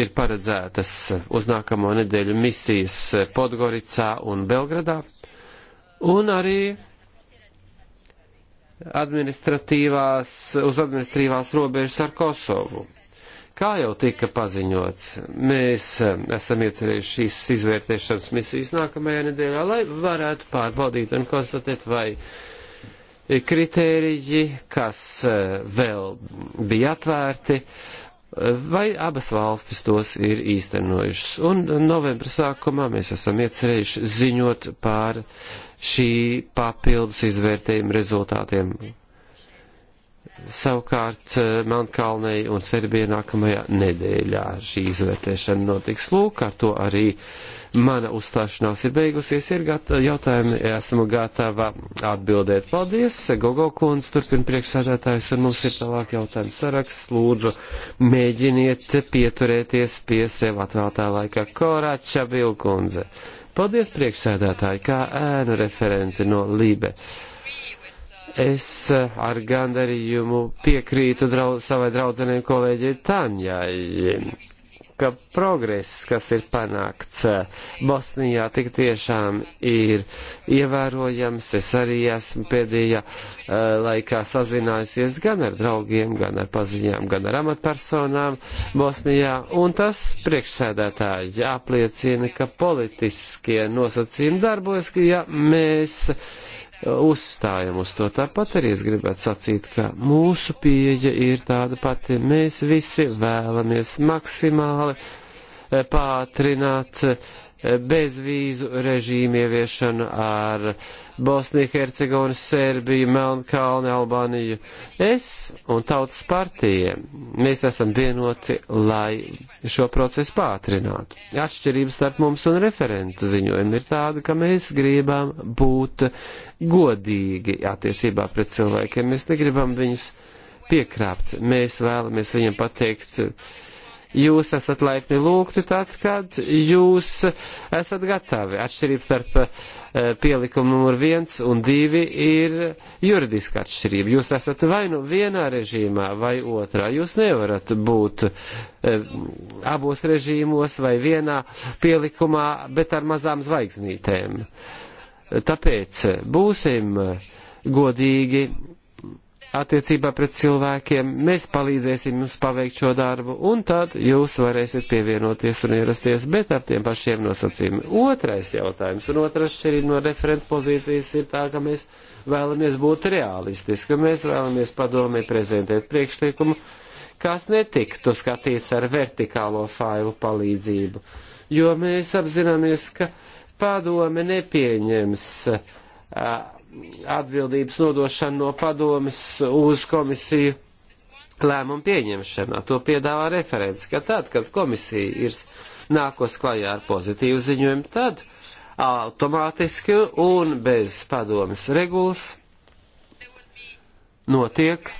ir paredzētas uz nākamo nedēļu misijas Podgoricā un Belgradā. Un arī administratīvās, uz administratīvās robežas ar Kosovu. Kā jau tika paziņots, mēs um, esam iecerējuši šīs izvērtēšanas misijas nākamajā nedēļā, lai varētu pārbaudīt un konstatēt, vai kritēriji, kas uh, vēl bija atvērti, vai abas valstis tos ir īstenojušas. Un novembra sākumā mēs esam iecerējuši ziņot pār šī papildus izvērtējuma rezultātiem. Savukārt eh, Melnkalnei un Serbijai nākamajā nedēļā šī izvērtēšana notiks. Lūk, ar to arī uh, mana uzstāšanās ir beigusies, ir gata, jautājumi, esmu gatava atbildēt. Paldies, Gogo kundze, turpina priekšsēdētājs, un mums ir tālāk jautājums saraksts. Lūdzu, mēģiniet pieturēties pie sev atvēltā laika. Korāča Bilkundze. Paldies, priekšsēdētāji, kā ēnu referenti no Lībe. Es eh, ar gandarījumu piekrītu draudz, savai draudzenei kolēģei Tanjai ka progress, kas ir panākts eh, Bosnijā, tik tiešām ir ievērojams. Es arī esmu pēdējā uh, laikā sazinājusies gan ar draugiem, gan ar paziņām, gan ar amatpersonām Bosnijā, un tas priekšsēdētāji apliecina, ka politiskie nosacījumi darbojas, ka ja mēs uzstājam uz to. Tāpat arī es gribētu sacīt, ka mūsu pieeja ir tāda pati. Mēs visi vēlamies maksimāli eh, pātrināt uh, bezvīzu režīmu ieviešanu ar Bosniju, Hercegovinu, Serbiju, Melnkalni, Albāniju. Es un tautas partija, mēs esam vienoti, lai šo procesu pātrinātu. Atšķirības starp mums un referentu ziņojumu ir tāda, ka mēs gribam būt godīgi attiecībā pret cilvēkiem. Mēs negribam viņus piekrāpt. Mēs vēlamies viņam pateikt, uh, jūs esat laipni lūgti tad, kad jūs esat gatavi. Atšķirība starp eh, pielikumu numur viens un divi ir juridiska atšķirība. Jūs esat vai nu vienā režīmā vai otrā. Jūs nevarat būt eh, abos režīmos vai vienā pielikumā, bet ar mazām zvaigznītēm. Tāpēc būsim godīgi attiecībā pret cilvēkiem, mēs palīdzēsim jums paveikt šo darbu, un tad jūs varēsiet pievienoties un ierasties, bet ar tiem pašiem nosacījumiem. Otrais jautājums, un otrs šķirība no referenta pozīcijas ir tā, ka mēs vēlamies būt realistiski, ka mēs vēlamies padomē prezentēt priekšlikumu, kas netiktu skatīts ar vertikālo failu palīdzību, jo mēs apzināmies, ka padome nepieņems uh, atbildības nodošanu no padomas uz komisiju lēmumu pieņemšanā. To piedāvā referents, ka tad, kad komisija ir nākos klajā ar pozitīvu ziņojumu, tad automātiski un bez padomas regulas notiek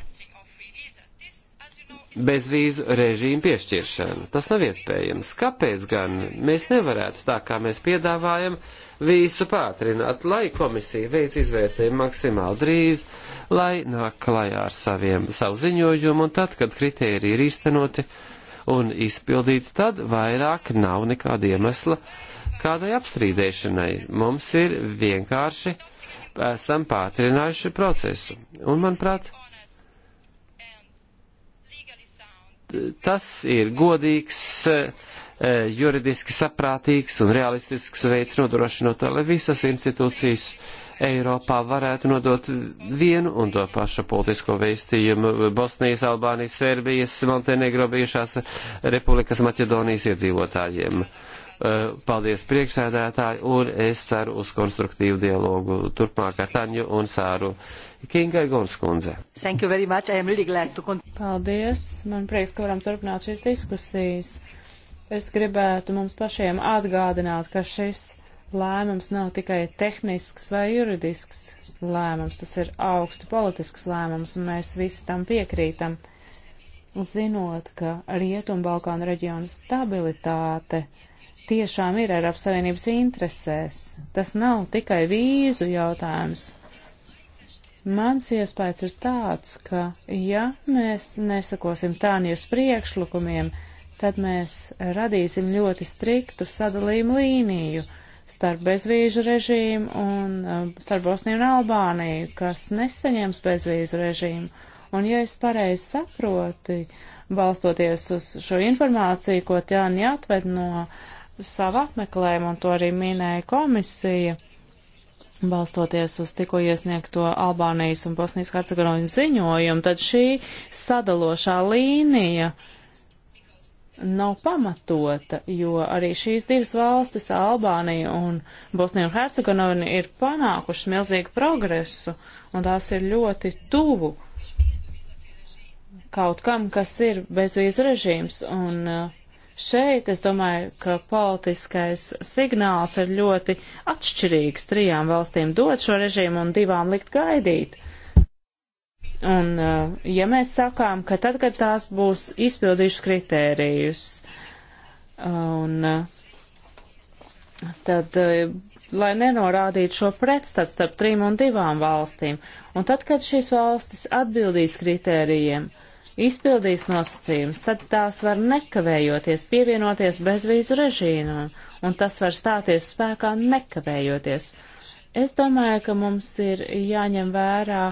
bezvīzu režīmu piešķiršanu. Tas nav iespējams. Kāpēc gan mēs nevarētu tā, kā mēs piedāvājam, visu pātrināt, lai komisija veic izvērtējumu maksimāli drīz, lai nāk klajā ar saviem savu ziņojumu, un tad, kad kritēriji ir īstenoti un izpildīti, tad vairāk nav nekāda iemesla kādai apstrīdēšanai. Mums ir vienkārši esam pātrinājuši procesu. Un, manuprāt, tas ir godīgs, eh, juridiski saprātīgs un realistisks veids nodrošinot, lai visas institūcijas Eiropā varētu nodot vienu un to pašu politisko vēstījumu Bosnijas, Albānijas, Serbijas, Montenegro bijušās republikas Maķedonijas iedzīvotājiem. Eh, paldies priekšsēdētāji, un es ceru uz konstruktīvu dialogu turpmāk ar Taņu un Sāru Kingai Gonskundze. Thank you very much. I am really glad to continue. Paldies. Man prieks, ka varam turpināt šīs diskusijas. Es gribētu mums pašiem atgādināt, ka šis lēmums nav tikai tehnisks vai juridisks lēmums, tas ir augstu politisks lēmums, un mēs visi tam piekrītam. Zinot, ka Rietumbalkānu reģiona stabilitāte uh, tiešām ir Eiropas Savienības interesēs. Tas nav tikai vīzu jautājums. Mans iespējas ir tāds, ka ja mēs nesakosim tānijas priekšlikumiem, tad mēs radīsim ļoti striktu sadalījumu līniju starp bezvīžu režīmu un um, starp Bosniju un Albāniju, kas nesaņems bezvīzu režīmu. Un ja es pareizi saproti, balstoties uz šo informāciju, ko Jāni atved no uh, savu apmeklējumu, un to arī minēja komisija, balstoties uz tikko iesniegto Albānijas un Bosnijas Hercegovinas ziņojumu, tad šī sadalošā līnija nav pamatota, jo arī šīs divas valstis, Albānija un Bosnija un Hercegovina, ir panākušas milzīgu progresu, un tās ir ļoti tuvu kaut kam, kas ir bezvīzu režīms, un uh, Šeit es domāju, ka politiskais signāls ir ļoti atšķirīgs trijām valstīm dot šo režīmu un divām likt gaidīt. Un uh, ja mēs sakām, ka tad, kad tās būs izpildījušas kritērijus, un uh, tad, uh, lai nenorādītu šo pretstatu starp trim un divām valstīm, un tad, kad šīs valstis atbildīs kritērijiem, uh, izpildīs nosacījumus, tad tās var nekavējoties pievienoties bezvīzu režīmam, un tas var stāties spēkā nekavējoties. Es domāju, ka mums ir jāņem vērā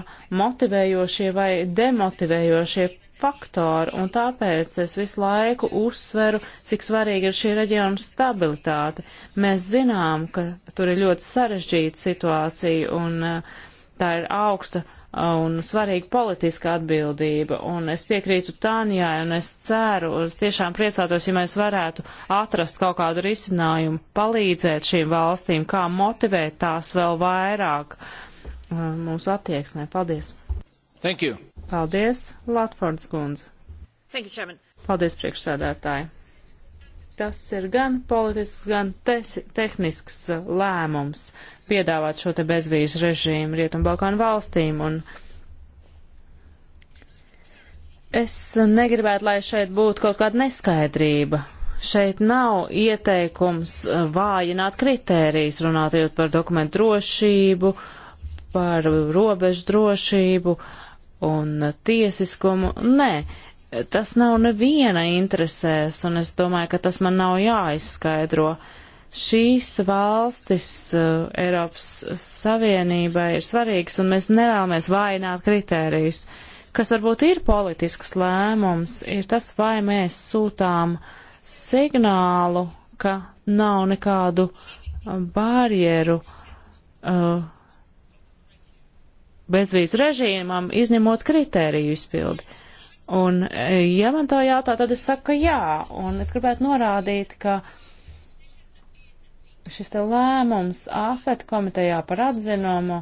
motivējošie vai demotivējošie faktori, un tāpēc es visu laiku uzsveru, cik svarīga ir šī reģiona stabilitāte. Mēs zinām, ka tur ir ļoti sarežģīta situācija, un uh, Tā ir augsta un svarīga politiska atbildība, un es piekrītu Tānijai, un es ceru, es tiešām priecātos, ja mēs varētu atrast kaut kādu risinājumu, palīdzēt šīm valstīm, kā motivēt tās vēl vairāk uh, mūsu attieksmē. Paldies! Thank you! Paldies, Latfords kundze! Thank you, Chairman! Paldies, priekšsēdētāji! Tas ir gan politisks, gan te tehnisks uh, lēmums piedāvāt šo te bezvīzu režīmu Rietumbalkānu valstīm. Un es negribētu, lai šeit būtu kaut kāda neskaidrība. Šeit nav ieteikums vājināt kritērijas, runājot par dokumentu drošību, par robežu drošību un tiesiskumu. Nē, tas nav neviena interesēs, un es domāju, ka tas man nav jāizskaidro. Uh, šīs valstis uh, Eiropas Savienībai ir svarīgas, un mēs nevēlamies vainot kritērijus, kas varbūt ir politisks lēmums, ir tas, vai mēs sūtām signālu, ka nav nekādu eh, barjeru uh, bezvīzu režīmam, izņemot kritēriju izpildi. Un, ja man to jautā, tad es saku jā, un es gribētu norādīt, ka uh, šis te lēmums AFET komitejā par atzinumu,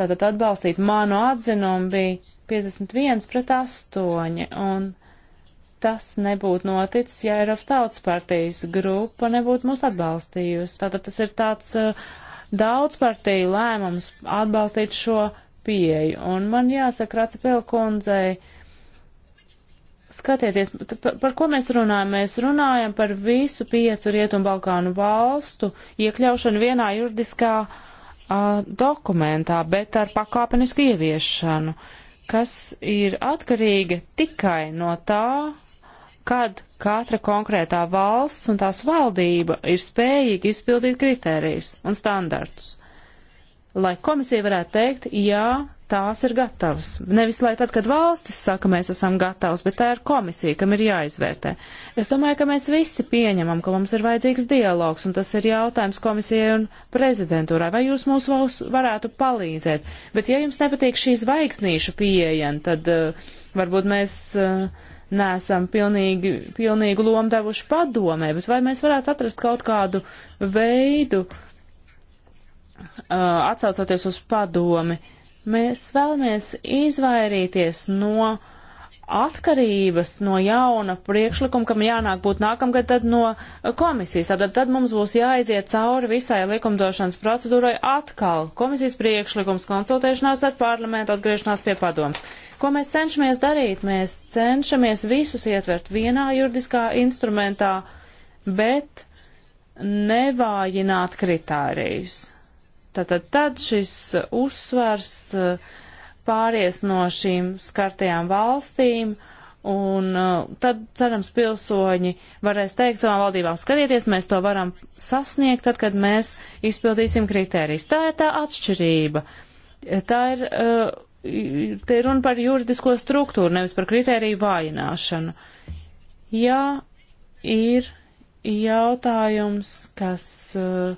tātad atbalstīt manu atzinumu bija 51 pret 8, un tas nebūtu noticis, ja Eiropas tautas partijas grupa nebūtu mūs atbalstījusi. Tātad tas ir tāds uh, daudzpartiju lēmums atbalstīt šo pieeju, un man jāsaka Racapēl kundzei, uh, Skatieties, par ko mēs runājam? Mēs runājam par visu piecu Rietumbalkānu valstu iekļaušanu vienā juridiskā uh, dokumentā, bet ar pakāpenisku ieviešanu, kas ir atkarīga tikai no tā, kad katra konkrētā valsts un tās valdība ir spējīga izpildīt kritērijus un standartus lai komisija varētu teikt, jā, tās ir gatavas. Nevis lai tad, kad valstis saka, mēs esam gatavs, bet tā ir komisija, kam ir jāizvērtē. Es domāju, ka mēs visi pieņemam, ka mums ir vajadzīgs dialogs, un tas ir jautājums komisijai un prezidentūrai, vai jūs mūs varētu palīdzēt. Bet ja jums nepatīk šī zvaigznīšu pieeja, tad uh, varbūt mēs. Uh, eh, Nesam pilnīgi, pilnīgu lomu devuši padomē, bet vai mēs varētu atrast kaut kādu veidu, uh, Uh, atsaucoties uz padomi, mēs vēlamies izvairīties no atkarības no jauna priekšlikuma, kam jānāk būt nākamgad tad no komisijas. Tātad tad mums būs jāaiziet cauri visai likumdošanas procedūrai atkal. Komisijas priekšlikums, konsultēšanās ar parlamentu, atgriešanās pie padoms. Ko mēs cenšamies darīt? Mēs cenšamies visus ietvert vienā juridiskā instrumentā, bet nevājināt kritārijus. Tātad tad šis uzsvars eh, pāries no šīm skartajām valstīm, un eh, tad, cerams, pilsoņi varēs teikt savām valdībām, skatieties, mēs to varam sasniegt, tad, kad mēs izpildīsim kritērijas. Tā ir tā atšķirība. Eh, tā ir, te ir runa par juridisko struktūru, nevis par kritēriju vājināšanu. Jā, ir jautājums, kas uh,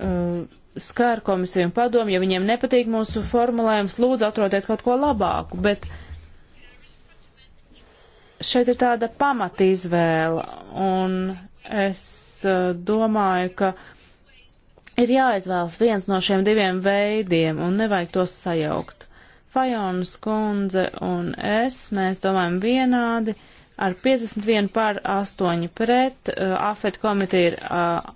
uh, skar komisiju un padomu, ja viņiem nepatīk mūsu formulējums, lūdzu atrodiet kaut ko labāku, bet šeit ir tāda pamatizvēle, un es eh, domāju, ka ir jāizvēlas viens no šiem diviem veidiem, un nevajag tos sajaukt. Fajonas kundze un es, mēs domājam vienādi, ar 51 par 8 pret, uh, AFET komiteja ir uh,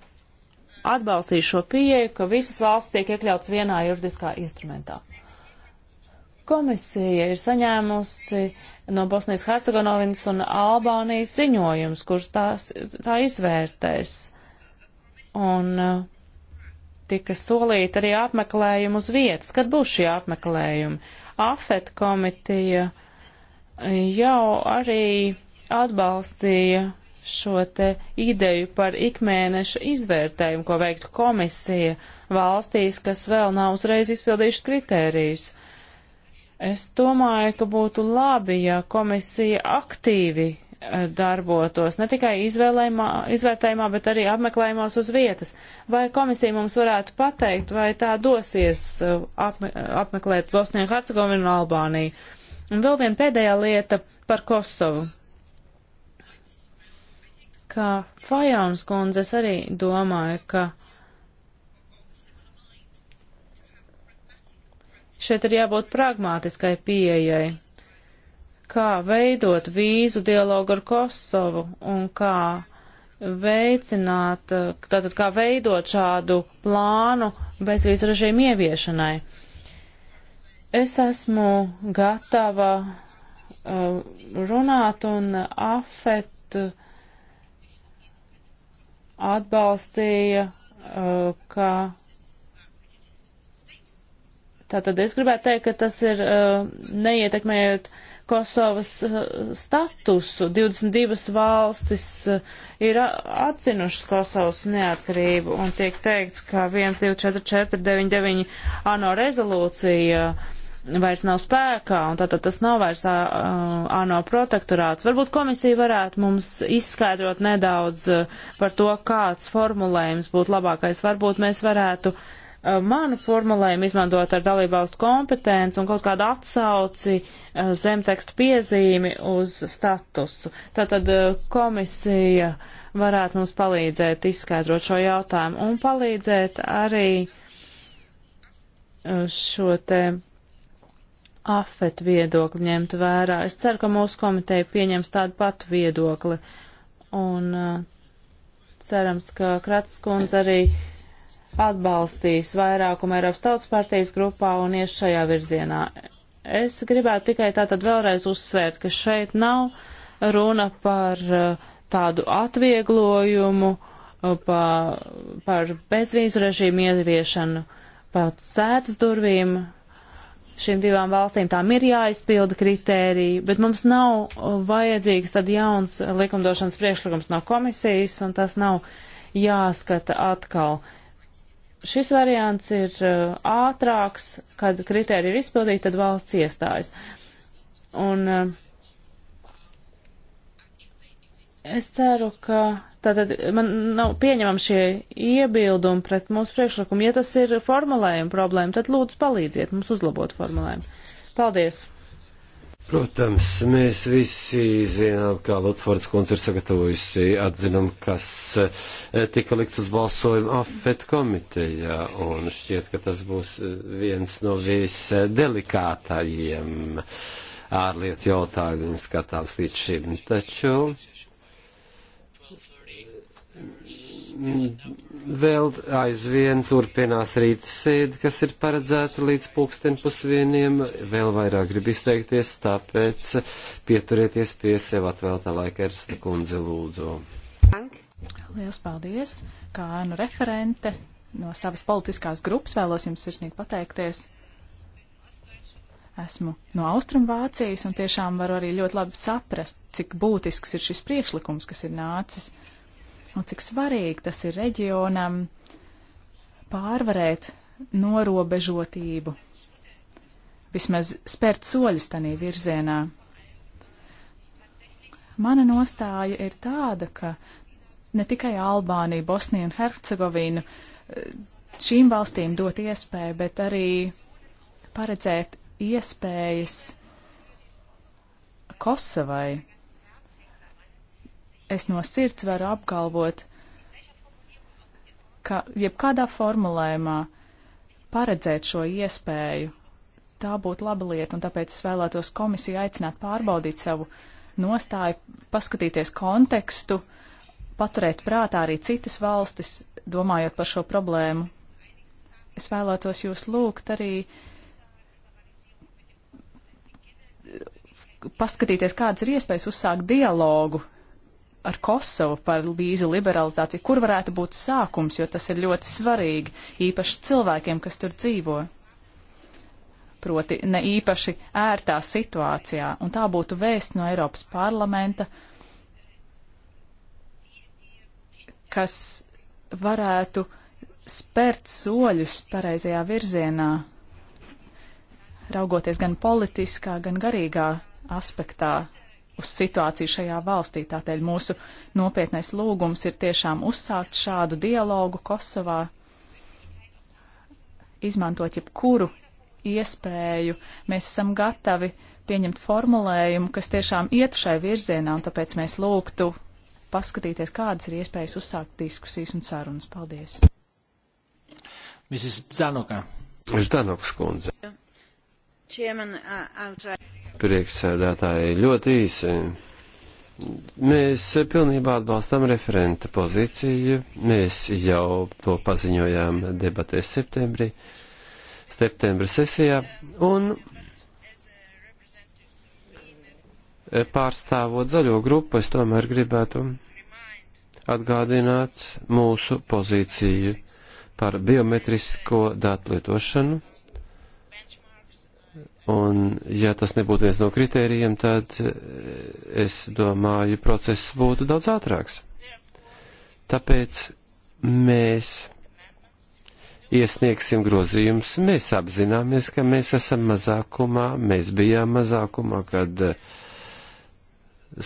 atbalstīju šo pieeju, ka visas valsts tiek iekļauts vienā juridiskā instrumentā. Komisija ir saņēmusi no Bosnijas Hercegovinas un Albānijas ziņojums, kurš tās, tā izvērtēs. Un uh, tika solīta arī apmeklējumu uz vietas. Kad būs šie apmeklējumi? AFET komiteja jau arī atbalstīja šo te ideju par ikmēneša izvērtējumu, ko veiktu komisija valstīs, kas vēl nav uzreiz izpildījušas kritērijus. Es domāju, ka būtu labi, ja komisija aktīvi e, darbotos, ne tikai izvērtējumā, bet arī apmeklējumos uz vietas. Vai komisija mums varētu pateikt, vai tā dosies e, apme, e, apmeklēt Bosniju, Hercegovinu un Albāniju? Un vēl viena pēdējā lieta par Kosovu Kā Fajons kundze, es arī domāju, ka šeit ir jābūt pragmātiskai pieejai, kā veidot vīzu dialogu ar Kosovu un kā veicināt, tātad kā veidot šādu plānu bezvīzu režīmu ieviešanai. Es esmu gatava uh, runāt un afet atbalstīja, uh, ka. Tātad es gribētu teikt, ka tas ir uh, neietekmējot Kosovas uh, statusu. 22 valstis uh, ir atzinušas Kosovas neatkarību un tiek teikts, ka 124499 ANO rezolūcija uh, vairs nav spēkā, un tātad tas nav vairs ANO protektorāts. Varbūt komisija varētu mums izskaidrot nedaudz par to, kāds formulējums būtu labākais. Varbūt mēs varētu manu formulējumu izmantot ar dalībvalstu kompetenci un kaut kādu atsauci zemtekstu piezīmi uz statusu. Tātad komisija varētu mums palīdzēt izskaidrot šo jautājumu un palīdzēt arī šo te afet viedokli ņemtu vērā. Es ceru, ka mūsu komiteja pieņems tādu patu viedokli. Un uh, cerams, ka Kratas kundze arī atbalstīs vairākumu Eiropas Tautas partijas grupā un ies šajā virzienā. Es gribētu tikai tātad vēlreiz uzsvērt, ka šeit nav runa par uh, tādu atvieglojumu, uh, pa, par bezvīzu režīmu ieviešanu, pat sētas durvīm, šīm divām valstīm tām ir jāizpilda kritēriji, bet mums nav uh, vajadzīgs tad jauns likumdošanas priekšlikums no komisijas, un tas nav jāskata atkal. Šis variants ir uh, ātrāks, kad kritēriji ir izpildīti, tad valsts iestājas. Un uh, es ceru, ka Tātad man nav pieņemami šie iebildumi pret mūsu priekšlikumu. Ja tas ir formulējuma problēma, tad lūdzu palīdziet mums uzlabot formulējumu. Paldies! Protams, mēs visi zinām, kā Lutfords kundze ir sagatavojusi atzinumu, kas eh, tika likts uz balsojumu AFET komitejā, un šķiet, ka tas būs eh, viens no visdelikātajiem ārlietu jautājumiem skatāms līdz šim. Taču vēl aizvien turpinās rīta sēdi, kas ir paredzēta līdz pulksten pusvieniem. Vēl vairāk grib izteikties, tāpēc pieturieties pie sev atvēltā laika Ersta kundze lūdzu. Lielas paldies, kā nu referente no savas politiskās grupas vēlos jums sirsnīgi pateikties. Esmu no Austrumvācijas un tiešām varu arī ļoti labi saprast, cik būtisks ir šis priekšlikums, kas ir nācis uh, un cik svarīgi tas ir reģionam pārvarēt norobežotību, vismaz spērt soļus tanī virzienā. Mana nostāja ir tāda, ka ne tikai Albānija, Bosnija un Hercegovina eh, šīm valstīm dot iespēju, bet arī paredzēt iespējas Kosovai es no sirds varu apgalvot, ka jebkādā formulējumā paredzēt šo iespēju, tā būtu laba lieta, un tāpēc es vēlētos komisiju aicināt pārbaudīt savu nostāju, paskatīties kontekstu, paturēt prātā arī citas valstis, domājot par šo problēmu. Es vēlētos jūs lūgt arī paskatīties, kādas ir iespējas uzsākt dialogu ar Kosovu par vīzu liberalizāciju, kur varētu būt sākums, jo tas ir ļoti svarīgi, īpaši cilvēkiem, kas tur dzīvo. Proti, ne īpaši ērtā situācijā, un tā būtu vēst no Eiropas parlamenta, kas varētu spērt soļus pareizajā virzienā, raugoties gan politiskā, gan garīgā aspektā uz situāciju šajā valstī. Tātad mūsu nopietnais lūgums ir tiešām uzsākt šādu dialogu Kosovā, izmantot jebkuru iespēju. Mēs esam gatavi pieņemt formulējumu, kas tiešām iet šai virzienā, un tāpēc mēs lūgtu paskatīties, kādas ir iespējas uzsākt diskusijas un sarunas. Paldies! Mrs. Zanoka. Ždanoks kundze. Chairman, uh, I'll try. Priekšsēdētāji ļoti īsi. Mēs pilnībā atbalstam referenta pozīciju. Mēs jau to paziņojām debatēs septembrī, septembra sesijā, un pārstāvot zaļo grupu, es tomēr gribētu atgādināt mūsu pozīciju par biometrisko datu lietošanu Un, ja tas nebūtu viens no kritērijiem, tad eh, es domāju, process būtu daudz ātrāks. Tāpēc mēs iesniegsim grozījumus. Mēs apzināmies, ka mēs esam mazākumā, mēs bijām mazākumā, kad eh,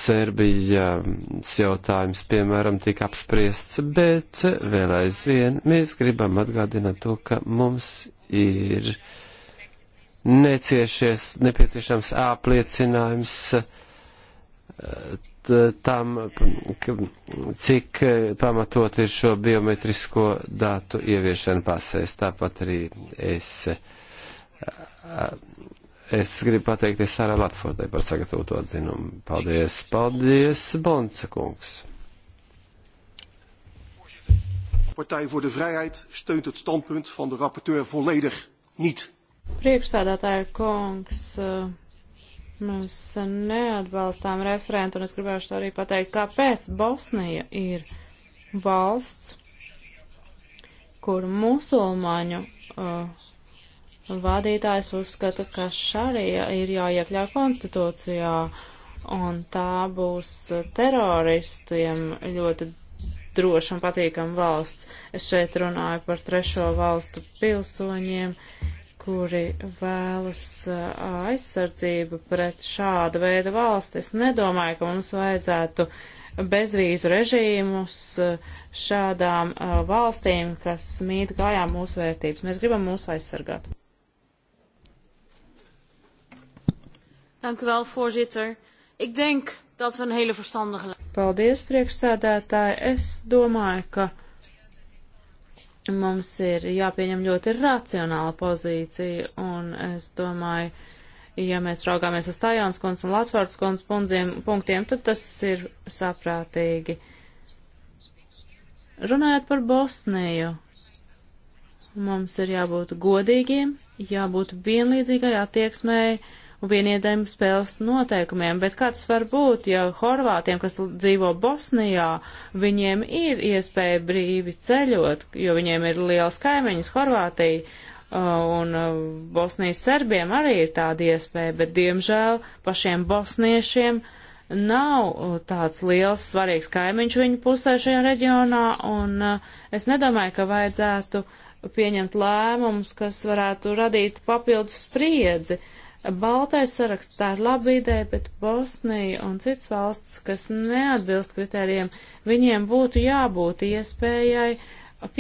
Serbijas jautājums, piemēram, tika apspriests, bet vēl aizvien mēs gribam atgādināt to, ka mums ir neciešies nepieciešams apliecinājums eh, tam, cik pamatot ir šo biometrisko datu ieviešana pasēs. Tāpat arī es, eh, es gribu pateikties Sārā Latvordai par sagatavotu atzinumu. Paldies, paldies, Bonca kungs. Partij voor de Vrijheid steunt het standpunt van de rapporteur volledig niet. Priekšsādātāja kungs, eh, mēs neatbalstām referentu, un es gribēšu to arī pateikt, kāpēc Bosnija ir valsts, kur musulmaņu uh, vadītājs uzskata, ka šarija ir jāiekļauj konstitūcijā, un tā būs teroristiem ļoti droša un patīkama valsts. Es šeit runāju par trešo valstu pilsoņiem, kuri vēlas aizsardzību pret šādu veidu valsti. Es nedomāju, ka mums vajadzētu bezvīzu režīmus šādām valstīm, kas mīt kājām mūsu vērtības. Mēs gribam mūs aizsargāt. Dank u wel, voorzitter. Ik denk dat we een hele verstandige. Paldies, priekšsēdētāji. Es domāju, ka mums ir jāpieņem ļoti racionāla pozīcija, un es domāju, ja mēs raugāmies uz Tajāns kundas un Latvārds kundas punktiem, tad tas ir saprātīgi. Runājot par Bosniju, mums ir jābūt godīgiem, jābūt vienlīdzīgai attieksmēji un vieniem spēles noteikumiem. Bet kāds var būt, ja horvātiem, kas dzīvo Bosnijā, viņiem ir iespēja brīvi ceļot, jo viņiem ir liels kaimiņas Horvātija, uh, un uh, Bosnijas serbiem arī ir tāda iespēja, bet diemžēl pašiem bosniešiem nav uh, tāds liels svarīgs kaimiņš viņu pusē šajā reģionā, un es nedomāju, ka vajadzētu pieņemt lēmumus, kas varētu radīt papildus spriedzi. Uh, Baltais saraksts tā ir laba ideja, bet Bosnija un citas valsts, kas neatbilst kritērijiem, viņiem būtu jābūt iespējai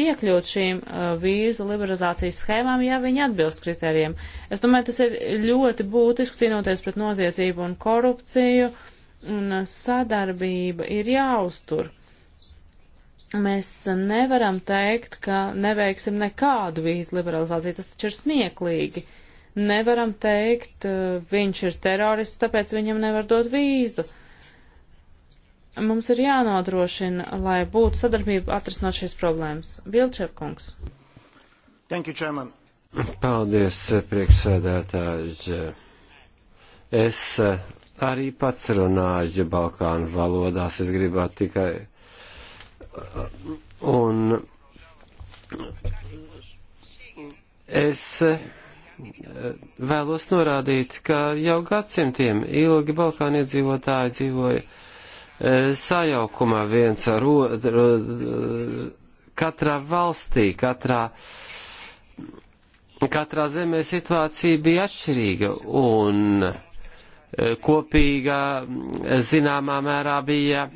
piekļūt šīm uh, vīzu liberalizācijas schēmām, ja viņi atbilst kritērijiem. Es domāju, tas ir ļoti būtiski cīnoties pret noziedzību un korupciju, un uh, sadarbība ir jāuztur. Mēs nevaram teikt, ka neveiksim nekādu vīzu liberalizāciju, tas taču ir smieklīgi. Uh, nevaram teikt, eh, viņš ir terorists, tāpēc viņam nevar dot vīzu. Mums ir jānodrošina, lai būtu sadarbība atrisinot šīs problēmas. Bilčevkungs. Thank you, Chairman. Paldies, eh, priekšsēdētāji. Es eh, arī pats runāju Balkānu valodās, es gribētu tikai. Un es vēlos norādīt, ka jau gadsimtiem ilgi Balkāni iedzīvotāji dzīvoja e, sajaukumā viens ar otru, katrā valstī, katrā, katrā zemē situācija bija atšķirīga un e, kopīga zināmā mērā bija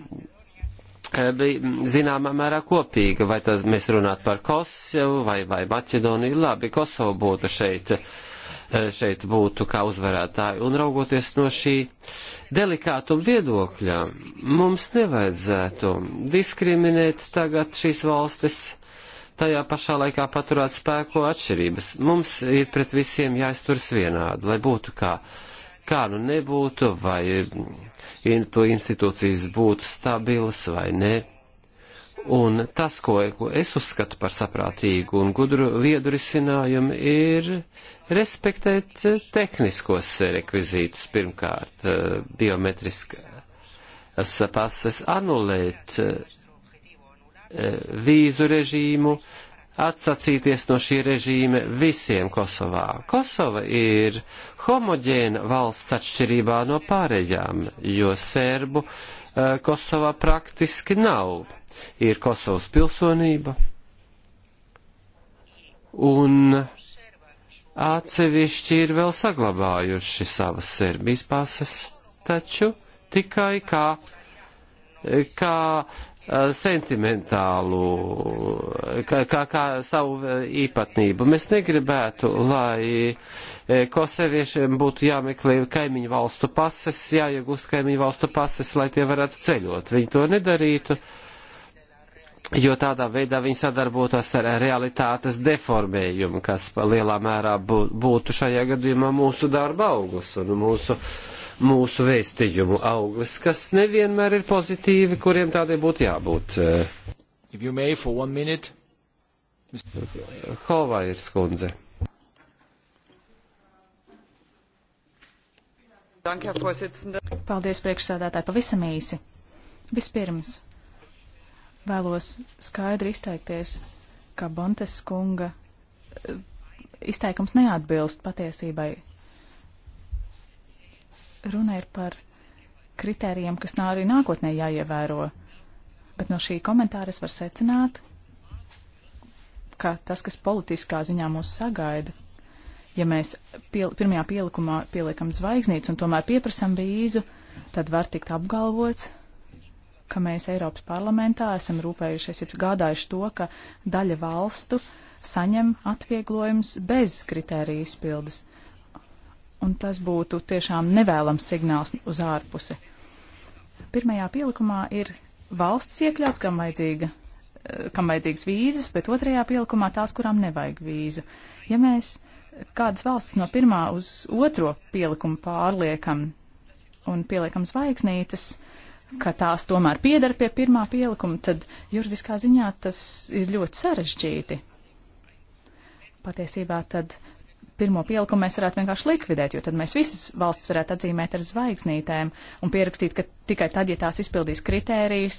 Eh, bija zināmā mērā kopīga, vai tas mēs runātu par Kosovu vai, vai Maķedoniju, labi, Kosovu būtu šeit, eh, šeit būtu kā uzvarētāji. Un raugoties no šī delikātuma viedokļa, mums nevajadzētu diskriminēt tagad šīs valstis, tajā pašā laikā paturēt spēko atšķirības. Mums ir pret visiem jāizturas vienādi, lai būtu kā. Uh, kā nu nebūtu, vai to institūcijas būtu stabilas vai nē. Un tas, ko, ko es uzskatu par saprātīgu un gudru viedu risinājumu, ir respektēt tehniskos rekvizītus pirmkārt, biometriskas pases anulēt eh, vīzu režīmu, uh, atsacīties no šī režīma visiem Kosovā. Kosova ir homoģēna valsts atšķirībā no pārējām, jo sērbu eh, Kosovā praktiski nav. Ir Kosovas pilsonība un atsevišķi ir vēl saglabājuši savas Serbijas pases, taču tikai kā, eh, kā Eh, sentimentālu, kā, kā, kā savu eh, īpatnību. Mēs negribētu, lai eh, koseviešiem būtu jāmeklē kaimiņu valstu pases, jāiegūst kaimiņu valstu pases, lai tie varētu ceļot. Viņi to nedarītu, jo tādā veidā viņi sadarbotos ar realitātes deformējumu, kas lielā mērā būtu šajā gadījumā mūsu darba augsts un mūsu uh, mūsu vēstījumu auglis, kas nevienmēr ir pozitīvi, kuriem tādiem būtu jābūt. Minute... Hovā ir skundze. Paldies, priekšsēdētāji, pavisam īsi. Vispirms vēlos skaidri izteikties, ka Bontes kunga eh, izteikums neatbilst patiesībai. Runa ir par kritērijiem, kas nav arī nākotnē jāievēro, bet no šī komentāra es varu secināt, ka tas, kas politiskā ziņā mūs sagaida, ja mēs piel, pirmajā pielikumā pieliekam zvaigznītes un tomēr pieprasam vīzu, tad var tikt apgalvots, ka mēs Eiropas parlamentā esam rūpējušies, ir gādājuši to, ka daļa valstu saņem atvieglojums bez kritērija izpildes un tas būtu tiešām nevēlams signāls uz ārpusi. Pirmajā pielikumā ir valsts iekļauts, kam, vajadzīga, eh, kam vajadzīgas vīzes, bet otrajā pielikumā tās, kurām nevajag vīzu. Ja mēs kādas valstis no pirmā uz otro pielikumu pārliekam un pieliekam zvaigznītes, ka tās tomēr piedara pie pirmā pielikuma, tad juridiskā ziņā tas ir ļoti sarežģīti. Patiesībā tad pirmo pieliku mēs varētu vienkārši likvidēt, jo tad mēs visas valsts varētu atzīmēt ar zvaigznītēm un pierakstīt, ka tikai tad, ja tās izpildīs kritērijus,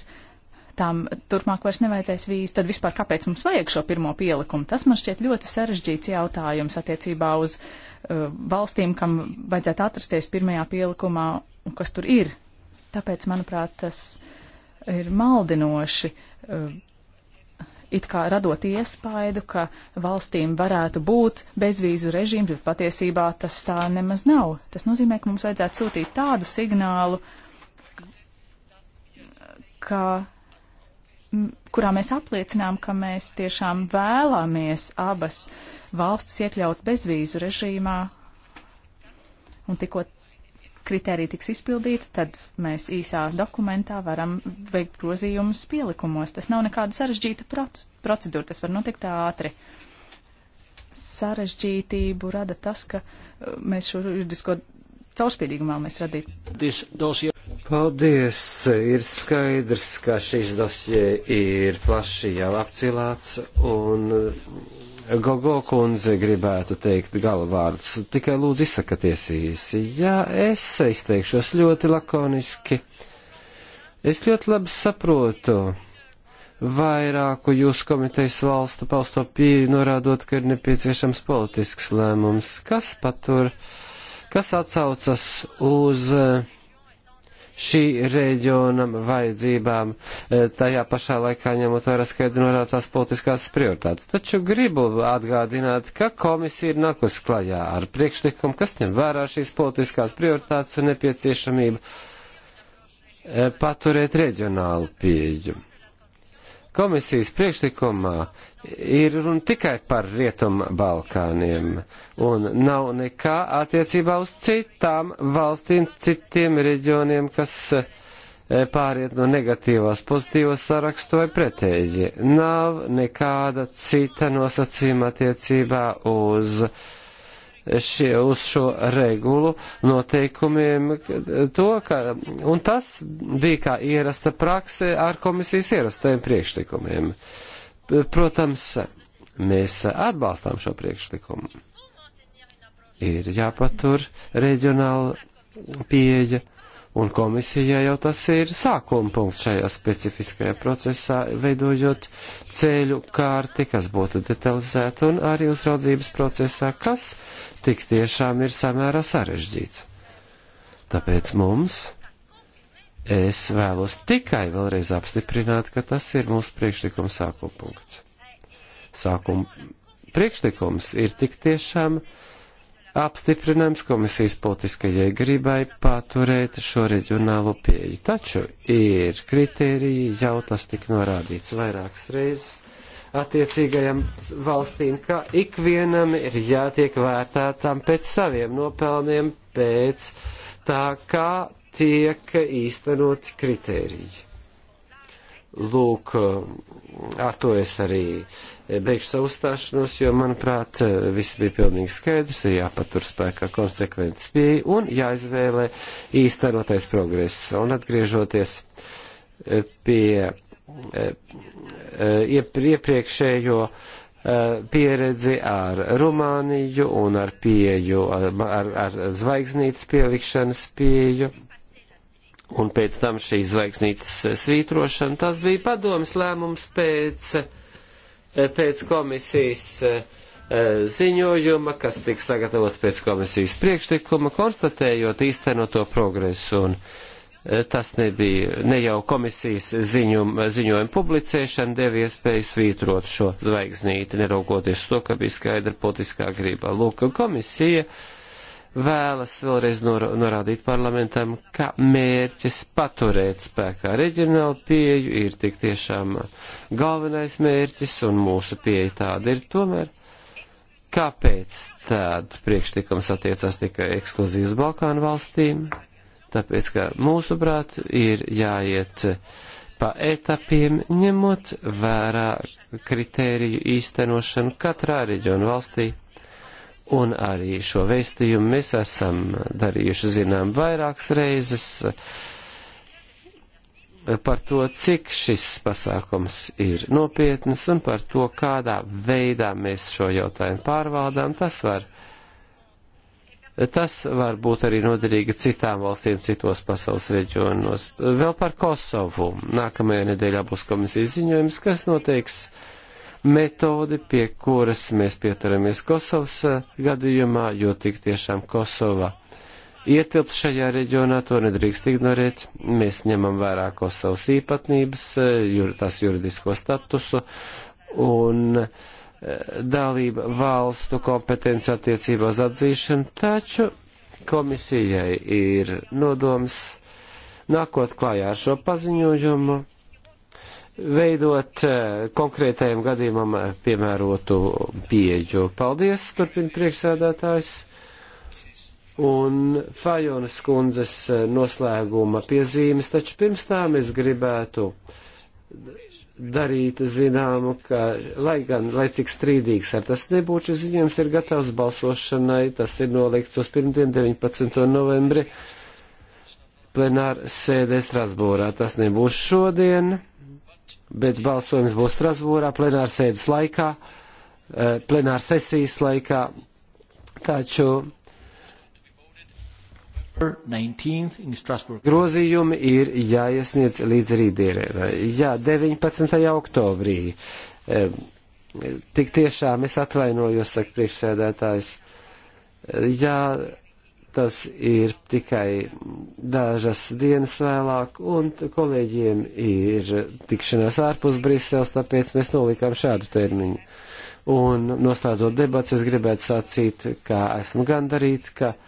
tām turpmāk vairs nevajadzēs vīzu, tad vispār kāpēc mums vajag šo pirmo pielikumu? Tas man šķiet ļoti sarežģīts jautājums attiecībā uz uh, valstīm, kam vajadzētu atrasties pirmajā pielikumā un kas tur ir. Tāpēc, manuprāt, tas ir maldinoši. Uh, it kā radot iespaidu, ka valstīm varētu būt bezvīzu režīms, bet patiesībā tas tā nemaz nav. Tas nozīmē, ka mums vajadzētu sūtīt tādu signālu, ka, kurā mēs apliecinām, ka mēs tiešām vēlamies abas valstis iekļaut bezvīzu režīmā. Un tikko kritērija tiks izpildīta, tad mēs īsā dokumentā varam veikt grozījumus pielikumos. Tas nav nekāda sarežģīta procedūra, tas var notikt ātri. Sarežģītību rada tas, ka uh, mēs šo juridisko caurspīdīgumu vēlamies radīt. Paldies! Ir skaidrs, ka šis dosie ir plaši jau apcilāts un Gogo kundze gribētu teikt galvārdus, tikai lūdzu izsakaties īsi. Jā, es izteikšos ļoti lakoniski. Es ļoti labi saprotu vairāku jūsu komitejas valstu pausto pieeju, norādot, ka ir nepieciešams politisks lēmums, kas patur, kas atsaucas uz uh, šī reģionam vajadzībām, e, tajā pašā laikā ņemot vērā skaidri norādītās politiskās prioritātes. Taču gribu atgādināt, ka komisija ir nakus klajā ar priekšlikumu, kas ņem vērā šīs politiskās prioritātes un nepieciešamību e, paturēt reģionālu pieeju. Komisijas priekšlikumā ir runa tikai par Rietumu Balkāniem un nav nekā attiecībā uz citām valstīm, citiem reģioniem, kas eh, pāriet no negatīvās pozitīvās sarakstu vai pretēji. Nav nekāda cita nosacījuma attiecībā uz uh, šie, uz šo regulu noteikumiem to, ka, un tas bija kā ierasta prakse ar komisijas ierastajiem priekšlikumiem. Protams, mēs atbalstām šo priekšlikumu. Ir jāpatur reģionāla pieeja Un komisijai jau tas ir sākuma punkts šajā specifiskajā procesā, veidojot ceļu kārti, kas būtu detalizēta, un arī uzraudzības procesā, kas tik tiešām ir samērā sarežģīts. Tāpēc mums, es vēlos tikai vēlreiz apstiprināt, ka tas ir mūsu priekšlikuma sākuma punkts. Sākuma priekšlikums ir tik tiešām uh, apstiprinājums komisijas politiskajai gribai paturēt šo reģionālo pieeju. Taču ir kritēriji, jau tas tika norādīts vairākas reizes attiecīgajam valstīm, ka ikvienam ir jātiek vērtētām pēc saviem nopelniem, pēc tā, kā tiek īstenoti kritēriji. Lūk, ar to es arī e, beigšu savu stāšanos, jo, manuprāt, e, viss bija pilnīgi skaidrs, ir jāpatur spēkā konsekvents pieeja un jāizvēlē īstenotais progress. Un atgriežoties e, pie iepriekšējo pieredzi ar Rumāniju un ar pieju, ar, ar zvaigznītes pielikšanas pieju un pēc tam šī zvaigznītes svītrošana, tas bija padomas lēmums pēc, pēc komisijas eh, ziņojuma, kas tika sagatavots pēc komisijas priekšlikuma, konstatējot īstenoto progresu. Un, eh, tas nebija ne jau komisijas ziņum, ziņojuma publicēšana deva iespēju svītrot šo zvaigznīti, neraugoties to, ka bija skaidra politiskā grība. Lūk, komisija uh, vēlas vēlreiz nor norādīt parlamentam, ka mērķis paturēt spēkā reģionālu pieju ir tik tiešām galvenais mērķis, un mūsu pieeja tāda ir tomēr. Kāpēc tāds priekšlikums attiecās tikai ekskluzīvi uz Balkānu valstīm? Tāpēc, ka mūsuprāt ir jāiet pa etapiem, ņemot vērā kritēriju īstenošanu katrā reģionu valstī Un arī šo vēstījumu mēs esam darījuši zinām vairākas reizes par to, cik šis pasākums ir nopietnas un par to, kādā veidā mēs šo jautājumu pārvaldām. Tas var uh, Tas var būt arī noderīgi citām valstīm, citos pasaules reģionos. Vēl par Kosovu. Nākamajā nedēļā būs komisijas ziņojums, kas noteiks uh, metodi, pie kuras mēs pieturamies Kosovas eh, gadījumā, jo tik tiešām Kosova ietilp šajā reģionā, to nedrīkst ignorēt. Mēs ņemam vērā Kosovas īpatnības, eh, jur, tās juridisko statusu un eh, dalība valstu kompetence attiecībā uz atzīšanu, taču komisijai ir nodoms nākot klājā ar šo paziņojumu veidot eh, konkrētajam gadījumam eh, piemērotu pieeju. Paldies, turpina priekšsēdētājs. Un Fajonas kundzes eh, noslēguma piezīmes, taču pirms tām es gribētu darīt zināmu, ka, lai gan, lai cik strīdīgs ar tas nebūtu, šis ziņojums ir gatavs balsošanai, tas ir nolikts uz pirmdien 19. novembri plenāra sēdē Strasbūrā. Tas nebūs šodien bet balsojums būs Strasbūrā plenārsēdes laikā, eh, plenārsesijas laikā, taču Grozījumi ir jāiesniedz līdz rītdienai. Jā, 19. oktobrī. Eh, tik tiešām es atvainojos, saka priekšsēdētājs. Eh, jā, tas ir tikai dažas dienas vēlāk, un kolēģiem ir tikšanās ārpus Briseles, tāpēc mēs nolikām šādu termiņu. Un noslēdzot debats, es gribētu sacīt, ka esmu gandarīts, ka eh,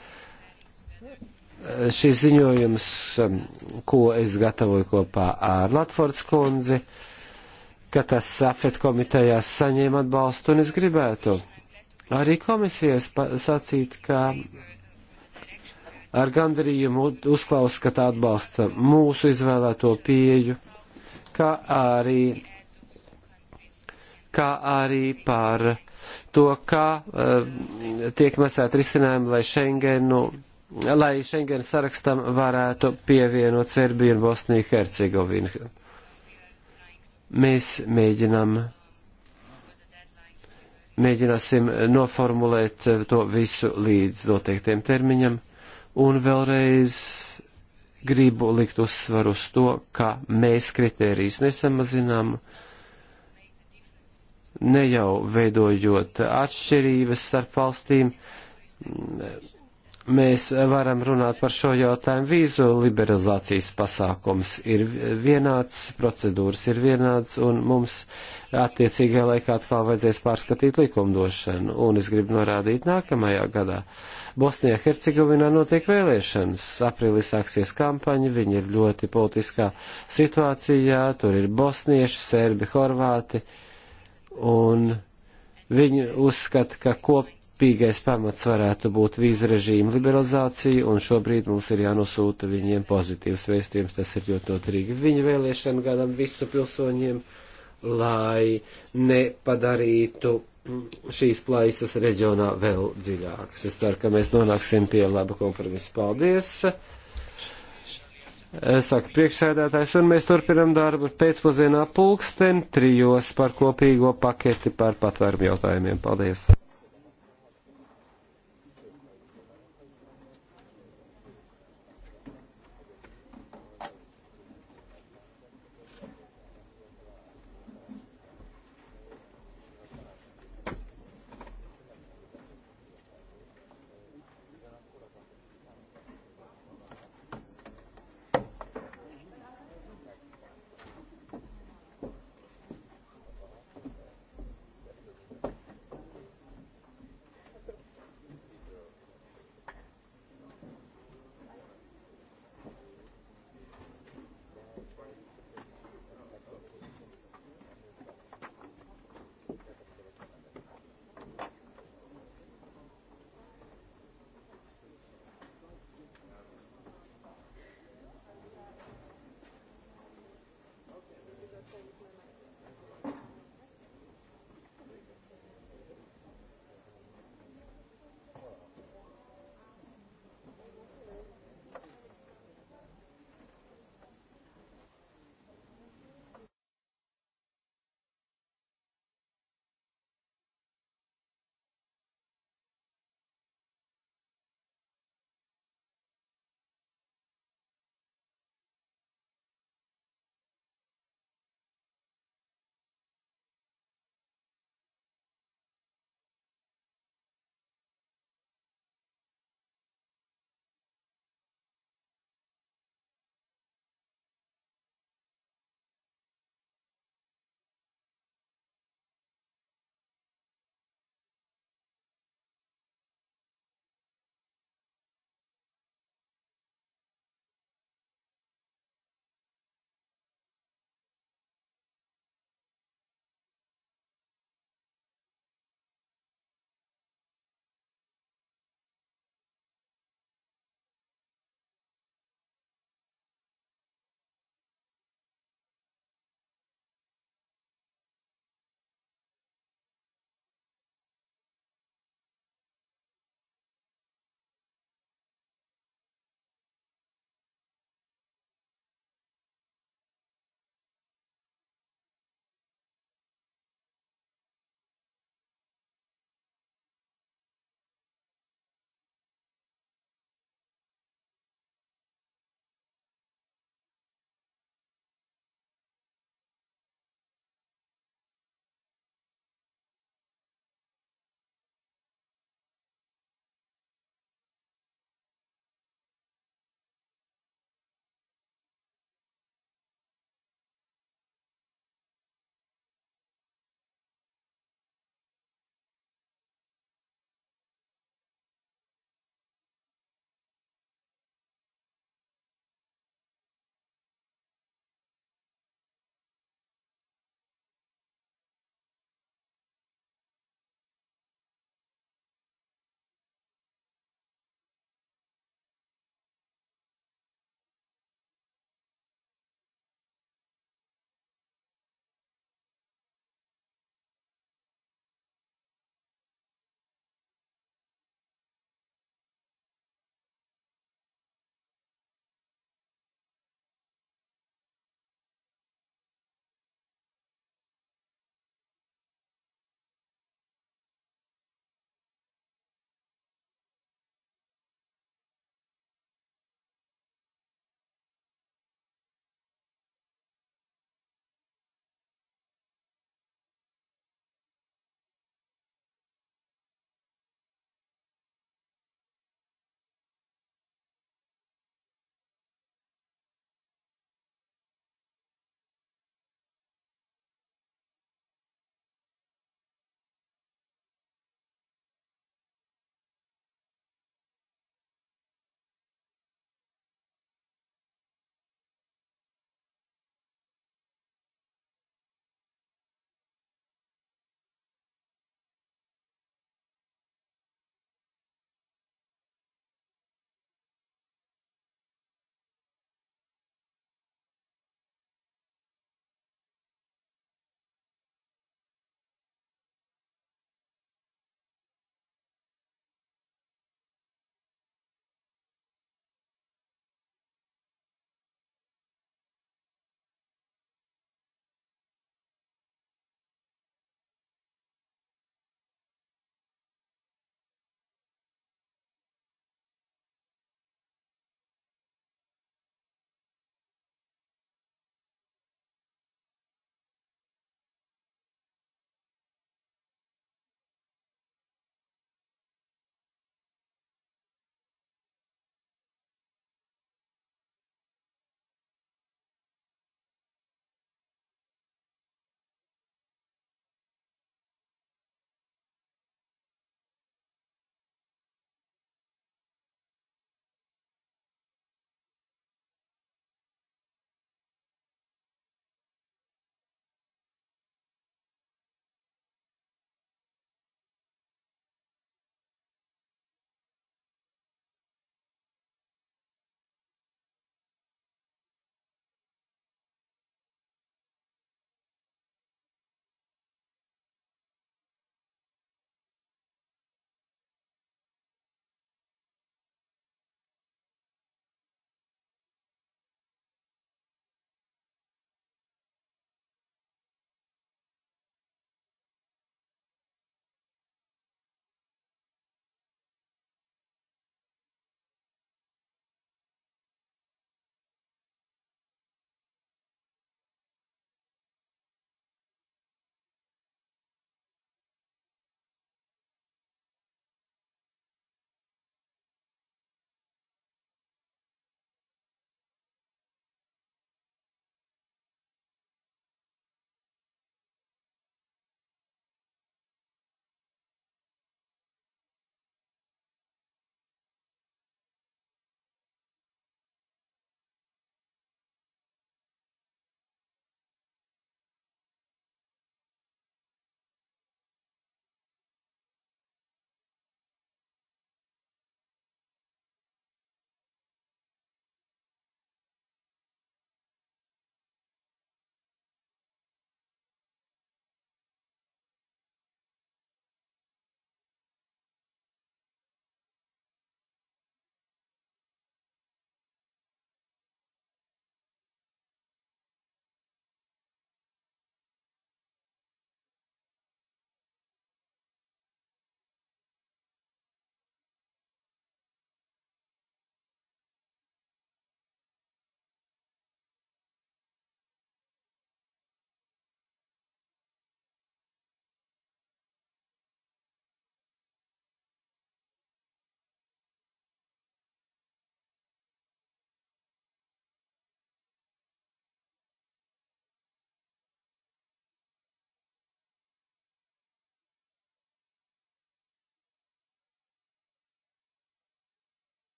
šis ziņojums, eh, ko es gatavoju kopā ar Latfords kundzi, ka tas Safet komitejās saņēma atbalstu, un es gribētu arī komisijas sacīt, ka ar gandarījumu uzklaus, ka tā atbalsta mūsu izvēlēto pieju, kā arī, kā arī par to, kā uh, tiek mesēt risinājumi, lai Schengenu, lai Schengen sarakstam varētu pievienot Serbiju un Bosniju Hercegovinu. Mēs mēģinām mēģināsim noformulēt eh, to visu līdz noteiktiem termiņam. Un vēlreiz gribu likt uzsvaru uz to, ka mēs kritērijas nesamazinām, ne jau veidojot atšķirības starp valstīm, mēs varam runāt par šo jautājumu. Vīzu liberalizācijas pasākums ir vienāds, procedūras ir vienāds, un mums attiecīgajā laikā atkal vajadzēs pārskatīt likumdošanu. Un es gribu norādīt nākamajā gadā. Bosnijā Hercegovinā notiek vēlēšanas. Aprīlī sāksies kampaņa, viņi ir ļoti politiskā situācijā, tur ir bosnieši, serbi, horvāti, un viņi uzskata, ka kopīgi kopīgais pamats varētu būt vīzu režīmu liberalizācija, un šobrīd mums ir jānosūta viņiem pozitīvs vēstījums. Tas ir ļoti noturīgi viņu vēlēšanu gadam visu pilsoņiem, lai nepadarītu šīs plaisas reģionā vēl dziļākas. Es ceru, ka mēs nonāksim pie laba kompromisa. Paldies! Saka priekšsēdētājs, un mēs turpinam darbu pēcpusdienā pulksten trijos par kopīgo paketi par patvērumu jautājumiem. Paldies!